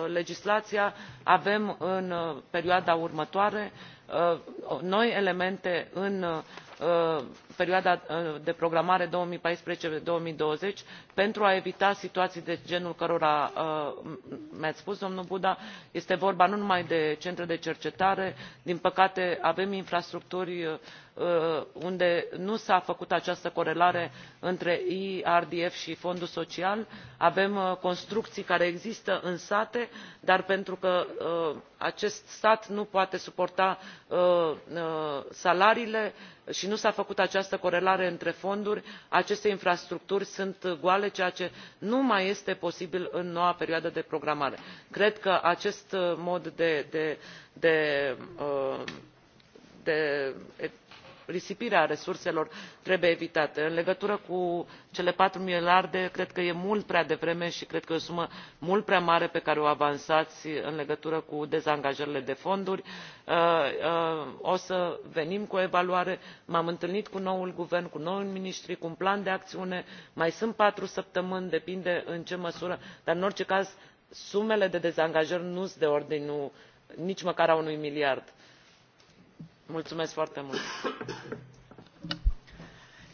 legislația avem în perioada următoare Uh, noi elemente în uh, Uh, perioada uh, de programare două mii paisprezece două mii douăzeci pentru a evita situații de genul cărora uh, mi ați spus domnul buda este vorba nu numai de centre de cercetare din păcate avem infrastructuri unde nu s a făcut această corelare între erdf și fondul social avem construcții care există în sate dar pentru că acest sat nu poate suporta salariile și nu s a făcut această corelare între fonduri aceste infrastructuri sunt goale ceea ce nu mai este posibil în noua perioadă de programare. cred că acest mod de, uh, risipirea resurselor trebuie evitată. în legătură cu cele patru miliarde cred că e mult prea devreme și cred că e o sumă mult prea mare pe care o avansați în legătură cu dezangajările de fonduri. Uh, uh, o să venim cu o evaluare m am întâlnit cu noul guvern cu noii miniștri cu un plan de acțiune mai sunt patru săptămâni depinde în ce măsură dar în orice caz sumele de dezangajări nu sunt de ordinul nici măcar al unui miliard mulțumesc foarte mult!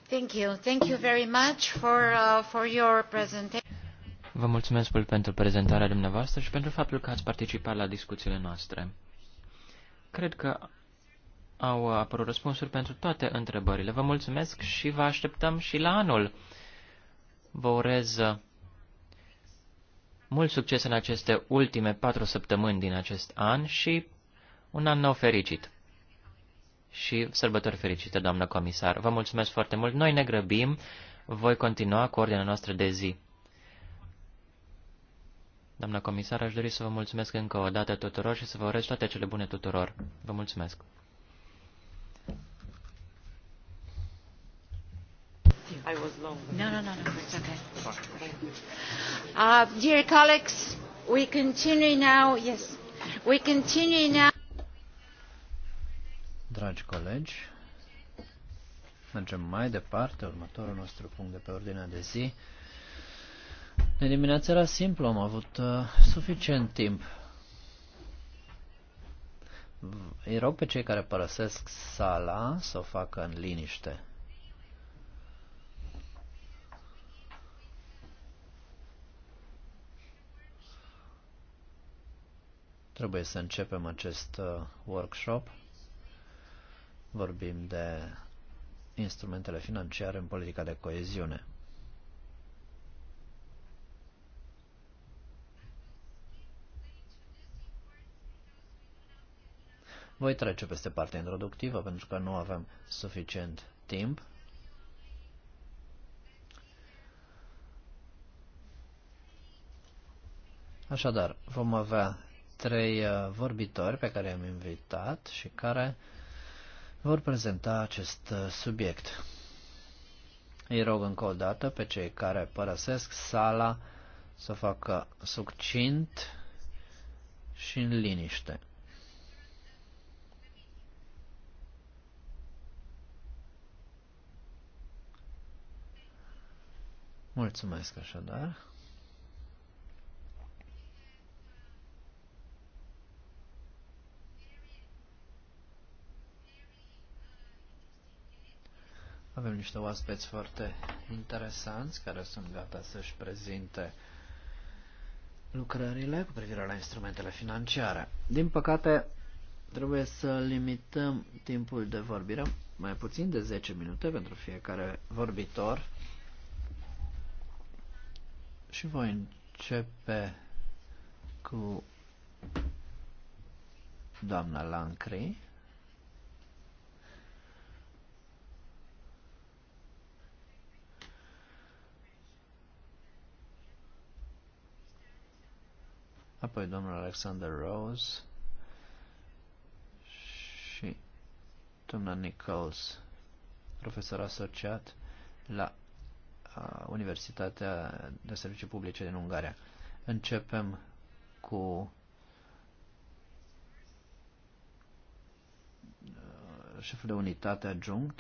Thank you. Thank you very much for, uh, for your presentation. Vă mulțumesc mult pentru prezentarea dumneavoastră și pentru faptul că ați participat la discuțiile noastre. Cred că au apărut răspunsuri pentru toate întrebările. Vă mulțumesc și vă așteptăm și la anul. Vă urez mult succes în aceste ultime patru săptămâni din acest an și un an nou fericit și sărbători fericite, doamnă comisar. Vă mulțumesc foarte mult. Noi ne grăbim. Voi continua cu ordinea noastră de zi. Doamna comisar, aș dori să vă mulțumesc încă o dată tuturor și să vă urez toate cele bune tuturor. Vă mulțumesc! I was long. No, no, no, no, it's okay. Uh, dear colleagues, we continue now. Yes, we continue now. Dragi colegi, mergem mai departe, următorul nostru punct de pe ordinea de zi. De dimineața era simplu, am avut uh, suficient timp. Îi rog pe cei care părăsesc sala să o facă în liniște. trebuie să începem acest uh, workshop. Vorbim de instrumentele financiare în politica de coeziune. Voi trece peste partea introductivă pentru că nu avem suficient timp. Așadar, vom avea trei uh, vorbitori pe care i-am invitat și care vor prezenta acest uh, subiect. Îi rog încă o dată pe cei care părăsesc sala să facă succint și în liniște. Mulțumesc așadar. Avem niște oaspeți foarte interesanți care sunt gata să-și prezinte lucrările cu privire la instrumentele financiare. Din păcate, trebuie să limităm timpul de vorbire mai puțin de 10 minute pentru fiecare vorbitor și voi începe cu doamna Lancri. apoi domnul Alexander Rose și domnul Nichols, profesor asociat la Universitatea de Servicii Publice din Ungaria. Începem cu șeful de unitate adjunct,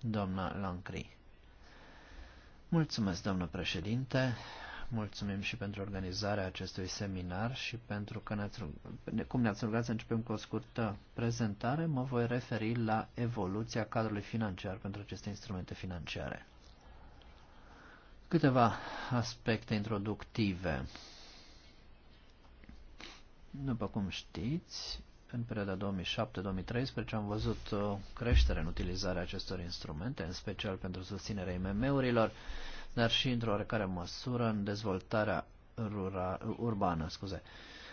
doamna Lancri. Mulțumesc, doamnă președinte. Mulțumim și pentru organizarea acestui seminar și pentru că ne rugat, cum ne-ați rugat să începem cu o scurtă prezentare, mă voi referi la evoluția cadrului financiar pentru aceste instrumente financiare. Câteva aspecte introductive. După cum știți, în perioada 2007-2013 am văzut o creștere în utilizarea acestor instrumente, în special pentru susținerea IMM-urilor dar și într-o oarecare măsură în dezvoltarea rura, urbană. Scuze.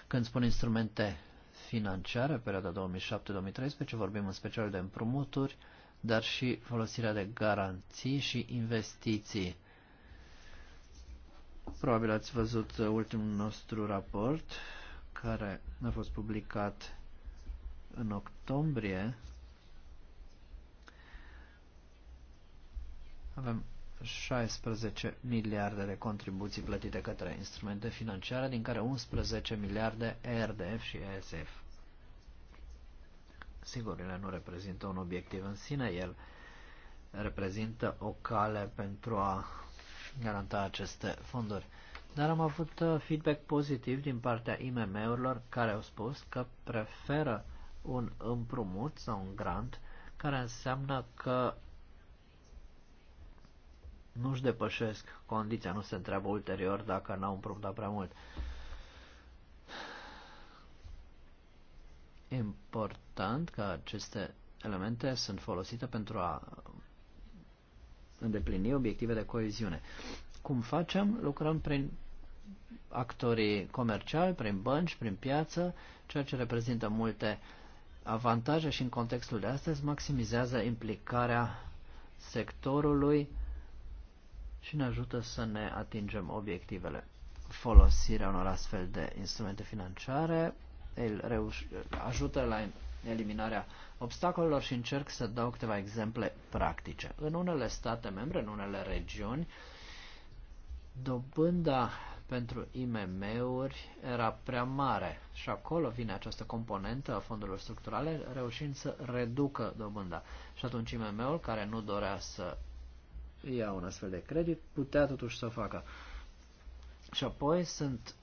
Când spun instrumente financiare, perioada 2007-2013, vorbim în special de împrumuturi, dar și folosirea de garanții și investiții. Probabil ați văzut ultimul nostru raport, care a fost publicat în octombrie. Avem 16 miliarde de contribuții plătite către instrumente financiare, din care 11 miliarde ERDF și ESF. Sigur, ele nu reprezintă un obiectiv în sine, el reprezintă o cale pentru a garanta aceste fonduri. Dar am avut uh, feedback pozitiv din partea IMM-urilor care au spus că preferă un împrumut sau un grant care înseamnă că nu-și depășesc condiția, nu se întreabă ulterior dacă n-au împrumutat prea mult. E important că aceste elemente sunt folosite pentru a îndeplini obiective de coeziune. Cum facem? Lucrăm prin actorii comerciali, prin bănci, prin piață, ceea ce reprezintă multe avantaje și în contextul de astăzi maximizează implicarea sectorului și ne ajută să ne atingem obiectivele. Folosirea unor astfel de instrumente financiare el ajută la eliminarea obstacolelor și încerc să dau câteva exemple practice. În unele state membre, în unele regiuni, dobânda pentru IMM-uri era prea mare și acolo vine această componentă a fondurilor structurale reușind să reducă dobânda. Și atunci IMM-ul care nu dorea să ia un astfel de credit, putea totuși să o facă. Și apoi sunt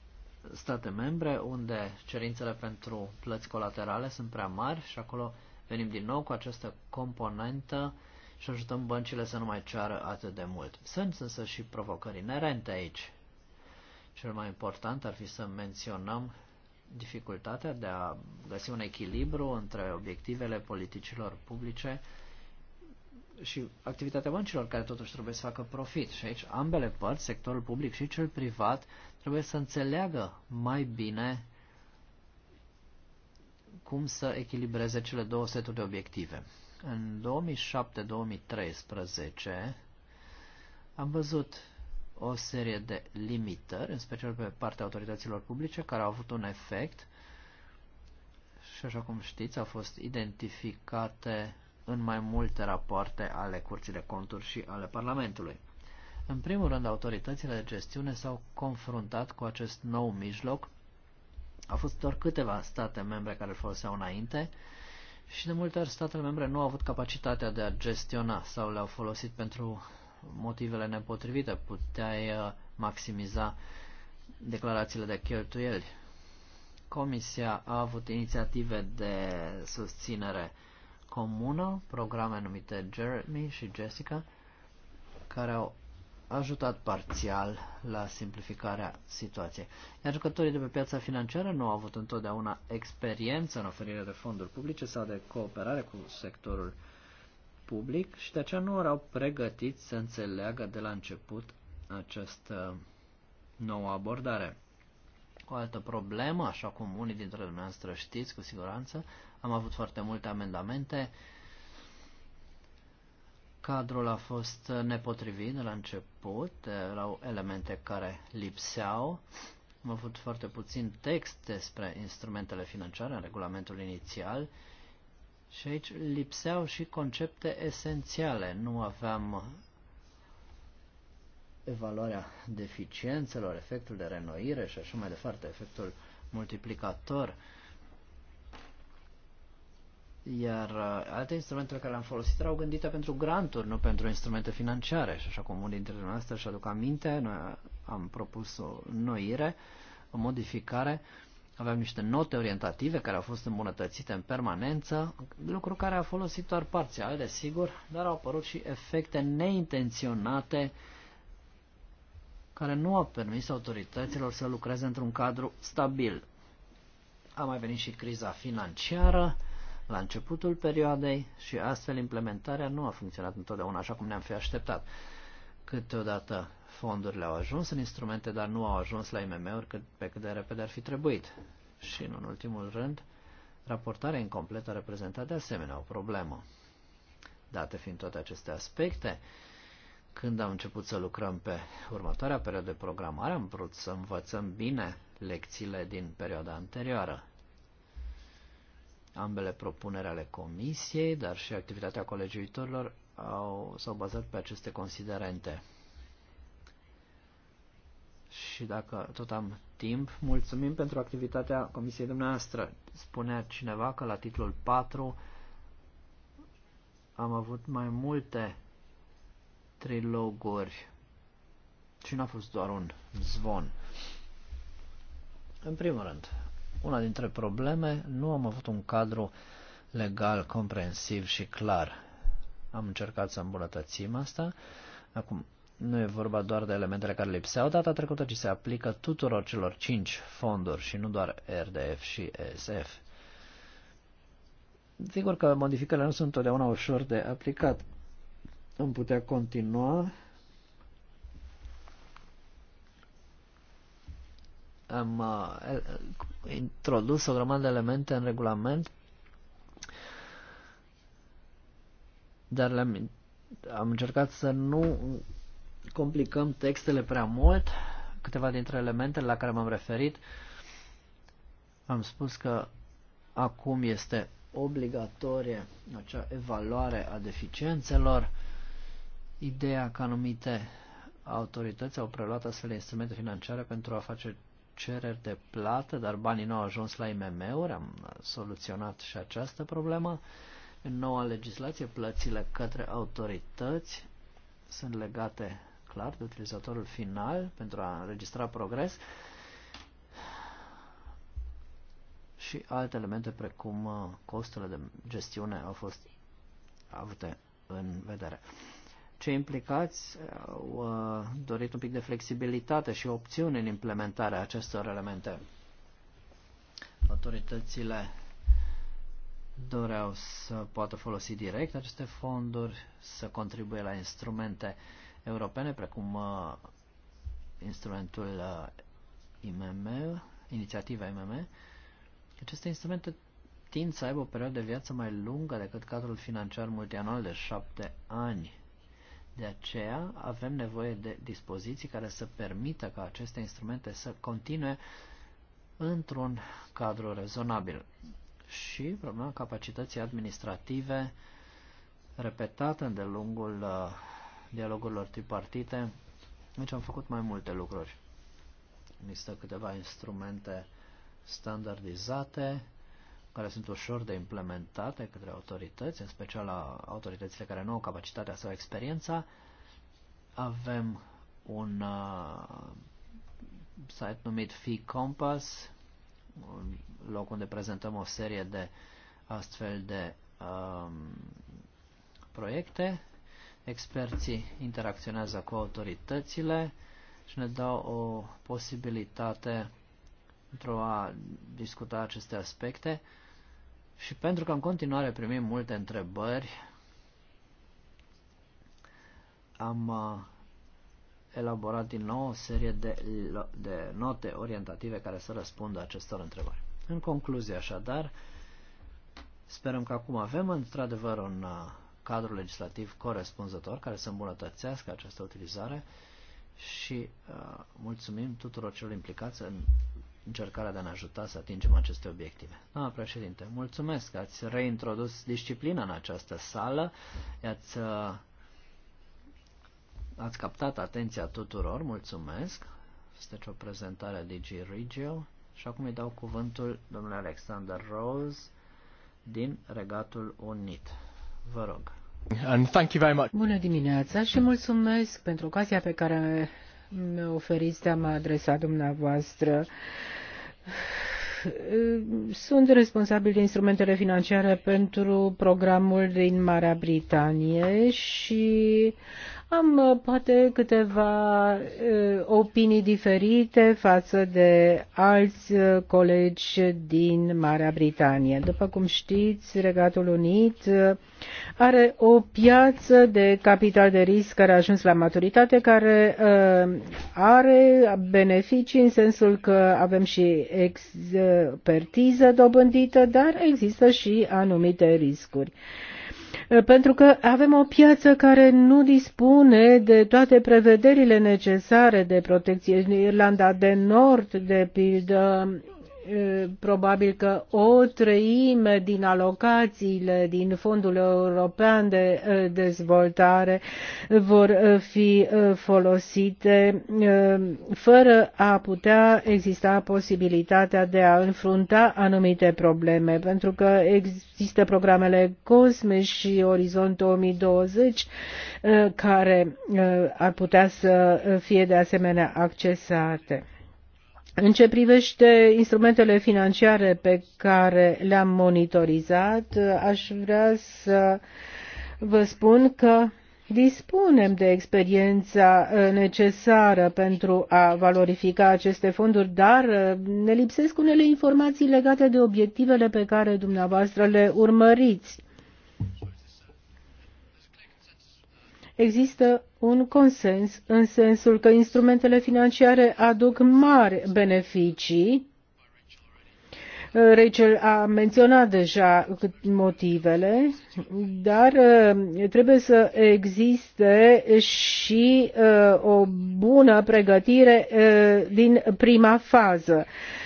state membre unde cerințele pentru plăți colaterale sunt prea mari și acolo venim din nou cu această componentă și ajutăm băncile să nu mai ceară atât de mult. Sunt însă și provocări inerente aici. Cel mai important ar fi să menționăm dificultatea de a găsi un echilibru între obiectivele politicilor publice și activitatea băncilor care totuși trebuie să facă profit. Și aici ambele părți, sectorul public și cel privat, trebuie să înțeleagă mai bine cum să echilibreze cele două seturi de obiective. În 2007-2013 am văzut o serie de limitări, în special pe partea autorităților publice, care au avut un efect și, așa cum știți, au fost identificate în mai multe rapoarte ale Curții de Conturi și ale Parlamentului. În primul rând, autoritățile de gestiune s-au confruntat cu acest nou mijloc. Au fost doar câteva state membre care îl foloseau înainte și de multe ori statele membre nu au avut capacitatea de a gestiona sau le-au folosit pentru motivele nepotrivite. Puteai uh, maximiza declarațiile de cheltuieli. Comisia a avut inițiative de susținere comună, programe numite Jeremy și Jessica, care au ajutat parțial la simplificarea situației. Iar jucătorii de pe piața financiară nu au avut întotdeauna experiență în oferirea de fonduri publice sau de cooperare cu sectorul public și de aceea nu erau pregătiți să înțeleagă de la început această nouă abordare o altă problemă, așa cum unii dintre dumneavoastră știți cu siguranță. Am avut foarte multe amendamente. Cadrul a fost nepotrivit de la început, erau elemente care lipseau. Am avut foarte puțin text despre instrumentele financiare în regulamentul inițial și aici lipseau și concepte esențiale. Nu aveam evaluarea deficiențelor, efectul de renoire și așa mai departe, efectul multiplicator. Iar uh, alte instrumente pe care le-am folosit erau gândite pentru granturi, nu pentru instrumente financiare. Și așa cum unii dintre dumneavoastră și aduc aminte, noi am propus o noire, o modificare. Aveam niște note orientative care au fost îmbunătățite în permanență, lucru care a folosit doar parțial, desigur, dar au apărut și efecte neintenționate uh, care nu a permis autorităților să lucreze într-un cadru stabil. A mai venit și criza financiară la începutul perioadei și astfel implementarea nu a funcționat întotdeauna așa cum ne-am fi așteptat. Câteodată fondurile au ajuns în instrumente, dar nu au ajuns la IMM-uri cât, pe cât de repede ar fi trebuit. Și, în ultimul rând, raportarea incompletă a reprezentat de asemenea o problemă. Date fiind toate aceste aspecte, când am început să lucrăm pe următoarea perioadă de programare, am vrut să învățăm bine lecțiile din perioada anterioară. Ambele propuneri ale comisiei, dar și activitatea colegiuitorilor au, s-au bazat pe aceste considerente. Și dacă tot am timp, mulțumim pentru activitatea comisiei dumneavoastră. Spunea cineva că la titlul 4 am avut mai multe trei loguri și n-a fost doar un zvon. În primul rând, una dintre probleme, nu am avut un cadru legal comprensiv și clar. Am încercat să îmbunătățim asta. Acum, nu e vorba doar de elementele care lipseau data trecută, ci se aplică tuturor celor cinci fonduri și nu doar RDF și ESF. Sigur că modificările nu sunt întotdeauna ușor de aplicat. Am putea continua. Am uh, introdus o grămadă de elemente în regulament, dar le-am am încercat să nu complicăm textele prea mult. Câteva dintre elementele la care m-am referit, am spus că acum este obligatorie acea evaluare a deficiențelor ideea că anumite autorități au preluat astfel de instrumente financiare pentru a face cereri de plată, dar banii nu au ajuns la IMM-uri, am soluționat și această problemă. În noua legislație, plățile către autorități sunt legate clar de utilizatorul final pentru a înregistra progres și alte elemente precum uh, costurile de gestiune au fost avute în vedere. Cei implicați au uh, dorit un pic de flexibilitate și opțiuni în implementarea acestor elemente. Autoritățile doreau să poată folosi direct aceste fonduri, să contribuie la instrumente europene, precum uh, instrumentul uh, IMM, inițiativa IMM. Aceste instrumente tind să aibă o perioadă de viață mai lungă decât cadrul financiar multianual de șapte ani. De aceea avem nevoie de dispoziții care să permită ca aceste instrumente să continue într-un cadru rezonabil. Și problema capacității administrative repetată de lungul uh, dialogurilor tripartite, deci am făcut mai multe lucruri. Există câteva instrumente standardizate, care sunt ușor de implementate către autorități, în special la autoritățile care nu au capacitatea sau experiența. Avem un uh, site numit Fee Compass, un loc unde prezentăm o serie de astfel de um, proiecte. Experții interacționează cu autoritățile și ne dau o posibilitate pentru a discuta aceste aspecte. Și pentru că în continuare primim multe întrebări, am uh, elaborat din nou o serie de, de note orientative care să răspundă acestor întrebări. În concluzie, așadar, sperăm că acum avem într-adevăr un uh, cadru legislativ corespunzător care să îmbunătățească această utilizare și uh, mulțumim tuturor celor implicați în încercarea de a ne ajuta să atingem aceste obiective. Doamna președinte, mulțumesc că ați reintrodus disciplina în această sală, ați, uh, ați captat atenția tuturor, mulțumesc. Este o prezentare DG Regio și acum îi dau cuvântul domnului Alexander Rose din Regatul Unit. Vă rog. And thank you very much. Bună dimineața și mulțumesc pentru ocazia pe care mi oferiți de a mă adresa dumneavoastră. Sunt responsabil de instrumentele financiare pentru programul din Marea Britanie și am uh, poate câteva uh, opinii diferite față de alți uh, colegi din Marea Britanie. După cum știți, Regatul Unit uh, are o piață de capital de risc care a ajuns la maturitate, care uh, are beneficii în sensul că avem și expertiză dobândită, dar există și anumite riscuri. Uh, Eh, pentru că avem o piață care nu dispune de toate prevederile necesare de protecție. Irlanda de Nord, de pildă, probabil că o treime din alocațiile din Fondul European de eh, Dezvoltare vor eh, fi eh, folosite fără a putea exista posibilitatea de a înfrunta anumite probleme, pentru că există programele COSME și Orizont 2020 care ar putea să fie de asemenea accesate. În ce privește instrumentele financiare pe care le-am monitorizat, aș vrea să vă spun că dispunem de experiența uh, necesară pentru a valorifica aceste fonduri, dar uh, ne lipsesc unele informații legate de obiectivele pe care dumneavoastră le urmăriți. Există un consens în sensul că instrumentele financiare aduc mari beneficii. Rachel a menționat deja motivele, dar uh, trebuie să existe și uh, o bună pregătire uh, din prima fază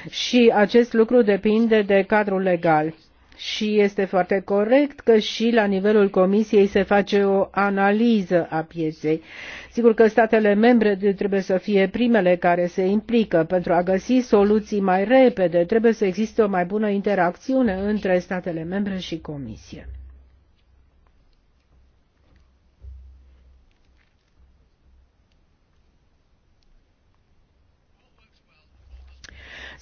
și acest lucru depinde de cadrul legal și este foarte corect că și la nivelul Comisiei se face o analiză a pieței. Sigur că statele membre trebuie să fie primele care se implică pentru a găsi soluții mai repede. Trebuie să existe o mai bună interacțiune între statele membre și Comisie.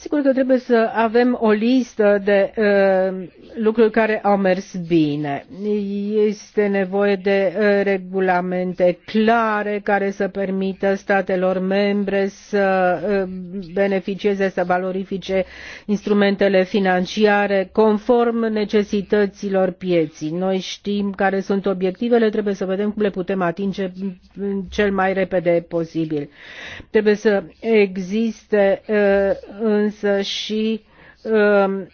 Sigur că trebuie să avem o listă de uh, lucruri care au mers bine. Este nevoie de uh, regulamente clare care să permită statelor membre să uh, beneficieze, să valorifice instrumentele financiare conform necesităților pieții. Noi știm care sunt obiectivele, trebuie să vedem cum le putem atinge cel mai repede posibil. Trebuie să existe uh, însă și um,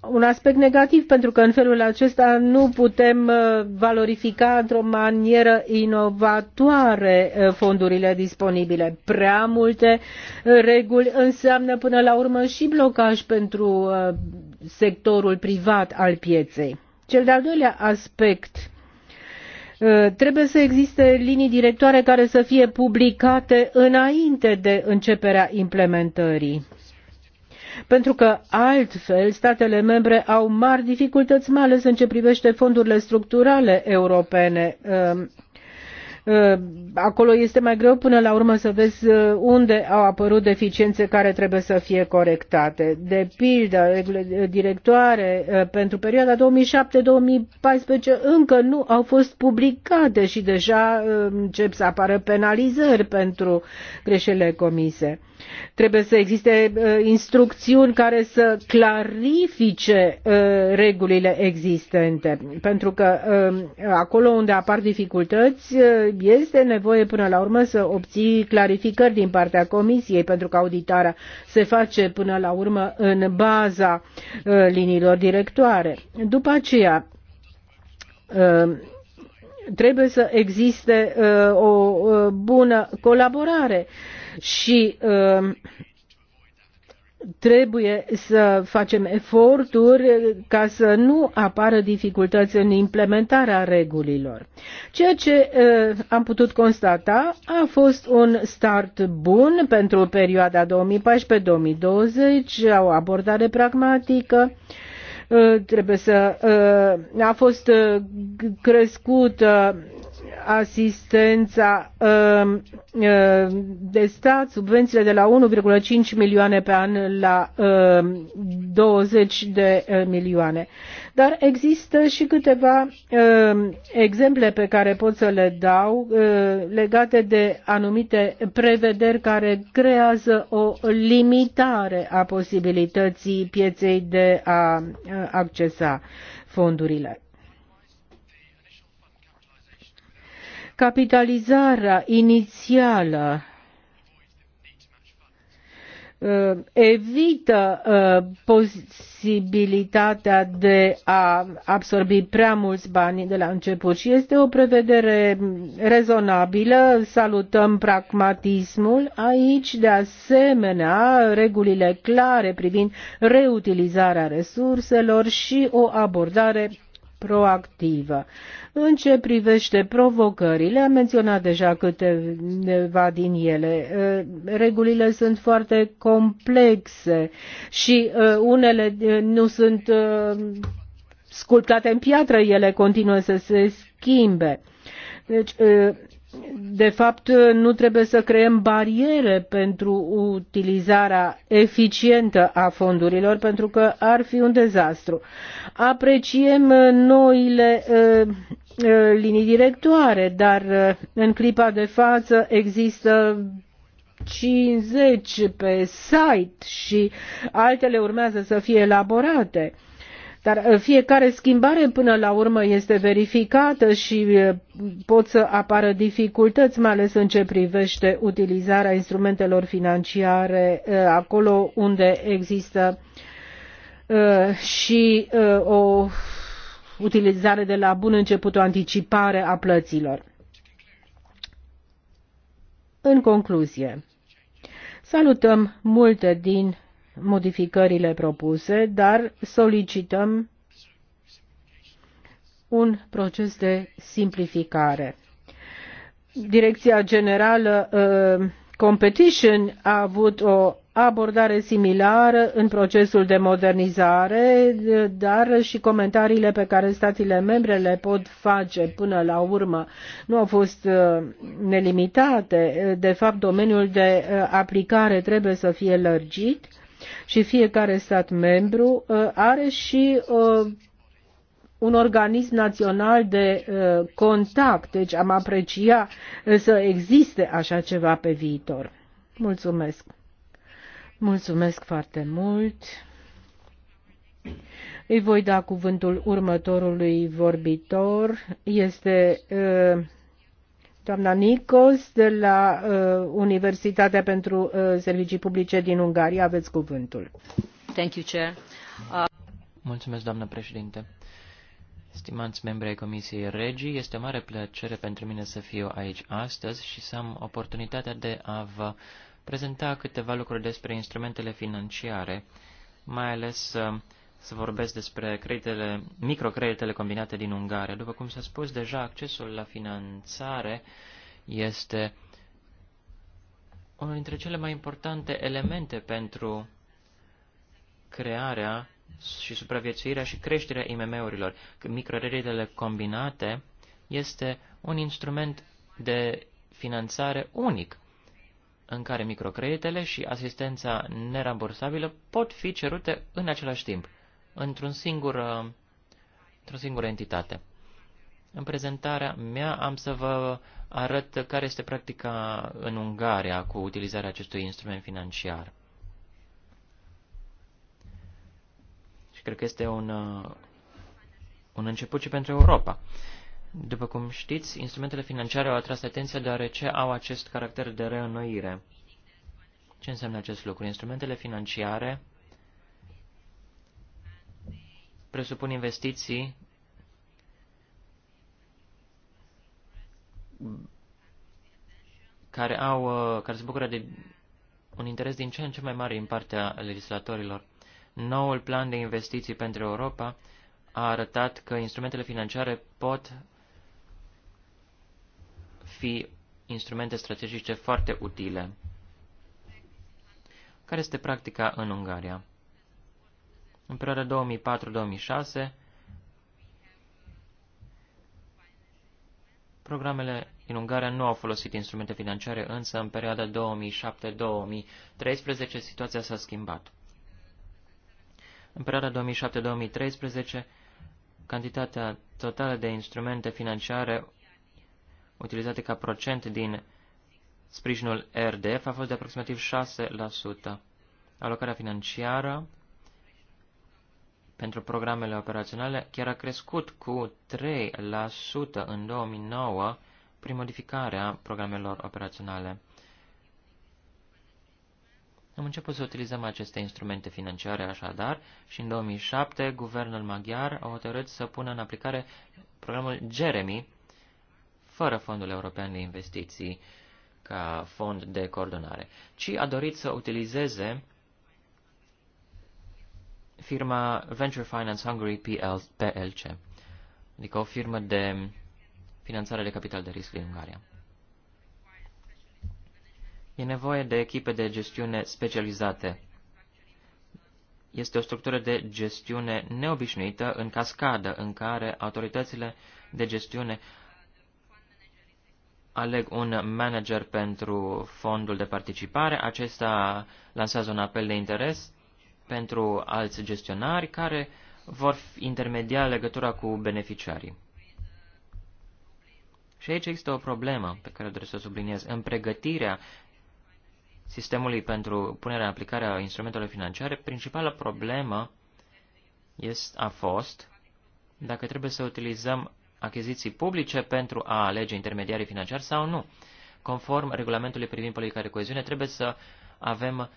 un aspect negativ pentru că în felul acesta nu putem uh, valorifica într-o manieră inovatoare uh, fondurile disponibile. Prea multe uh, reguli înseamnă până la urmă și blocaj pentru sectorul privat al pieței. Cel de-al doilea aspect Uh, trebuie să existe linii directoare care să fie publicate înainte de începerea implementării pentru că altfel statele membre au mari dificultăți, mai ales în ce privește fondurile structurale europene. Uh, Eh, acolo este mai greu până la urmă să vezi eh, unde au apărut deficiențe care trebuie să fie corectate. De pildă, eh, directoare pentru perioada 2007-2014 încă nu au fost publicate și deja încep să apară penalizări pentru greșelile comise. Trebuie să existe uh, instrucțiuni care să clarifice uh, regulile existente, pentru că um, acolo unde apar dificultăți uh, este nevoie până la urmă să obții clarificări din partea Comisiei, pentru că auditarea se face până la urmă în baza liniilor directoare. După aceea, trebuie să existe uh, o uh, bună colaborare și uh, trebuie să facem eforturi ca să nu apară dificultăți în implementarea regulilor. Ceea ce am putut constata a fost un start bun pentru perioada 2014-2020, o abordare pragmatică, Uh, trebuie să uh, a fost uh, crescută asistența um, de stat, subvențiile de la 1,5 milioane pe an la 20 um, de milioane. Dar există și câteva uh, exemple pe care pot să le dau uh, legate de anumite prevederi care creează o limitare a posibilității pieței de a uh, accesa fondurile. Capitalizarea inițială Uh, evită uh, posibilitatea de a absorbi prea mulți bani de la început și este o prevedere rezonabilă. Salutăm pragmatismul aici, de asemenea, regulile clare privind reutilizarea resurselor și o abordare proactivă. În ce privește provocările, am menționat deja câteva din ele. Eh, regulile sunt foarte complexe și eh, unele eh, nu sunt sculptate în piatră, ele continuă să se schimbe. Deci de fapt, nu trebuie să creăm bariere pentru utilizarea eficientă a fondurilor, pentru că ar fi un dezastru. Apreciem noile eh, eh, linii directoare, dar eh, în clipa de față există 50 pe site și altele urmează să fie elaborate. Dar uh, fiecare schimbare până la urmă este verificată și uh, pot să apară dificultăți, mai ales în ce privește utilizarea instrumentelor financiare uh, acolo unde există și o utilizare de la bun început, o anticipare a plăților. În concluzie, salutăm multe din modificările propuse, dar solicităm un proces de simplificare. Direcția Generală uh, Competition a avut o abordare similară în procesul de modernizare, uh, dar și comentariile pe care statele membre le pot face până la urmă nu au fost uh, nelimitate. De fapt, domeniul de uh, aplicare trebuie să fie lărgit și fiecare stat membru uh, are și uh, un organism național de uh, contact, deci am aprecia să existe așa ceva pe viitor. Mulțumesc! Mulțumesc foarte mult! Îi voi da cuvântul următorului vorbitor. Este uh, doamna Nikos, de la uh, Universitatea pentru uh, Servicii Publice din Ungaria. Aveți cuvântul. Thank you, Chair. Uh... Mulțumesc, doamnă președinte. Stimați membri ai Comisiei Regii, este o mare plăcere pentru mine să fiu aici astăzi și să am oportunitatea de a vă prezenta câteva lucruri despre instrumentele financiare, mai ales uh, să vorbesc despre creditele, microcreditele combinate din Ungaria. După cum s-a spus deja, accesul la finanțare este unul dintre cele mai importante elemente pentru crearea și supraviețuirea și creșterea IMM-urilor. Microcreditele combinate este un instrument de finanțare unic în care microcreditele și asistența nerambursabilă pot fi cerute în același timp într-un singur, uh, într-o singură entitate. În prezentarea mea am să vă arăt care este practica în Ungaria cu utilizarea acestui instrument financiar. Și cred că este un, uh, un început și pentru Europa. După cum știți, instrumentele financiare au atras atenția deoarece au acest caracter de reînnoire. Ce înseamnă acest lucru? Instrumentele financiare presupun investiții care, au, uh, care se bucură de un interes din ce în ce mai mare în partea legislatorilor. Noul plan de investiții pentru Europa a arătat că instrumentele financiare pot fi instrumente strategice foarte utile. Care este practica în Ungaria? În perioada 2004-2006, programele din Ungaria nu au folosit instrumente financiare, însă în perioada 2007-2013 situația s-a schimbat. În perioada 2007-2013, cantitatea totală de instrumente financiare utilizate ca procent din sprijinul RDF a fost de aproximativ 6%. Alocarea financiară pentru programele operaționale chiar a crescut cu 3% în 2009 prin modificarea programelor operaționale. Am început să utilizăm aceste instrumente financiare așadar și în 2007 guvernul maghiar a hotărât să pună în aplicare programul Jeremy fără Fondul European de Investiții ca fond de coordonare, ci a dorit să utilizeze firma Venture Finance Hungary PL, PLC, adică o firmă de finanțare de capital de risc din Ungaria. E nevoie de echipe de gestiune specializate. Este o structură de gestiune neobișnuită în cascadă în care autoritățile de gestiune aleg un manager pentru fondul de participare, acesta lansează un apel de interes pentru alți gestionari care vor intermedia legătura cu beneficiarii. Și aici există o problemă pe care trebuie să o subliniez. În pregătirea sistemului pentru punerea în aplicare a instrumentelor financiare, principala problemă este, a fost dacă trebuie să utilizăm achiziții publice pentru a alege intermediarii financiari sau nu. Conform regulamentului privind politica de coeziune, trebuie să avem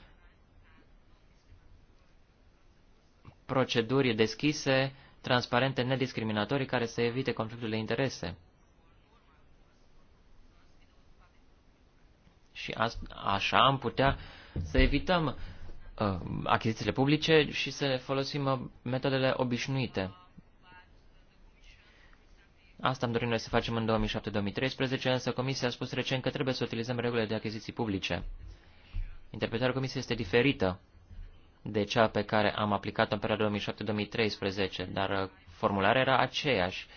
proceduri deschise, transparente, nediscriminatorii, care să evite conflictul de interese. Și așa am putea să evităm uh, achizițiile publice și să folosim uh, metodele obișnuite. Asta am dorit noi să facem în 2007-2013, însă Comisia a spus recent că trebuie să utilizăm regulile de achiziții publice. Interpretarea Comisiei este diferită de cea pe care am aplicat-o în perioada 2007-2013, dar uh, formularea era aceeași.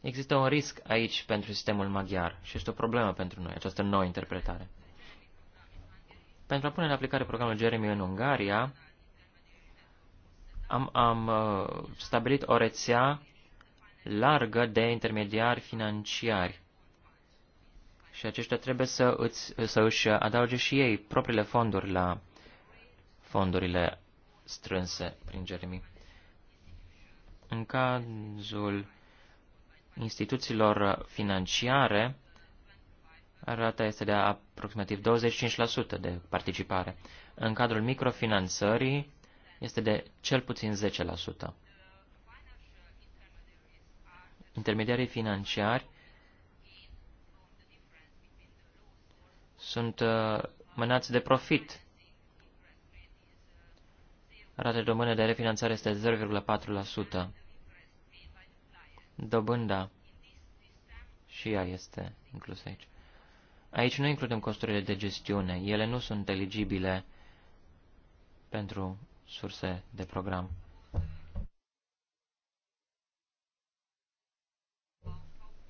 Există un risc aici pentru sistemul maghiar și este o problemă pentru noi, această nouă interpretare. Pentru a pune în aplicare programul Jeremy în Ungaria, am, am uh, stabilit o rețea largă de intermediari financiari și aceștia trebuie să, îți, să își adauge și ei propriile fonduri la fondurile strânse prin Jeremy. În cazul instituțiilor financiare, rata este de aproximativ 25% de participare. În cadrul microfinanțării este de cel puțin 10%. Intermediarii financiari sunt uh, mânați de profit. Rata română de refinanțare este 0,4%. Dobânda și ea este inclusă aici. Aici nu includem costurile de gestiune. Ele nu sunt eligibile pentru surse de program.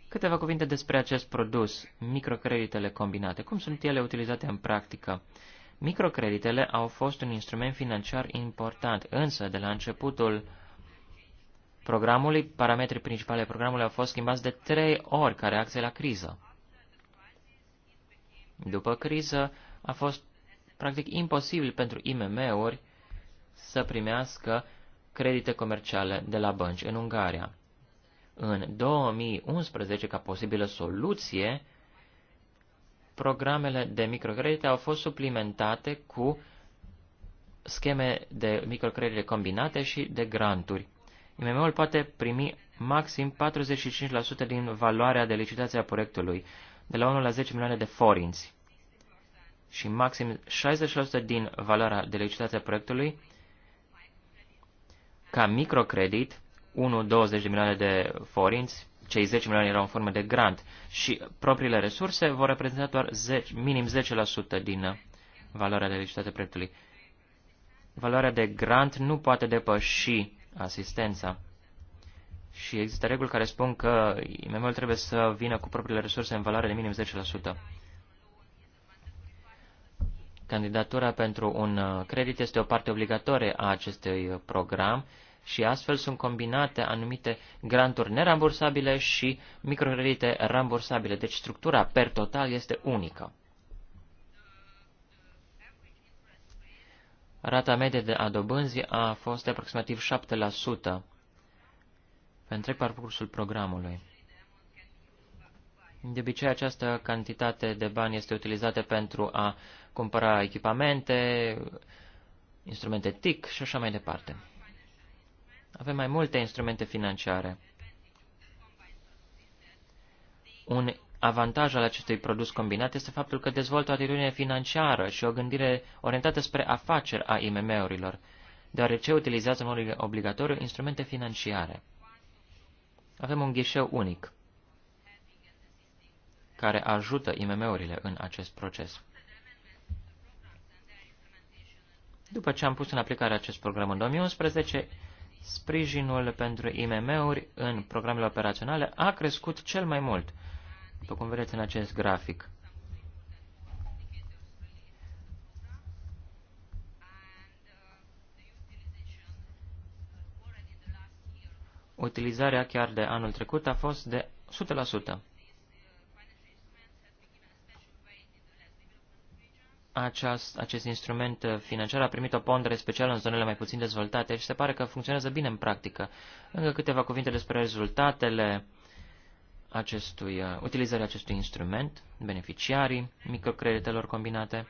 Câteva cuvinte despre acest produs, microcreditele combinate. Cum sunt ele utilizate în practică? Microcreditele au fost un instrument financiar important, însă de la începutul programului, parametrii principale ai programului au fost schimbați de trei ori ca reacție la criză. După criză, a fost practic imposibil pentru IMM-uri să primească credite comerciale de la bănci în Ungaria în 2011 ca posibilă soluție, programele de microcredite au fost suplimentate cu scheme de microcredite combinate și de granturi. IMM-ul poate primi maxim 45% din valoarea de licitație a proiectului, de la 1 la 10 milioane de forinți, și maxim 60% din valoarea de licitație a proiectului ca microcredit 1, 20 de milioane de forinți, cei 10 milioane erau în formă de grant și propriile resurse vor reprezenta doar 10, minim 10% din valoarea de licitate proiectului. Valoarea de grant nu poate depăși asistența. Și există reguli care spun că imm trebuie să vină cu propriile resurse în valoare de minim 10%. Candidatura pentru un uh, credit este o parte obligatorie a acestui program și astfel sunt combinate anumite granturi nerambursabile și microcredite rambursabile. Deci structura per total este unică. Rata medie de adobânzi a fost de aproximativ 7% pe întreg parcursul programului. De obicei, această cantitate de bani este utilizată pentru a cumpăra echipamente, instrumente TIC și așa mai departe. Avem mai multe instrumente financiare. Un avantaj al acestui produs combinat este faptul că dezvoltă o atitudine financiară și o gândire orientată spre afaceri a IMM-urilor, deoarece utilizează în mod obligatoriu instrumente financiare. Avem un ghișeu unic care ajută IMM-urile în acest proces. După ce am pus în aplicare acest program în 2011, sprijinul pentru IMM-uri în programele operaționale a crescut cel mai mult, după cum vedeți în acest grafic. Utilizarea chiar de anul trecut a fost de 100%. aceast, acest instrument uh, financiar a primit o pondere specială în zonele mai puțin dezvoltate și se pare că funcționează bine în practică. Încă câteva cuvinte despre rezultatele acestui, uh, utilizării acestui instrument, beneficiarii microcreditelor combinate.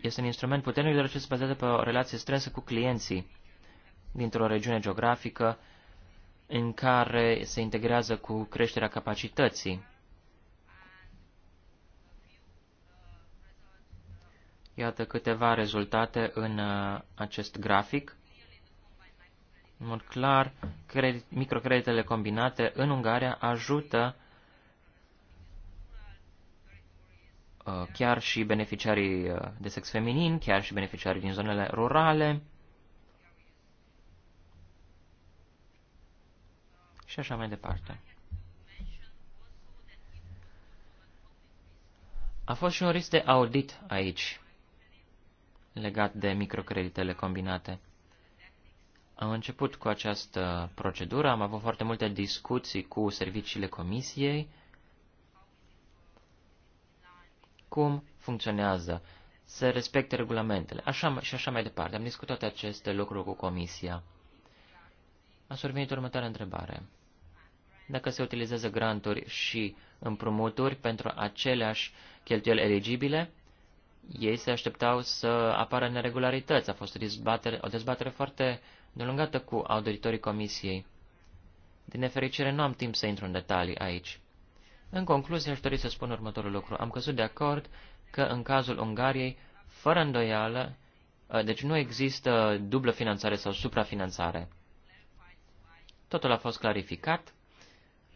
Este un instrument puternic, deoarece se bazează pe o relație strânsă cu clienții dintr-o regiune geografică în care se integrează cu creșterea capacității Iată câteva rezultate în uh, acest grafic. În mod clar, microcreditele combinate în Ungaria ajută uh, chiar și beneficiarii uh, de sex feminin, chiar și beneficiarii din zonele rurale și așa mai departe. A fost și un risc de audit aici legat de microcreditele combinate. Am început cu această procedură, am avut foarte multe discuții cu serviciile comisiei, cum funcționează, se respecte regulamentele, așa și așa mai departe. Am discutat aceste lucruri cu comisia. A survenit următoarea întrebare. Dacă se utilizează granturi și împrumuturi pentru aceleași cheltuieli eligibile, ei se așteptau să apară neregularități. A fost o dezbatere, o dezbatere foarte delungată cu auditorii comisiei. Din nefericire, nu am timp să intru în detalii aici. În concluzie, aș dori să spun următorul lucru. Am căzut de acord că în cazul Ungariei, fără îndoială, ă, deci nu există dublă finanțare sau suprafinanțare. Totul a fost clarificat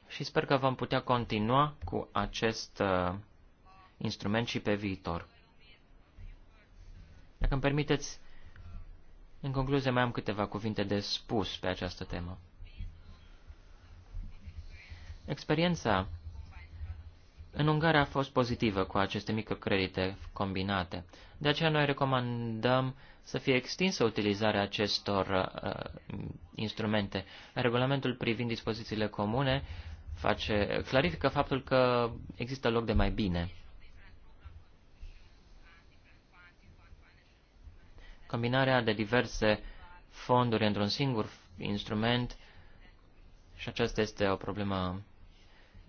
și sper că vom putea continua cu acest uh, instrument și pe viitor. Dacă îmi permiteți, în concluzie mai am câteva cuvinte de spus pe această temă. Experiența în Ungaria a fost pozitivă cu aceste microcredite combinate. De aceea noi recomandăm să fie extinsă utilizarea acestor uh, instrumente. Regulamentul privind dispozițiile comune face, clarifică faptul că există loc de mai bine. combinarea de diverse fonduri într-un singur instrument și aceasta este o problemă.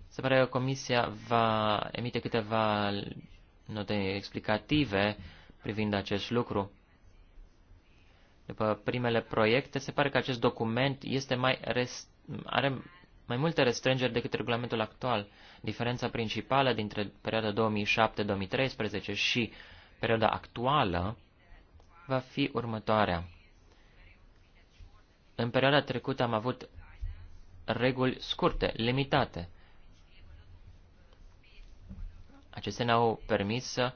Se pare că Comisia va emite câteva note explicative privind acest lucru. După primele proiecte, se pare că acest document este mai are mai multe restrângeri decât regulamentul actual. Diferența principală dintre perioada 2007-2013 și perioada actuală va fi următoarea. În perioada trecută am avut reguli scurte, limitate. Acestea ne-au permis să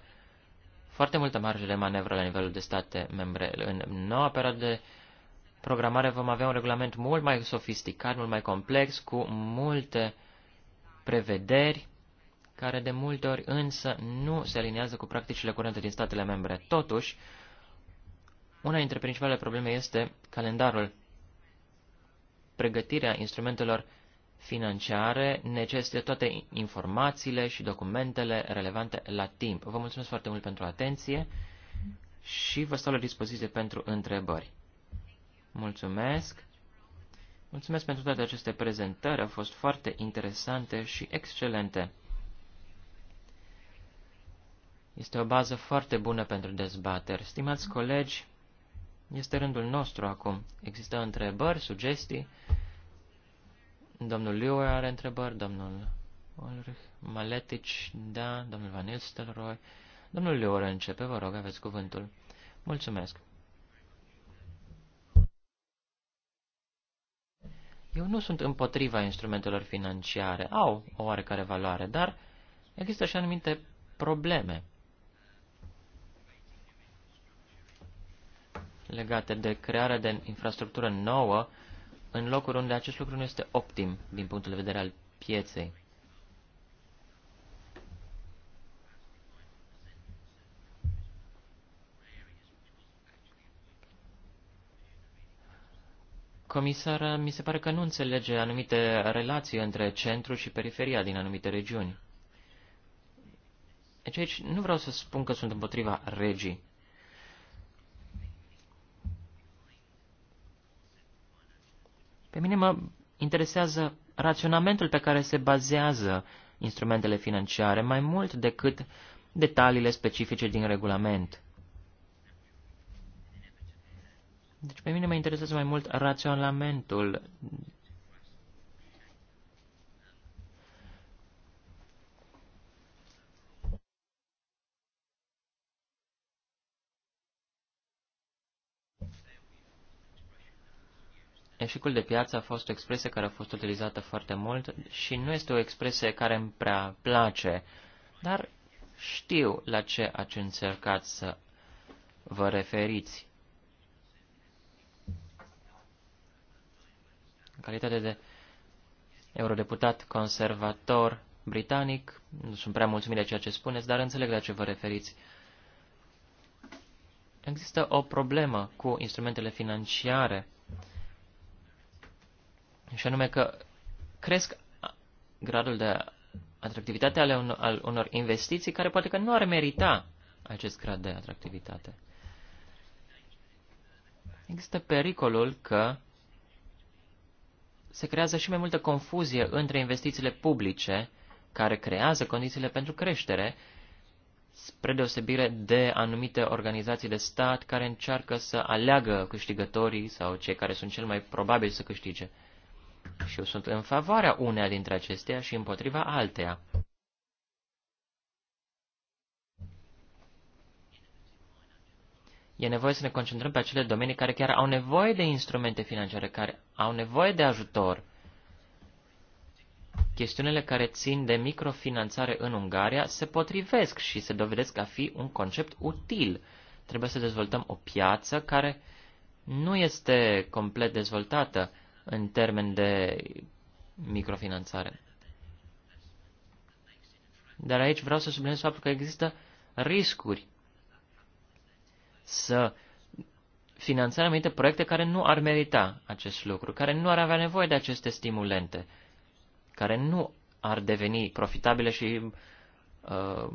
foarte multă marjă de manevră la nivelul de state membre. În noua perioadă de programare vom avea un regulament mult mai sofisticat, mult mai complex, cu multe prevederi, care de multe ori însă nu se aliniază cu practicile curente din statele membre. Totuși, una dintre principalele probleme este calendarul. Pregătirea instrumentelor financiare necesită toate informațiile și documentele relevante la timp. Vă mulțumesc foarte mult pentru atenție și vă stau la dispoziție pentru întrebări. Mulțumesc! Mulțumesc pentru toate aceste prezentări, au fost foarte interesante și excelente. Este o bază foarte bună pentru dezbateri. Stimați colegi, este rândul nostru acum. Există întrebări, sugestii? Domnul Liu are întrebări, domnul Ulrich, Maletici, da, domnul Van Nistelrooy. Domnul Liu începe, vă rog, aveți cuvântul. Mulțumesc. Eu nu sunt împotriva instrumentelor financiare, au o oarecare valoare, dar există și anumite probleme. legate de crearea de infrastructură nouă în locuri unde acest lucru nu este optim din punctul de vedere al pieței. Comisar, mi se pare că nu înțelege anumite relații între centru și periferia din anumite regiuni. Deci aici nu vreau să spun că sunt împotriva regii, Pe mine mă interesează raționamentul pe care se bazează instrumentele financiare mai mult decât detaliile specifice din regulament. Deci pe mine mă interesează mai mult raționamentul Eșecul de piață a fost o expresie care a fost utilizată foarte mult și nu este o expresie care îmi prea place, dar știu la ce ați încercat să vă referiți. În calitate de eurodeputat conservator britanic, nu sunt prea mulțumit de ceea ce spuneți, dar înțeleg la ce vă referiți. Există o problemă cu instrumentele financiare și anume că cresc gradul de atractivitate ale unor, al unor investiții care poate că nu ar merita acest grad de atractivitate. Există pericolul că se creează și mai multă confuzie între investițiile publice, care creează condițiile pentru creștere, spre deosebire de anumite organizații de stat care încearcă să aleagă câștigătorii sau cei care sunt cel mai probabil să câștige și eu sunt în favoarea uneia dintre acestea și împotriva alteia. E nevoie să ne concentrăm pe acele domenii care chiar au nevoie de instrumente financiare, care au nevoie de ajutor. Chestiunile care țin de microfinanțare în Ungaria se potrivesc și se dovedesc a fi un concept util. Trebuie să dezvoltăm o piață care nu este complet dezvoltată în termen de microfinanțare. Dar aici vreau să subliniez faptul că există riscuri să finanțăm anumite proiecte care nu ar merita acest lucru, care nu ar avea nevoie de aceste stimulente, care nu ar deveni profitabile și uh,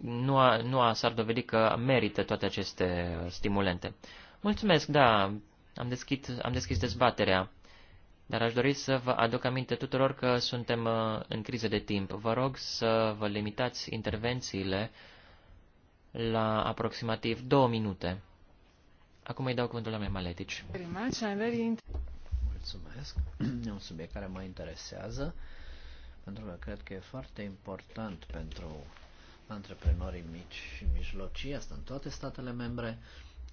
nu, a, nu a, s-ar dovedi că merită toate aceste stimulente. Mulțumesc, da, am deschis, am deschis dezbaterea. Dar aș dori să vă aduc aminte tuturor că suntem uh, în criză de timp. Vă rog să vă limitați intervențiile la aproximativ două minute. Acum îi dau cuvântul la mea Maletici. Mulțumesc. E un subiect care mă interesează pentru că cred că e foarte important pentru antreprenorii mici și mijlocii, asta în toate statele membre,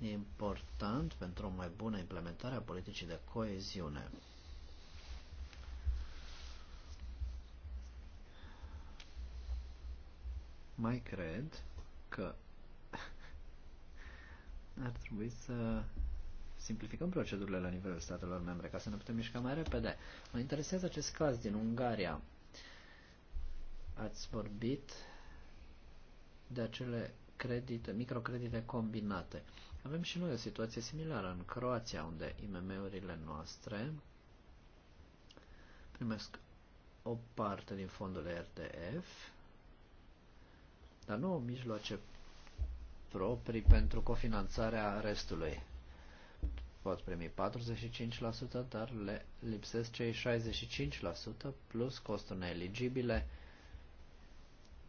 e important pentru o mai bună implementare a politicii de coeziune. mai cred că (laughs) ar trebui să simplificăm procedurile la nivelul statelor membre ca să ne putem mișca mai repede. Mă interesează acest caz din Ungaria. Ați vorbit de acele credite, microcredite combinate. Avem și noi o situație similară în Croația, unde IMM-urile noastre primesc o parte din fondul RDF dar nu mijloace proprii pentru cofinanțarea restului. Pot primi 45%, dar le lipsesc cei 65% plus costuri neeligibile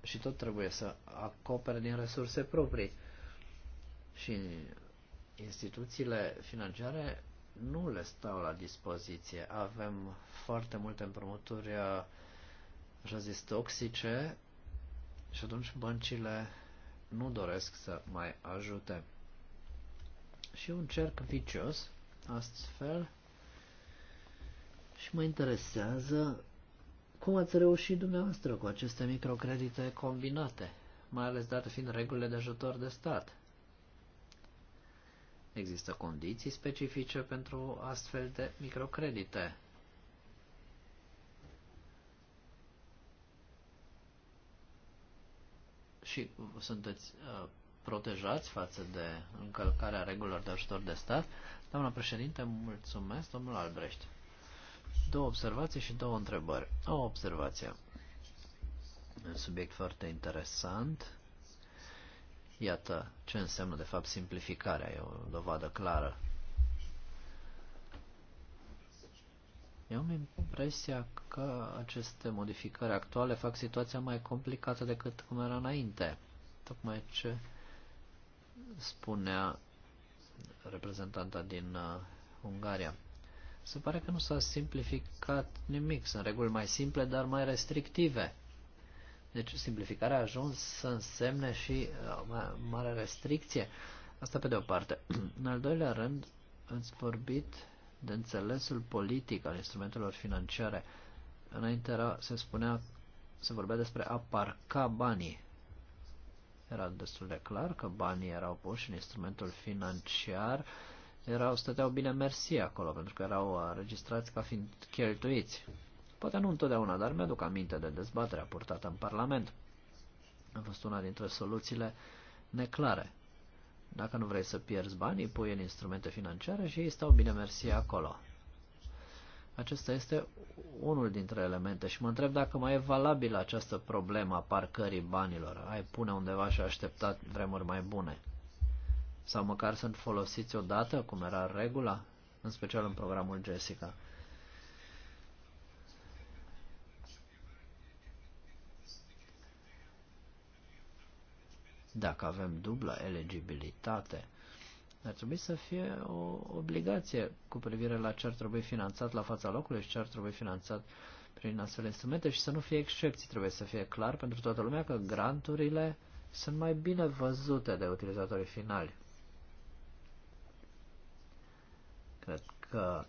și tot trebuie să acopere din resurse proprii. Și instituțiile financiare nu le stau la dispoziție. Avem foarte multe împrumuturi, uh, așa zis, toxice, și atunci băncile nu doresc să mai ajute. Și un cerc vicios, astfel, și mă interesează cum ați reușit dumneavoastră cu aceste microcredite combinate, mai ales dat fiind regulile de ajutor de stat. Există condiții specifice pentru astfel de microcredite. și sunteți uh, protejați față de încălcarea regulilor de ajutor de stat. Doamna președinte, mulțumesc, domnul Albrecht. Două observații și două întrebări. O observație. Un subiect foarte interesant. Iată ce înseamnă, de fapt, simplificarea. E o dovadă clară Eu am impresia că aceste modificări actuale fac situația mai complicată decât cum era înainte. Tocmai ce spunea reprezentanta din uh, Ungaria. Se pare că nu s-a simplificat nimic. Sunt reguli mai simple, dar mai restrictive. Deci simplificarea a ajuns să însemne și uh, mare restricție. Asta pe de o parte. (clears throat) În al doilea rând, ați vorbit de înțelesul politic al instrumentelor financiare. Înainte era, se spunea, se vorbea despre a parca banii. Era destul de clar că banii erau puși în instrumentul financiar, erau, stăteau bine mersi acolo, pentru că erau registrați ca fiind cheltuiți. Poate nu întotdeauna, dar mi-aduc aminte de dezbaterea purtată în Parlament. A fost una dintre soluțiile neclare dacă nu vrei să pierzi banii, pui în instrumente financiare și ei stau bine mersi acolo. Acesta este unul dintre elemente și mă întreb dacă mai e valabilă această problemă a parcării banilor. Ai pune undeva și așteptat vremuri mai bune. Sau măcar sunt folosiți odată, cum era regula, în special în programul Jessica. dacă avem dublă eligibilitate, ar trebui să fie o obligație cu privire la ce ar trebui finanțat la fața locului și ce ar trebui finanțat prin astfel de instrumente și să nu fie excepții. Trebuie să fie clar pentru toată lumea că granturile sunt mai bine văzute de utilizatorii finali. Cred că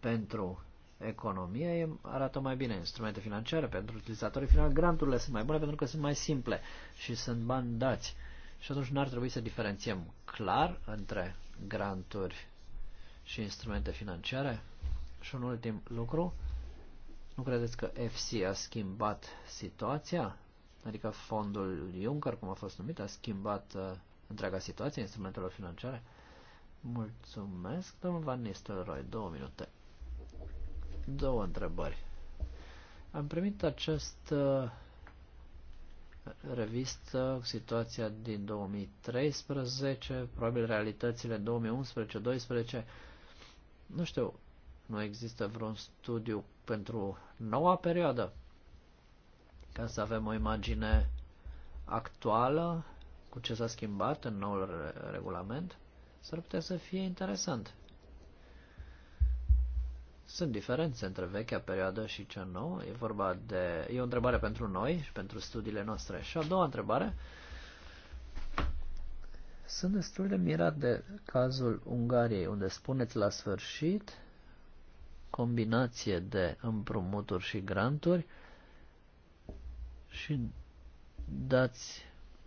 pentru e, arată mai bine instrumente financiare pentru utilizatorii final. Granturile sunt mai bune pentru că sunt mai simple și sunt bani dați. Și atunci nu ar trebui să diferențiem clar între granturi și instrumente financiare. Și un ultim lucru, nu credeți că FC a schimbat situația? Adică fondul Juncker, cum a fost numit, a schimbat uh, întreaga situație instrumentelor financiare? Mulțumesc, domnul Van Nistelrooy, două minute două întrebări. Am primit această revistă cu situația din 2013, probabil realitățile 2011-2012. Nu știu, nu există vreun studiu pentru noua perioadă ca să avem o imagine actuală cu ce s-a schimbat în noul regulament, s-ar putea să fie interesant. Sunt diferențe între vechea perioadă și cea nouă. E vorba de... E o întrebare pentru noi și pentru studiile noastre. Și a doua întrebare. Sunt destul de mirat de cazul Ungariei, unde spuneți la sfârșit combinație de împrumuturi și granturi și dați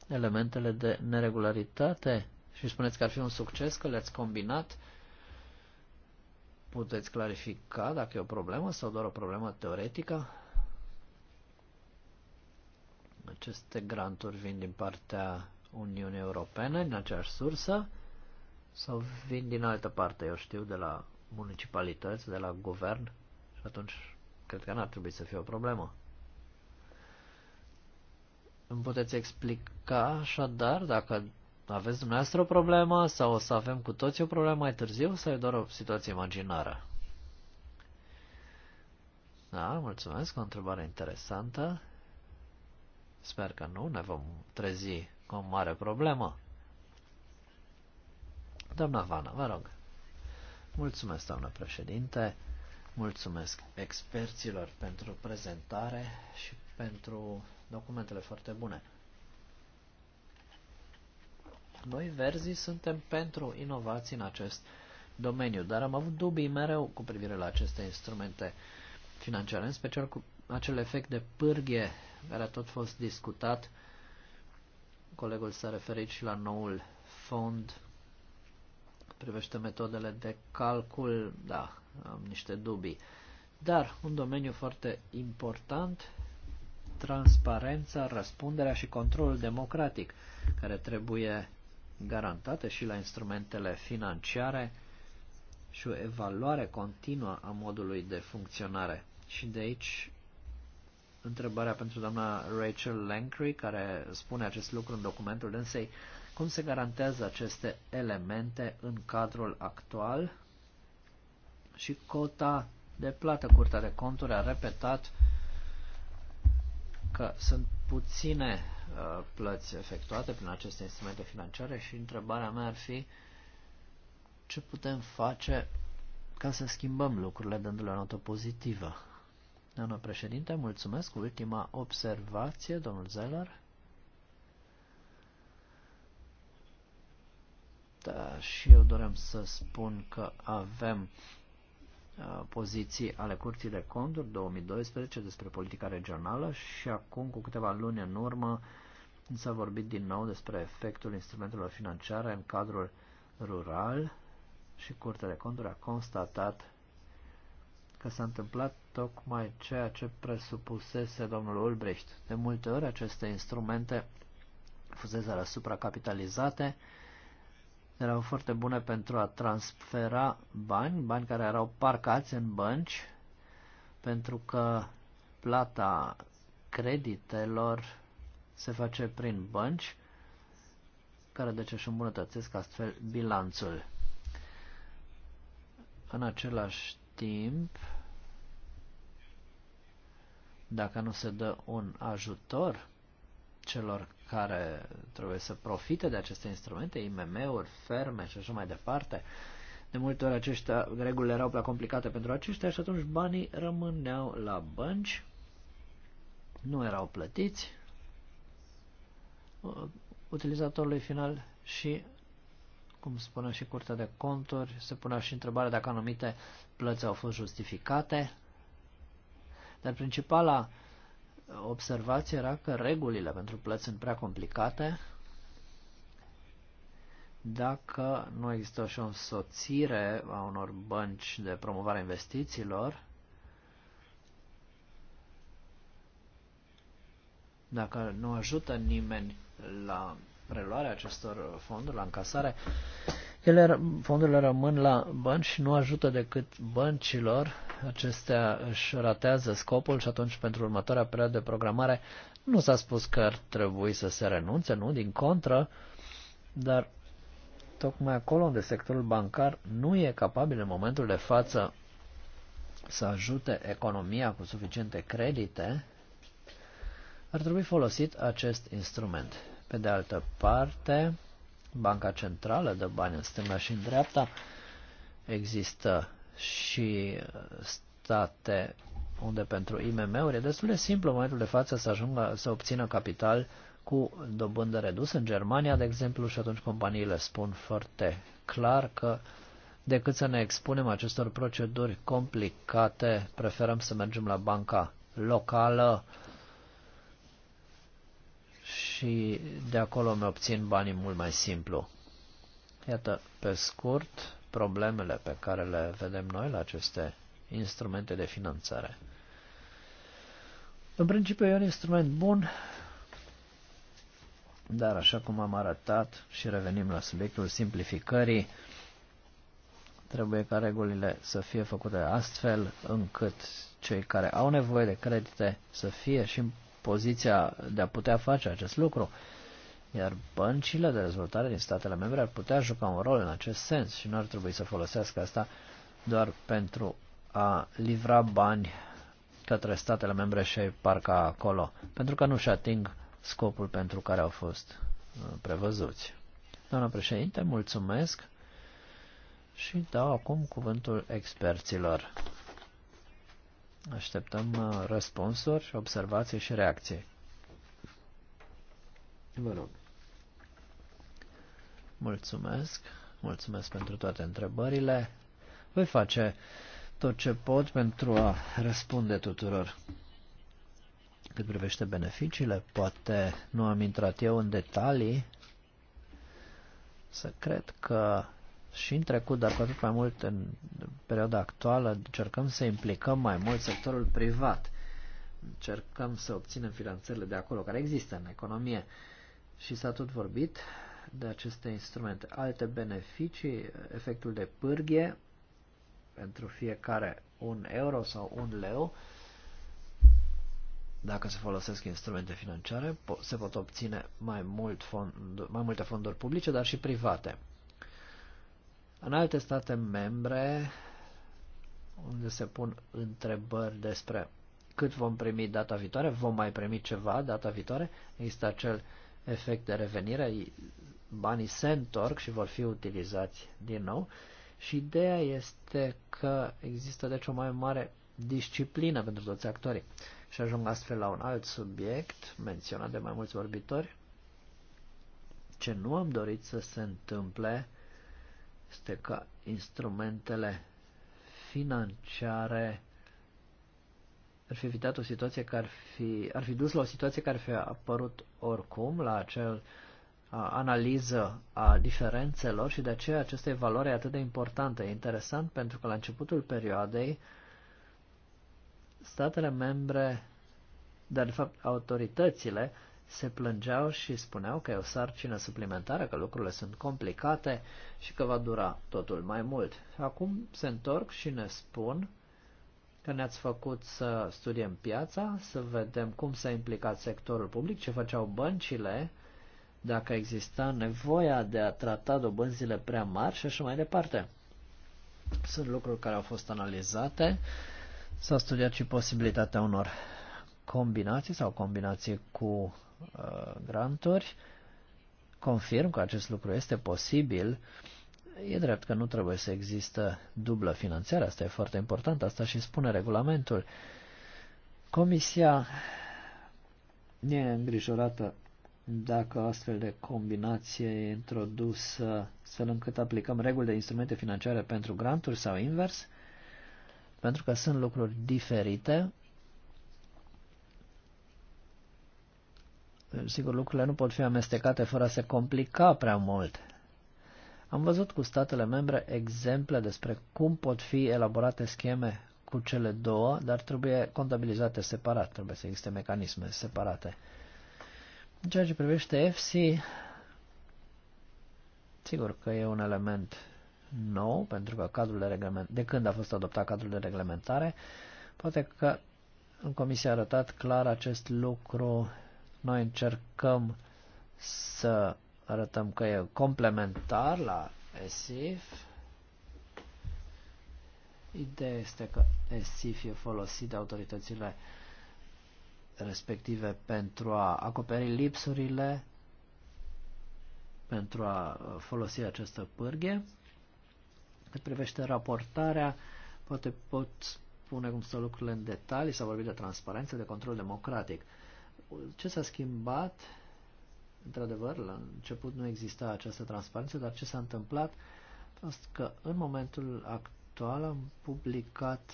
elementele de neregularitate și spuneți că ar fi un succes că le-ați combinat Puteți clarifica dacă e o problemă sau doar o problemă teoretică? Aceste granturi vin din partea Uniunii Europene, din aceeași sursă, sau vin din altă parte, eu știu, de la municipalități, de la guvern, și atunci cred că n-ar trebui să fie o problemă. Îmi puteți explica așadar dacă aveți dumneavoastră o problemă sau o să avem cu toți o problemă mai târziu sau e doar o situație imaginară? Da, mulțumesc, o întrebare interesantă. Sper că nu ne vom trezi cu o mare problemă. Doamna Vana, vă rog. Mulțumesc, doamnă președinte. Mulțumesc experților pentru prezentare și pentru documentele foarte bune. Noi, verzii, suntem pentru inovații în acest domeniu, dar am avut dubii mereu cu privire la aceste instrumente financiare, în special cu acel efect de pârghie care a tot fost discutat. Colegul s-a referit și la noul fond privește metodele de calcul, da, am niște dubii. Dar un domeniu foarte important, transparența, răspunderea și controlul democratic, care trebuie garantate și la instrumentele financiare și o evaluare continuă a modului de funcționare. Și de aici întrebarea pentru doamna Rachel Lankry, care spune acest lucru în documentul însei, cum se garantează aceste elemente în cadrul actual și cota de plată. Curtea de conturi a repetat că sunt puține Uh, plăți efectuate prin aceste instrumente financiare și întrebarea mea ar fi ce putem face ca să schimbăm lucrurile dându-le o notă pozitivă. Doamna președinte, mulțumesc. Ultima observație, domnul Zeller. Da, și eu doream să spun că avem Uh, poziții ale Curții de Conturi 2012 despre politica regională și acum, cu câteva luni în urmă, s-a vorbit din nou despre efectul instrumentelor financiare în cadrul rural și Curtea de Conturi a constatat că s-a întâmplat tocmai ceea ce presupusese domnul Ulbricht. De multe ori aceste instrumente fusese supracapitalizate, capitalizate erau foarte bune pentru a transfera bani, bani care erau parcați în bănci, pentru că plata creditelor se face prin bănci, care deci își îmbunătățesc astfel bilanțul. În același timp, dacă nu se dă un ajutor celor care trebuie să profite de aceste instrumente, IMM-uri, ferme și așa mai departe. De multe ori aceștia, regulile erau prea complicate pentru aceștia și atunci banii rămâneau la bănci, nu erau plătiți uh, utilizatorului final și, cum spune și Curtea de Conturi, se punea și întrebarea dacă anumite plăți au fost justificate, dar principala observație era că regulile pentru plăți sunt prea complicate. Dacă nu există și o însoțire a unor bănci de promovare a investițiilor, dacă nu ajută nimeni la preluarea acestor fonduri, la încasare, ele, fondurile rămân la bănci și nu ajută decât băncilor. Acestea își ratează scopul și atunci pentru următoarea perioadă de programare nu s-a spus că ar trebui să se renunțe, nu, din contră, dar tocmai acolo unde sectorul bancar nu e capabil în momentul de față să ajute economia cu suficiente credite, ar trebui folosit acest instrument. Pe de altă parte, Banca Centrală de bani în stânga și în dreapta. Există și state unde pentru IMM-uri e destul de simplu în momentul de față să ajungă să obțină capital cu dobândă redusă în Germania, de exemplu, și atunci companiile spun foarte clar că decât să ne expunem acestor proceduri complicate, preferăm să mergem la banca locală și de acolo mi obțin banii mult mai simplu. Iată, pe scurt, problemele pe care le vedem noi la aceste instrumente de finanțare. În principiu e un instrument bun, dar așa cum am arătat și revenim la subiectul simplificării, trebuie ca regulile să fie făcute astfel încât cei care au nevoie de credite să fie și poziția de a putea face acest lucru, iar băncile de dezvoltare din statele membre ar putea juca un rol în acest sens și nu ar trebui să folosească asta doar pentru a livra bani către statele membre și ai parca acolo, pentru că nu-și ating scopul pentru care au fost uh, prevăzuți. Doamna președinte, mulțumesc și dau acum cuvântul experților. Așteptăm uh, răspunsuri, observații și reacții. Vă rog. Mulțumesc. Mulțumesc pentru toate întrebările. Voi face tot ce pot pentru a răspunde tuturor. Cât privește beneficiile, poate nu am intrat eu în detalii, să cred că și în trecut, dar cu atât mai mult în perioada actuală, încercăm să implicăm mai mult sectorul privat. Încercăm să obținem finanțările de acolo care există în economie. Și s-a tot vorbit de aceste instrumente. Alte beneficii, efectul de pârghie pentru fiecare un euro sau un leu, dacă se folosesc instrumente financiare, se pot obține mai, mult fond, mai multe fonduri publice, dar și private. În alte state membre, unde se pun întrebări despre cât vom primi data viitoare, vom mai primi ceva data viitoare, există acel efect de revenire, banii se întorc și vor fi utilizați din nou și ideea este că există deci o mai mare disciplină pentru toți actorii. Și ajung astfel la un alt subiect menționat de mai mulți vorbitori. Ce nu am dorit să se întâmple este ca instrumentele financiare ar fi evitat o situație care ar fi, ar fi dus la o situație care ar fi apărut oricum, la acel a, analiză a diferențelor și de aceea această valoare e atât de importantă. E interesant pentru că la începutul perioadei statele membre, dar de fapt autoritățile, se plângeau și spuneau că e o sarcină suplimentară, că lucrurile sunt complicate și că va dura totul mai mult. Acum se întorc și ne spun că ne-ați făcut să studiem piața, să vedem cum s-a implicat sectorul public, ce făceau băncile, dacă exista nevoia de a trata dobânzile prea mari și așa mai departe. Sunt lucruri care au fost analizate, s-a studiat și posibilitatea unor combinații sau combinații cu Uh, granturi. Confirm că acest lucru este posibil. E drept că nu trebuie să există dublă finanțare, asta e foarte important, asta și spune regulamentul. Comisia e îngrijorată dacă astfel de combinație e introdusă uh, astfel încât aplicăm reguli de instrumente financiare pentru granturi sau invers, pentru că sunt lucruri diferite sigur, lucrurile nu pot fi amestecate fără a se complica prea mult. Am văzut cu statele membre exemple despre cum pot fi elaborate scheme cu cele două, dar trebuie contabilizate separat, trebuie să existe mecanisme separate. În ceea ce privește FC, sigur că e un element nou, pentru că cadrul de, reglement, de când a fost adoptat cadrul de reglementare, poate că în comisie a arătat clar acest lucru noi încercăm să arătăm că e complementar la ESIF. Ideea este că ESIF e folosit de autoritățile respective pentru a acoperi lipsurile, pentru a uh, folosi această pârghie. Cât privește raportarea, poate pot spune cum stau lucrurile în detalii, sau vorbi de transparență, de control democratic. Uh, ce s-a schimbat? Într-adevăr, la început nu exista această transparență, dar ce s-a întâmplat a fost că în momentul actual am publicat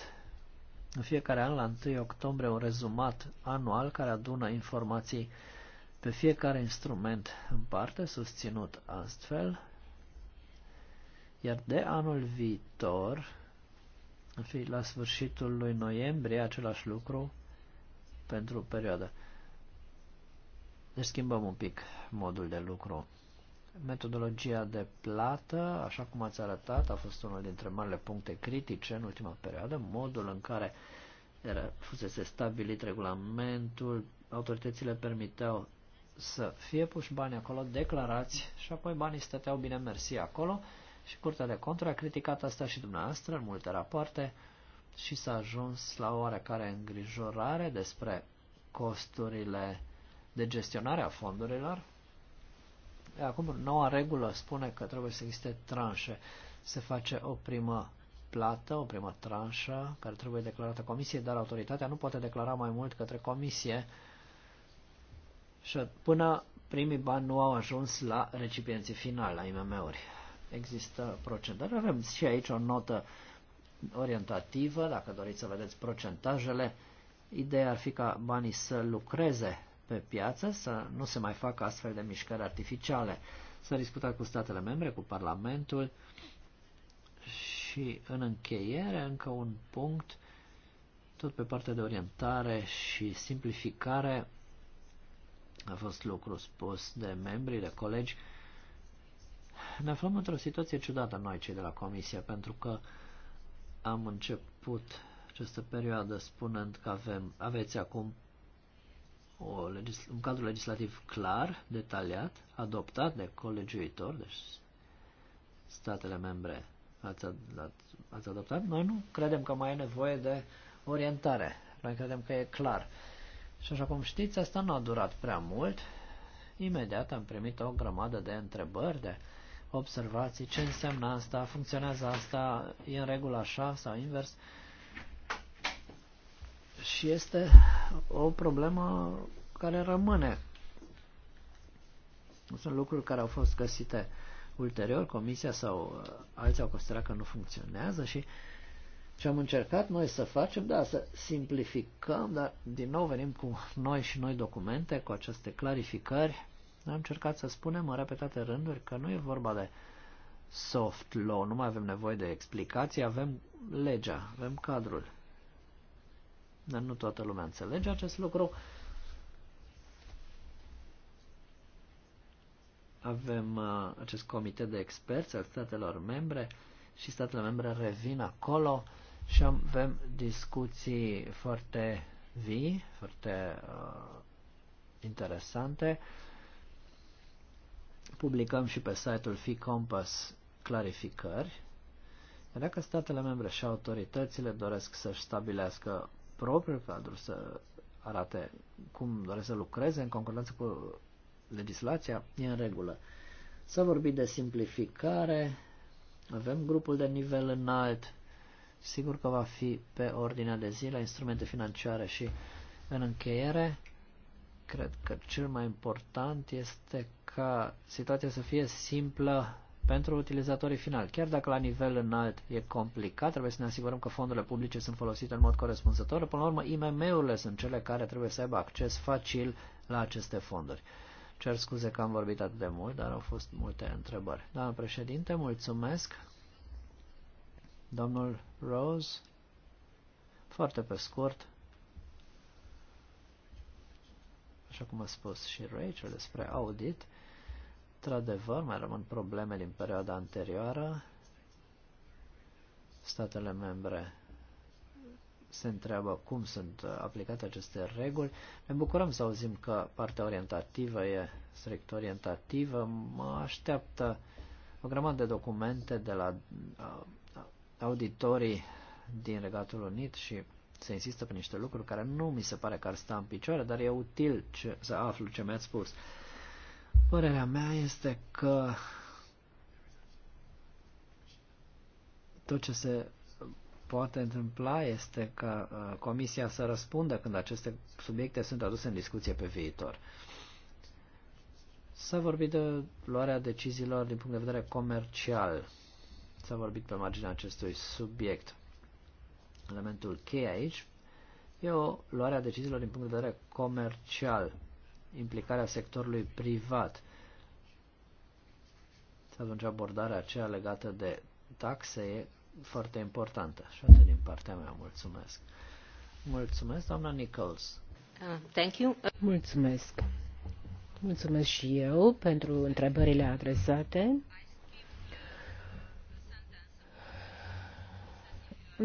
în fiecare an, la 1 octombrie, un rezumat anual care adună informații pe fiecare instrument în parte, susținut astfel, iar de anul viitor, fi la sfârșitul lui noiembrie, același lucru pentru o perioadă. Deci schimbăm un pic modul de lucru. Metodologia de plată, așa cum ați arătat, a fost unul dintre marile puncte critice în ultima perioadă. Modul în care era, fusese stabilit regulamentul, autoritățile permiteau să fie puși bani acolo, declarați și apoi banii stăteau bine mersi acolo și Curtea de Contra a criticat asta și dumneavoastră în multe rapoarte și s-a ajuns la oarecare îngrijorare despre costurile de gestionare a fondurilor. Acum, noua regulă spune că trebuie să existe tranșe. Se face o primă plată, o primă tranșă, care trebuie declarată comisiei, dar autoritatea nu poate declara mai mult către comisie și până primii bani nu au ajuns la recipienții finali, la IMM-uri. Există procedări. Avem și aici o notă orientativă, dacă doriți să vedeți procentajele. Ideea ar fi ca banii să lucreze pe piață, să nu se mai facă astfel de mișcări artificiale. S-a discutat cu statele membre, cu Parlamentul și în încheiere încă un punct, tot pe partea de orientare și simplificare, a fost lucru spus de membrii, de colegi, ne aflăm într-o situație ciudată noi cei de la Comisie, pentru că am început această perioadă spunând că avem, aveți acum o legis- un cadru legislativ clar, detaliat, adoptat de colegiuitor, deci statele membre ați, ați adoptat, noi nu credem că mai e nevoie de orientare. Noi credem că e clar. Și așa cum știți, asta nu a durat prea mult. Imediat am primit o grămadă de întrebări, de observații, ce înseamnă asta, funcționează asta, e în regulă așa sau invers. Uh, și este o problemă care rămâne. Sunt lucruri care au fost găsite ulterior, comisia sau uh, alții au considerat că nu funcționează și ce am încercat noi să facem, da, să simplificăm, dar din nou venim cu noi și noi documente, cu aceste clarificări. Noi am încercat să spunem în repetate rânduri că nu e vorba de soft law, nu mai avem nevoie de explicații, avem legea, avem cadrul. Dar nu toată lumea înțelege acest lucru. Avem uh, acest comitet de experți al statelor membre și statele membre revin acolo și avem discuții foarte vii, foarte uh, interesante. Publicăm și pe site-ul FICOMPAS clarificări. Dacă statele membre și autoritățile doresc să-și stabilească propriul cadru, să arate cum doresc să lucreze în concordanță cu legislația, e în regulă. Să vorbim de simplificare, avem grupul de nivel înalt, sigur că va fi pe ordinea de zi la instrumente financiare și în încheiere, cred că cel mai important este ca situația să fie simplă pentru utilizatorii finali. Chiar dacă la nivel înalt e complicat, trebuie să ne asigurăm că fondurile publice sunt folosite în mod corespunzător. Până la urmă, IMM-urile sunt cele care trebuie să aibă acces facil la aceste fonduri. Cer scuze că am vorbit atât de mult, dar au fost multe întrebări. Doamna președinte, mulțumesc. Domnul Rose, foarte pe scurt, așa cum a spus și Rachel despre audit, Într-adevăr, mai rămân probleme din perioada anterioară. Statele membre se întreabă cum sunt uh, aplicate aceste reguli. Ne bucurăm să auzim că partea orientativă e strict orientativă. Mă așteaptă o grămadă de documente de la uh, auditorii din Regatul Unit și se insistă pe niște lucruri care nu mi se pare că ar sta în picioare, dar e util ce, să aflu ce mi-ați spus. Părerea mea este că tot ce se poate întâmpla este ca uh, Comisia să răspundă când aceste subiecte sunt aduse în discuție pe viitor. S-a vorbit de luarea deciziilor din punct de vedere comercial. S-a vorbit pe marginea acestui subiect. Elementul cheie aici e o luare a deciziilor din punct de vedere comercial implicarea sectorului privat. Și atunci abordarea aceea legată de taxe e foarte importantă. Și atât din partea mea. Mulțumesc. Mulțumesc, doamna Nichols. Uh, thank you. Mulțumesc. Mulțumesc și eu pentru întrebările adresate.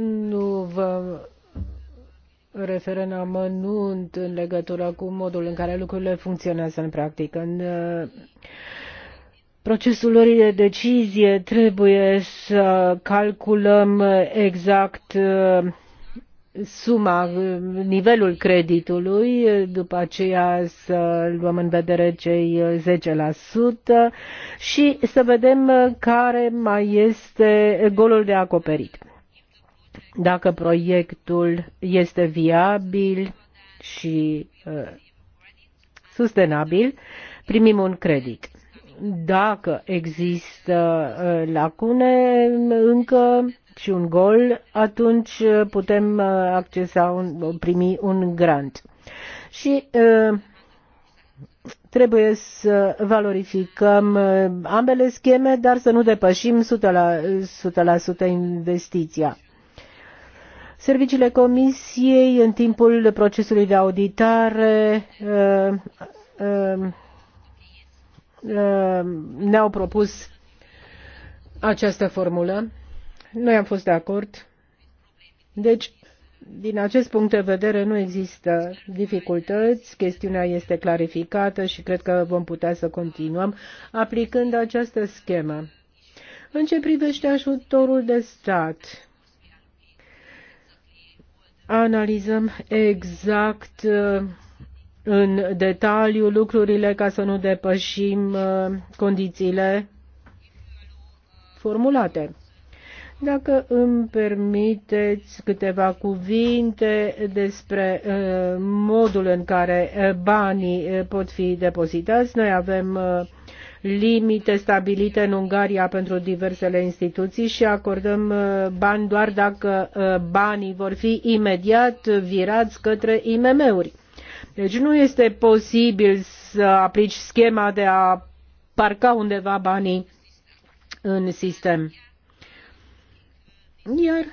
Nu vă referent la mănunt în legătură cu modul în care lucrurile funcționează în practică. În uh, procesul lor de decizie trebuie să calculăm exact uh, suma, uh, nivelul creditului, după aceea să luăm în vedere cei 10% și să vedem care mai este golul de acoperit dacă proiectul este viabil și uh, sustenabil, primim un credit. Dacă există uh, lacune încă și un gol, atunci uh, putem accesa un, primi un grant. Și trebuie să valorificăm ambele scheme, dar să nu depășim 100%, la, 100 investiția. Serviciile Comisiei în timpul procesului de auditare uh, uh, uh, ne-au propus această formulă. Noi am fost de acord. Deci, din acest punct de vedere, nu există dificultăți. Chestiunea este clarificată și cred că vom putea să continuăm aplicând această schemă. În ce privește ajutorul de stat, analizăm exact uh, în detaliu lucrurile ca să nu depășim uh, condițiile formulate. Dacă îmi permiteți câteva cuvinte despre uh, modul în care banii pot fi depozitați, noi avem limite stabilite în Ungaria pentru diversele instituții și acordăm uh, bani doar dacă uh, banii vor fi imediat virați către IMM-uri. Deci nu este posibil să aplici schema de a parca undeva banii în sistem. Iar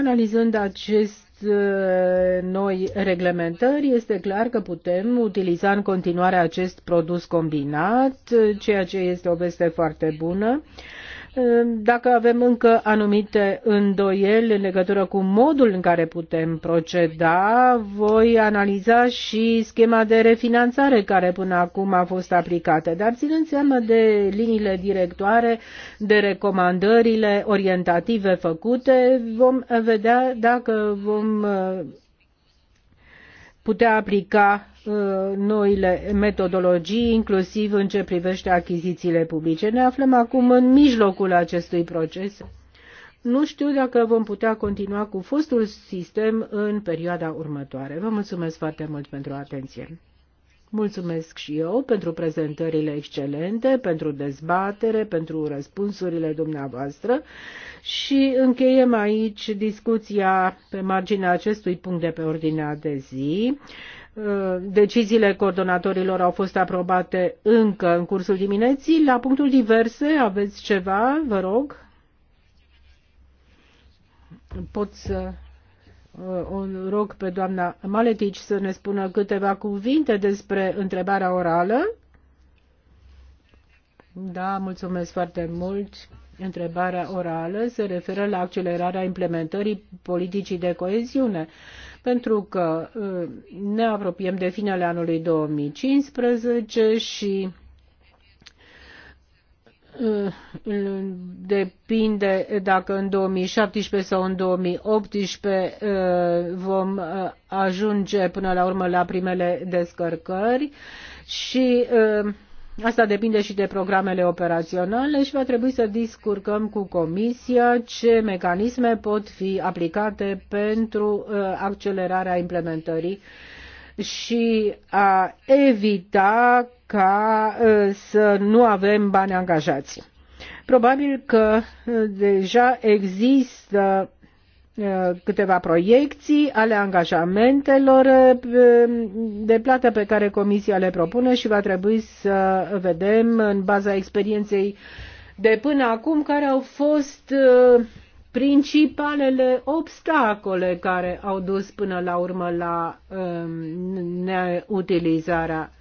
analizând acest Uh, noi reglementări, este clar că putem utiliza în continuare acest produs combinat, ceea ce este o veste foarte bună. Dacă avem încă anumite îndoieli în legătură cu modul în care putem proceda, voi analiza și schema de refinanțare care până acum a fost aplicată, dar ținând seama de liniile directoare, de recomandările orientative făcute, vom vedea dacă vom putea aplica uh, noile metodologii, inclusiv în ce privește achizițiile publice. Ne aflăm acum în mijlocul acestui proces. Nu știu dacă vom putea continua cu fostul sistem în perioada următoare. Vă mulțumesc foarte mult pentru atenție. Mulțumesc și eu pentru prezentările excelente, pentru dezbatere, pentru răspunsurile dumneavoastră și încheiem aici discuția pe marginea acestui punct de pe ordinea de zi. Deciziile coordonatorilor au fost aprobate încă în cursul dimineții. La punctul diverse aveți ceva, vă rog? Pot să o uh, rog pe doamna Maletici să ne spună câteva cuvinte despre întrebarea orală. Da, mulțumesc foarte mult. Întrebarea orală se referă la accelerarea implementării politicii de coeziune, pentru că uh, ne apropiem de finele anului 2015 și depinde dacă în 2017 sau în 2018 uh, vom uh, ajunge până la urmă la primele descărcări și uh, Asta depinde și de programele operaționale și va trebui să discurcăm cu Comisia ce mecanisme pot fi aplicate pentru accelerarea implementării și a evita ca să nu avem bani angajați. Probabil că deja există câteva proiecții ale angajamentelor de plată pe care Comisia le propune și va trebui să vedem în baza experienței de până acum care au fost principalele obstacole care au dus până la urmă la um, neutilizarea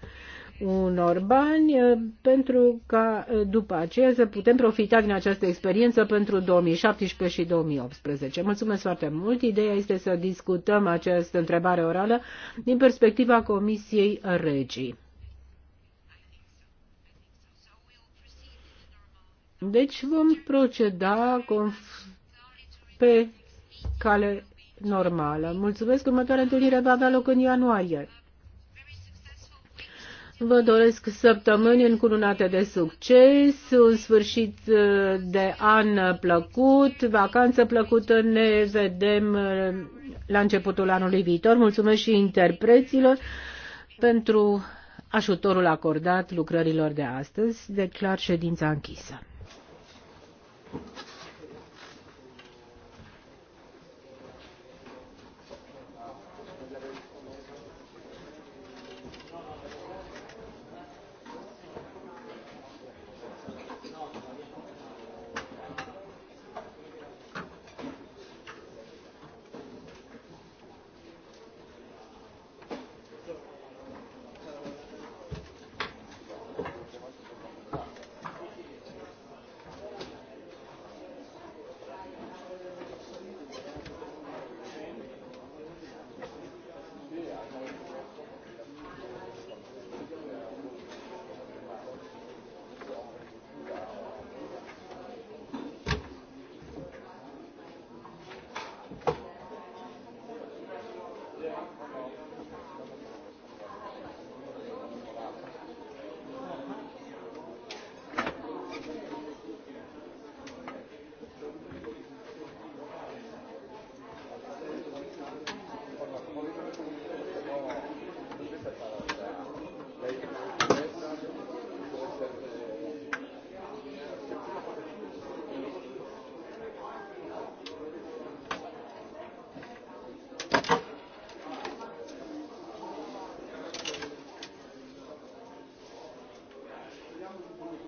unor bani uh, pentru ca uh, după aceea să putem profita din această experiență pentru 2017 și 2018. Mulțumesc foarte mult. Ideea este să discutăm această întrebare orală din perspectiva Comisiei Regii. Deci vom proceda conform pe cale normală. Mulțumesc. Următoarea întâlnire va avea loc în ianuarie. Vă doresc săptămâni încununate de succes, un sfârșit uh, de an plăcut, vacanță plăcută. Ne vedem uh, la începutul anului viitor. Mulțumesc și interpreților pentru ajutorul acordat lucrărilor de astăzi. Declar ședința închisă.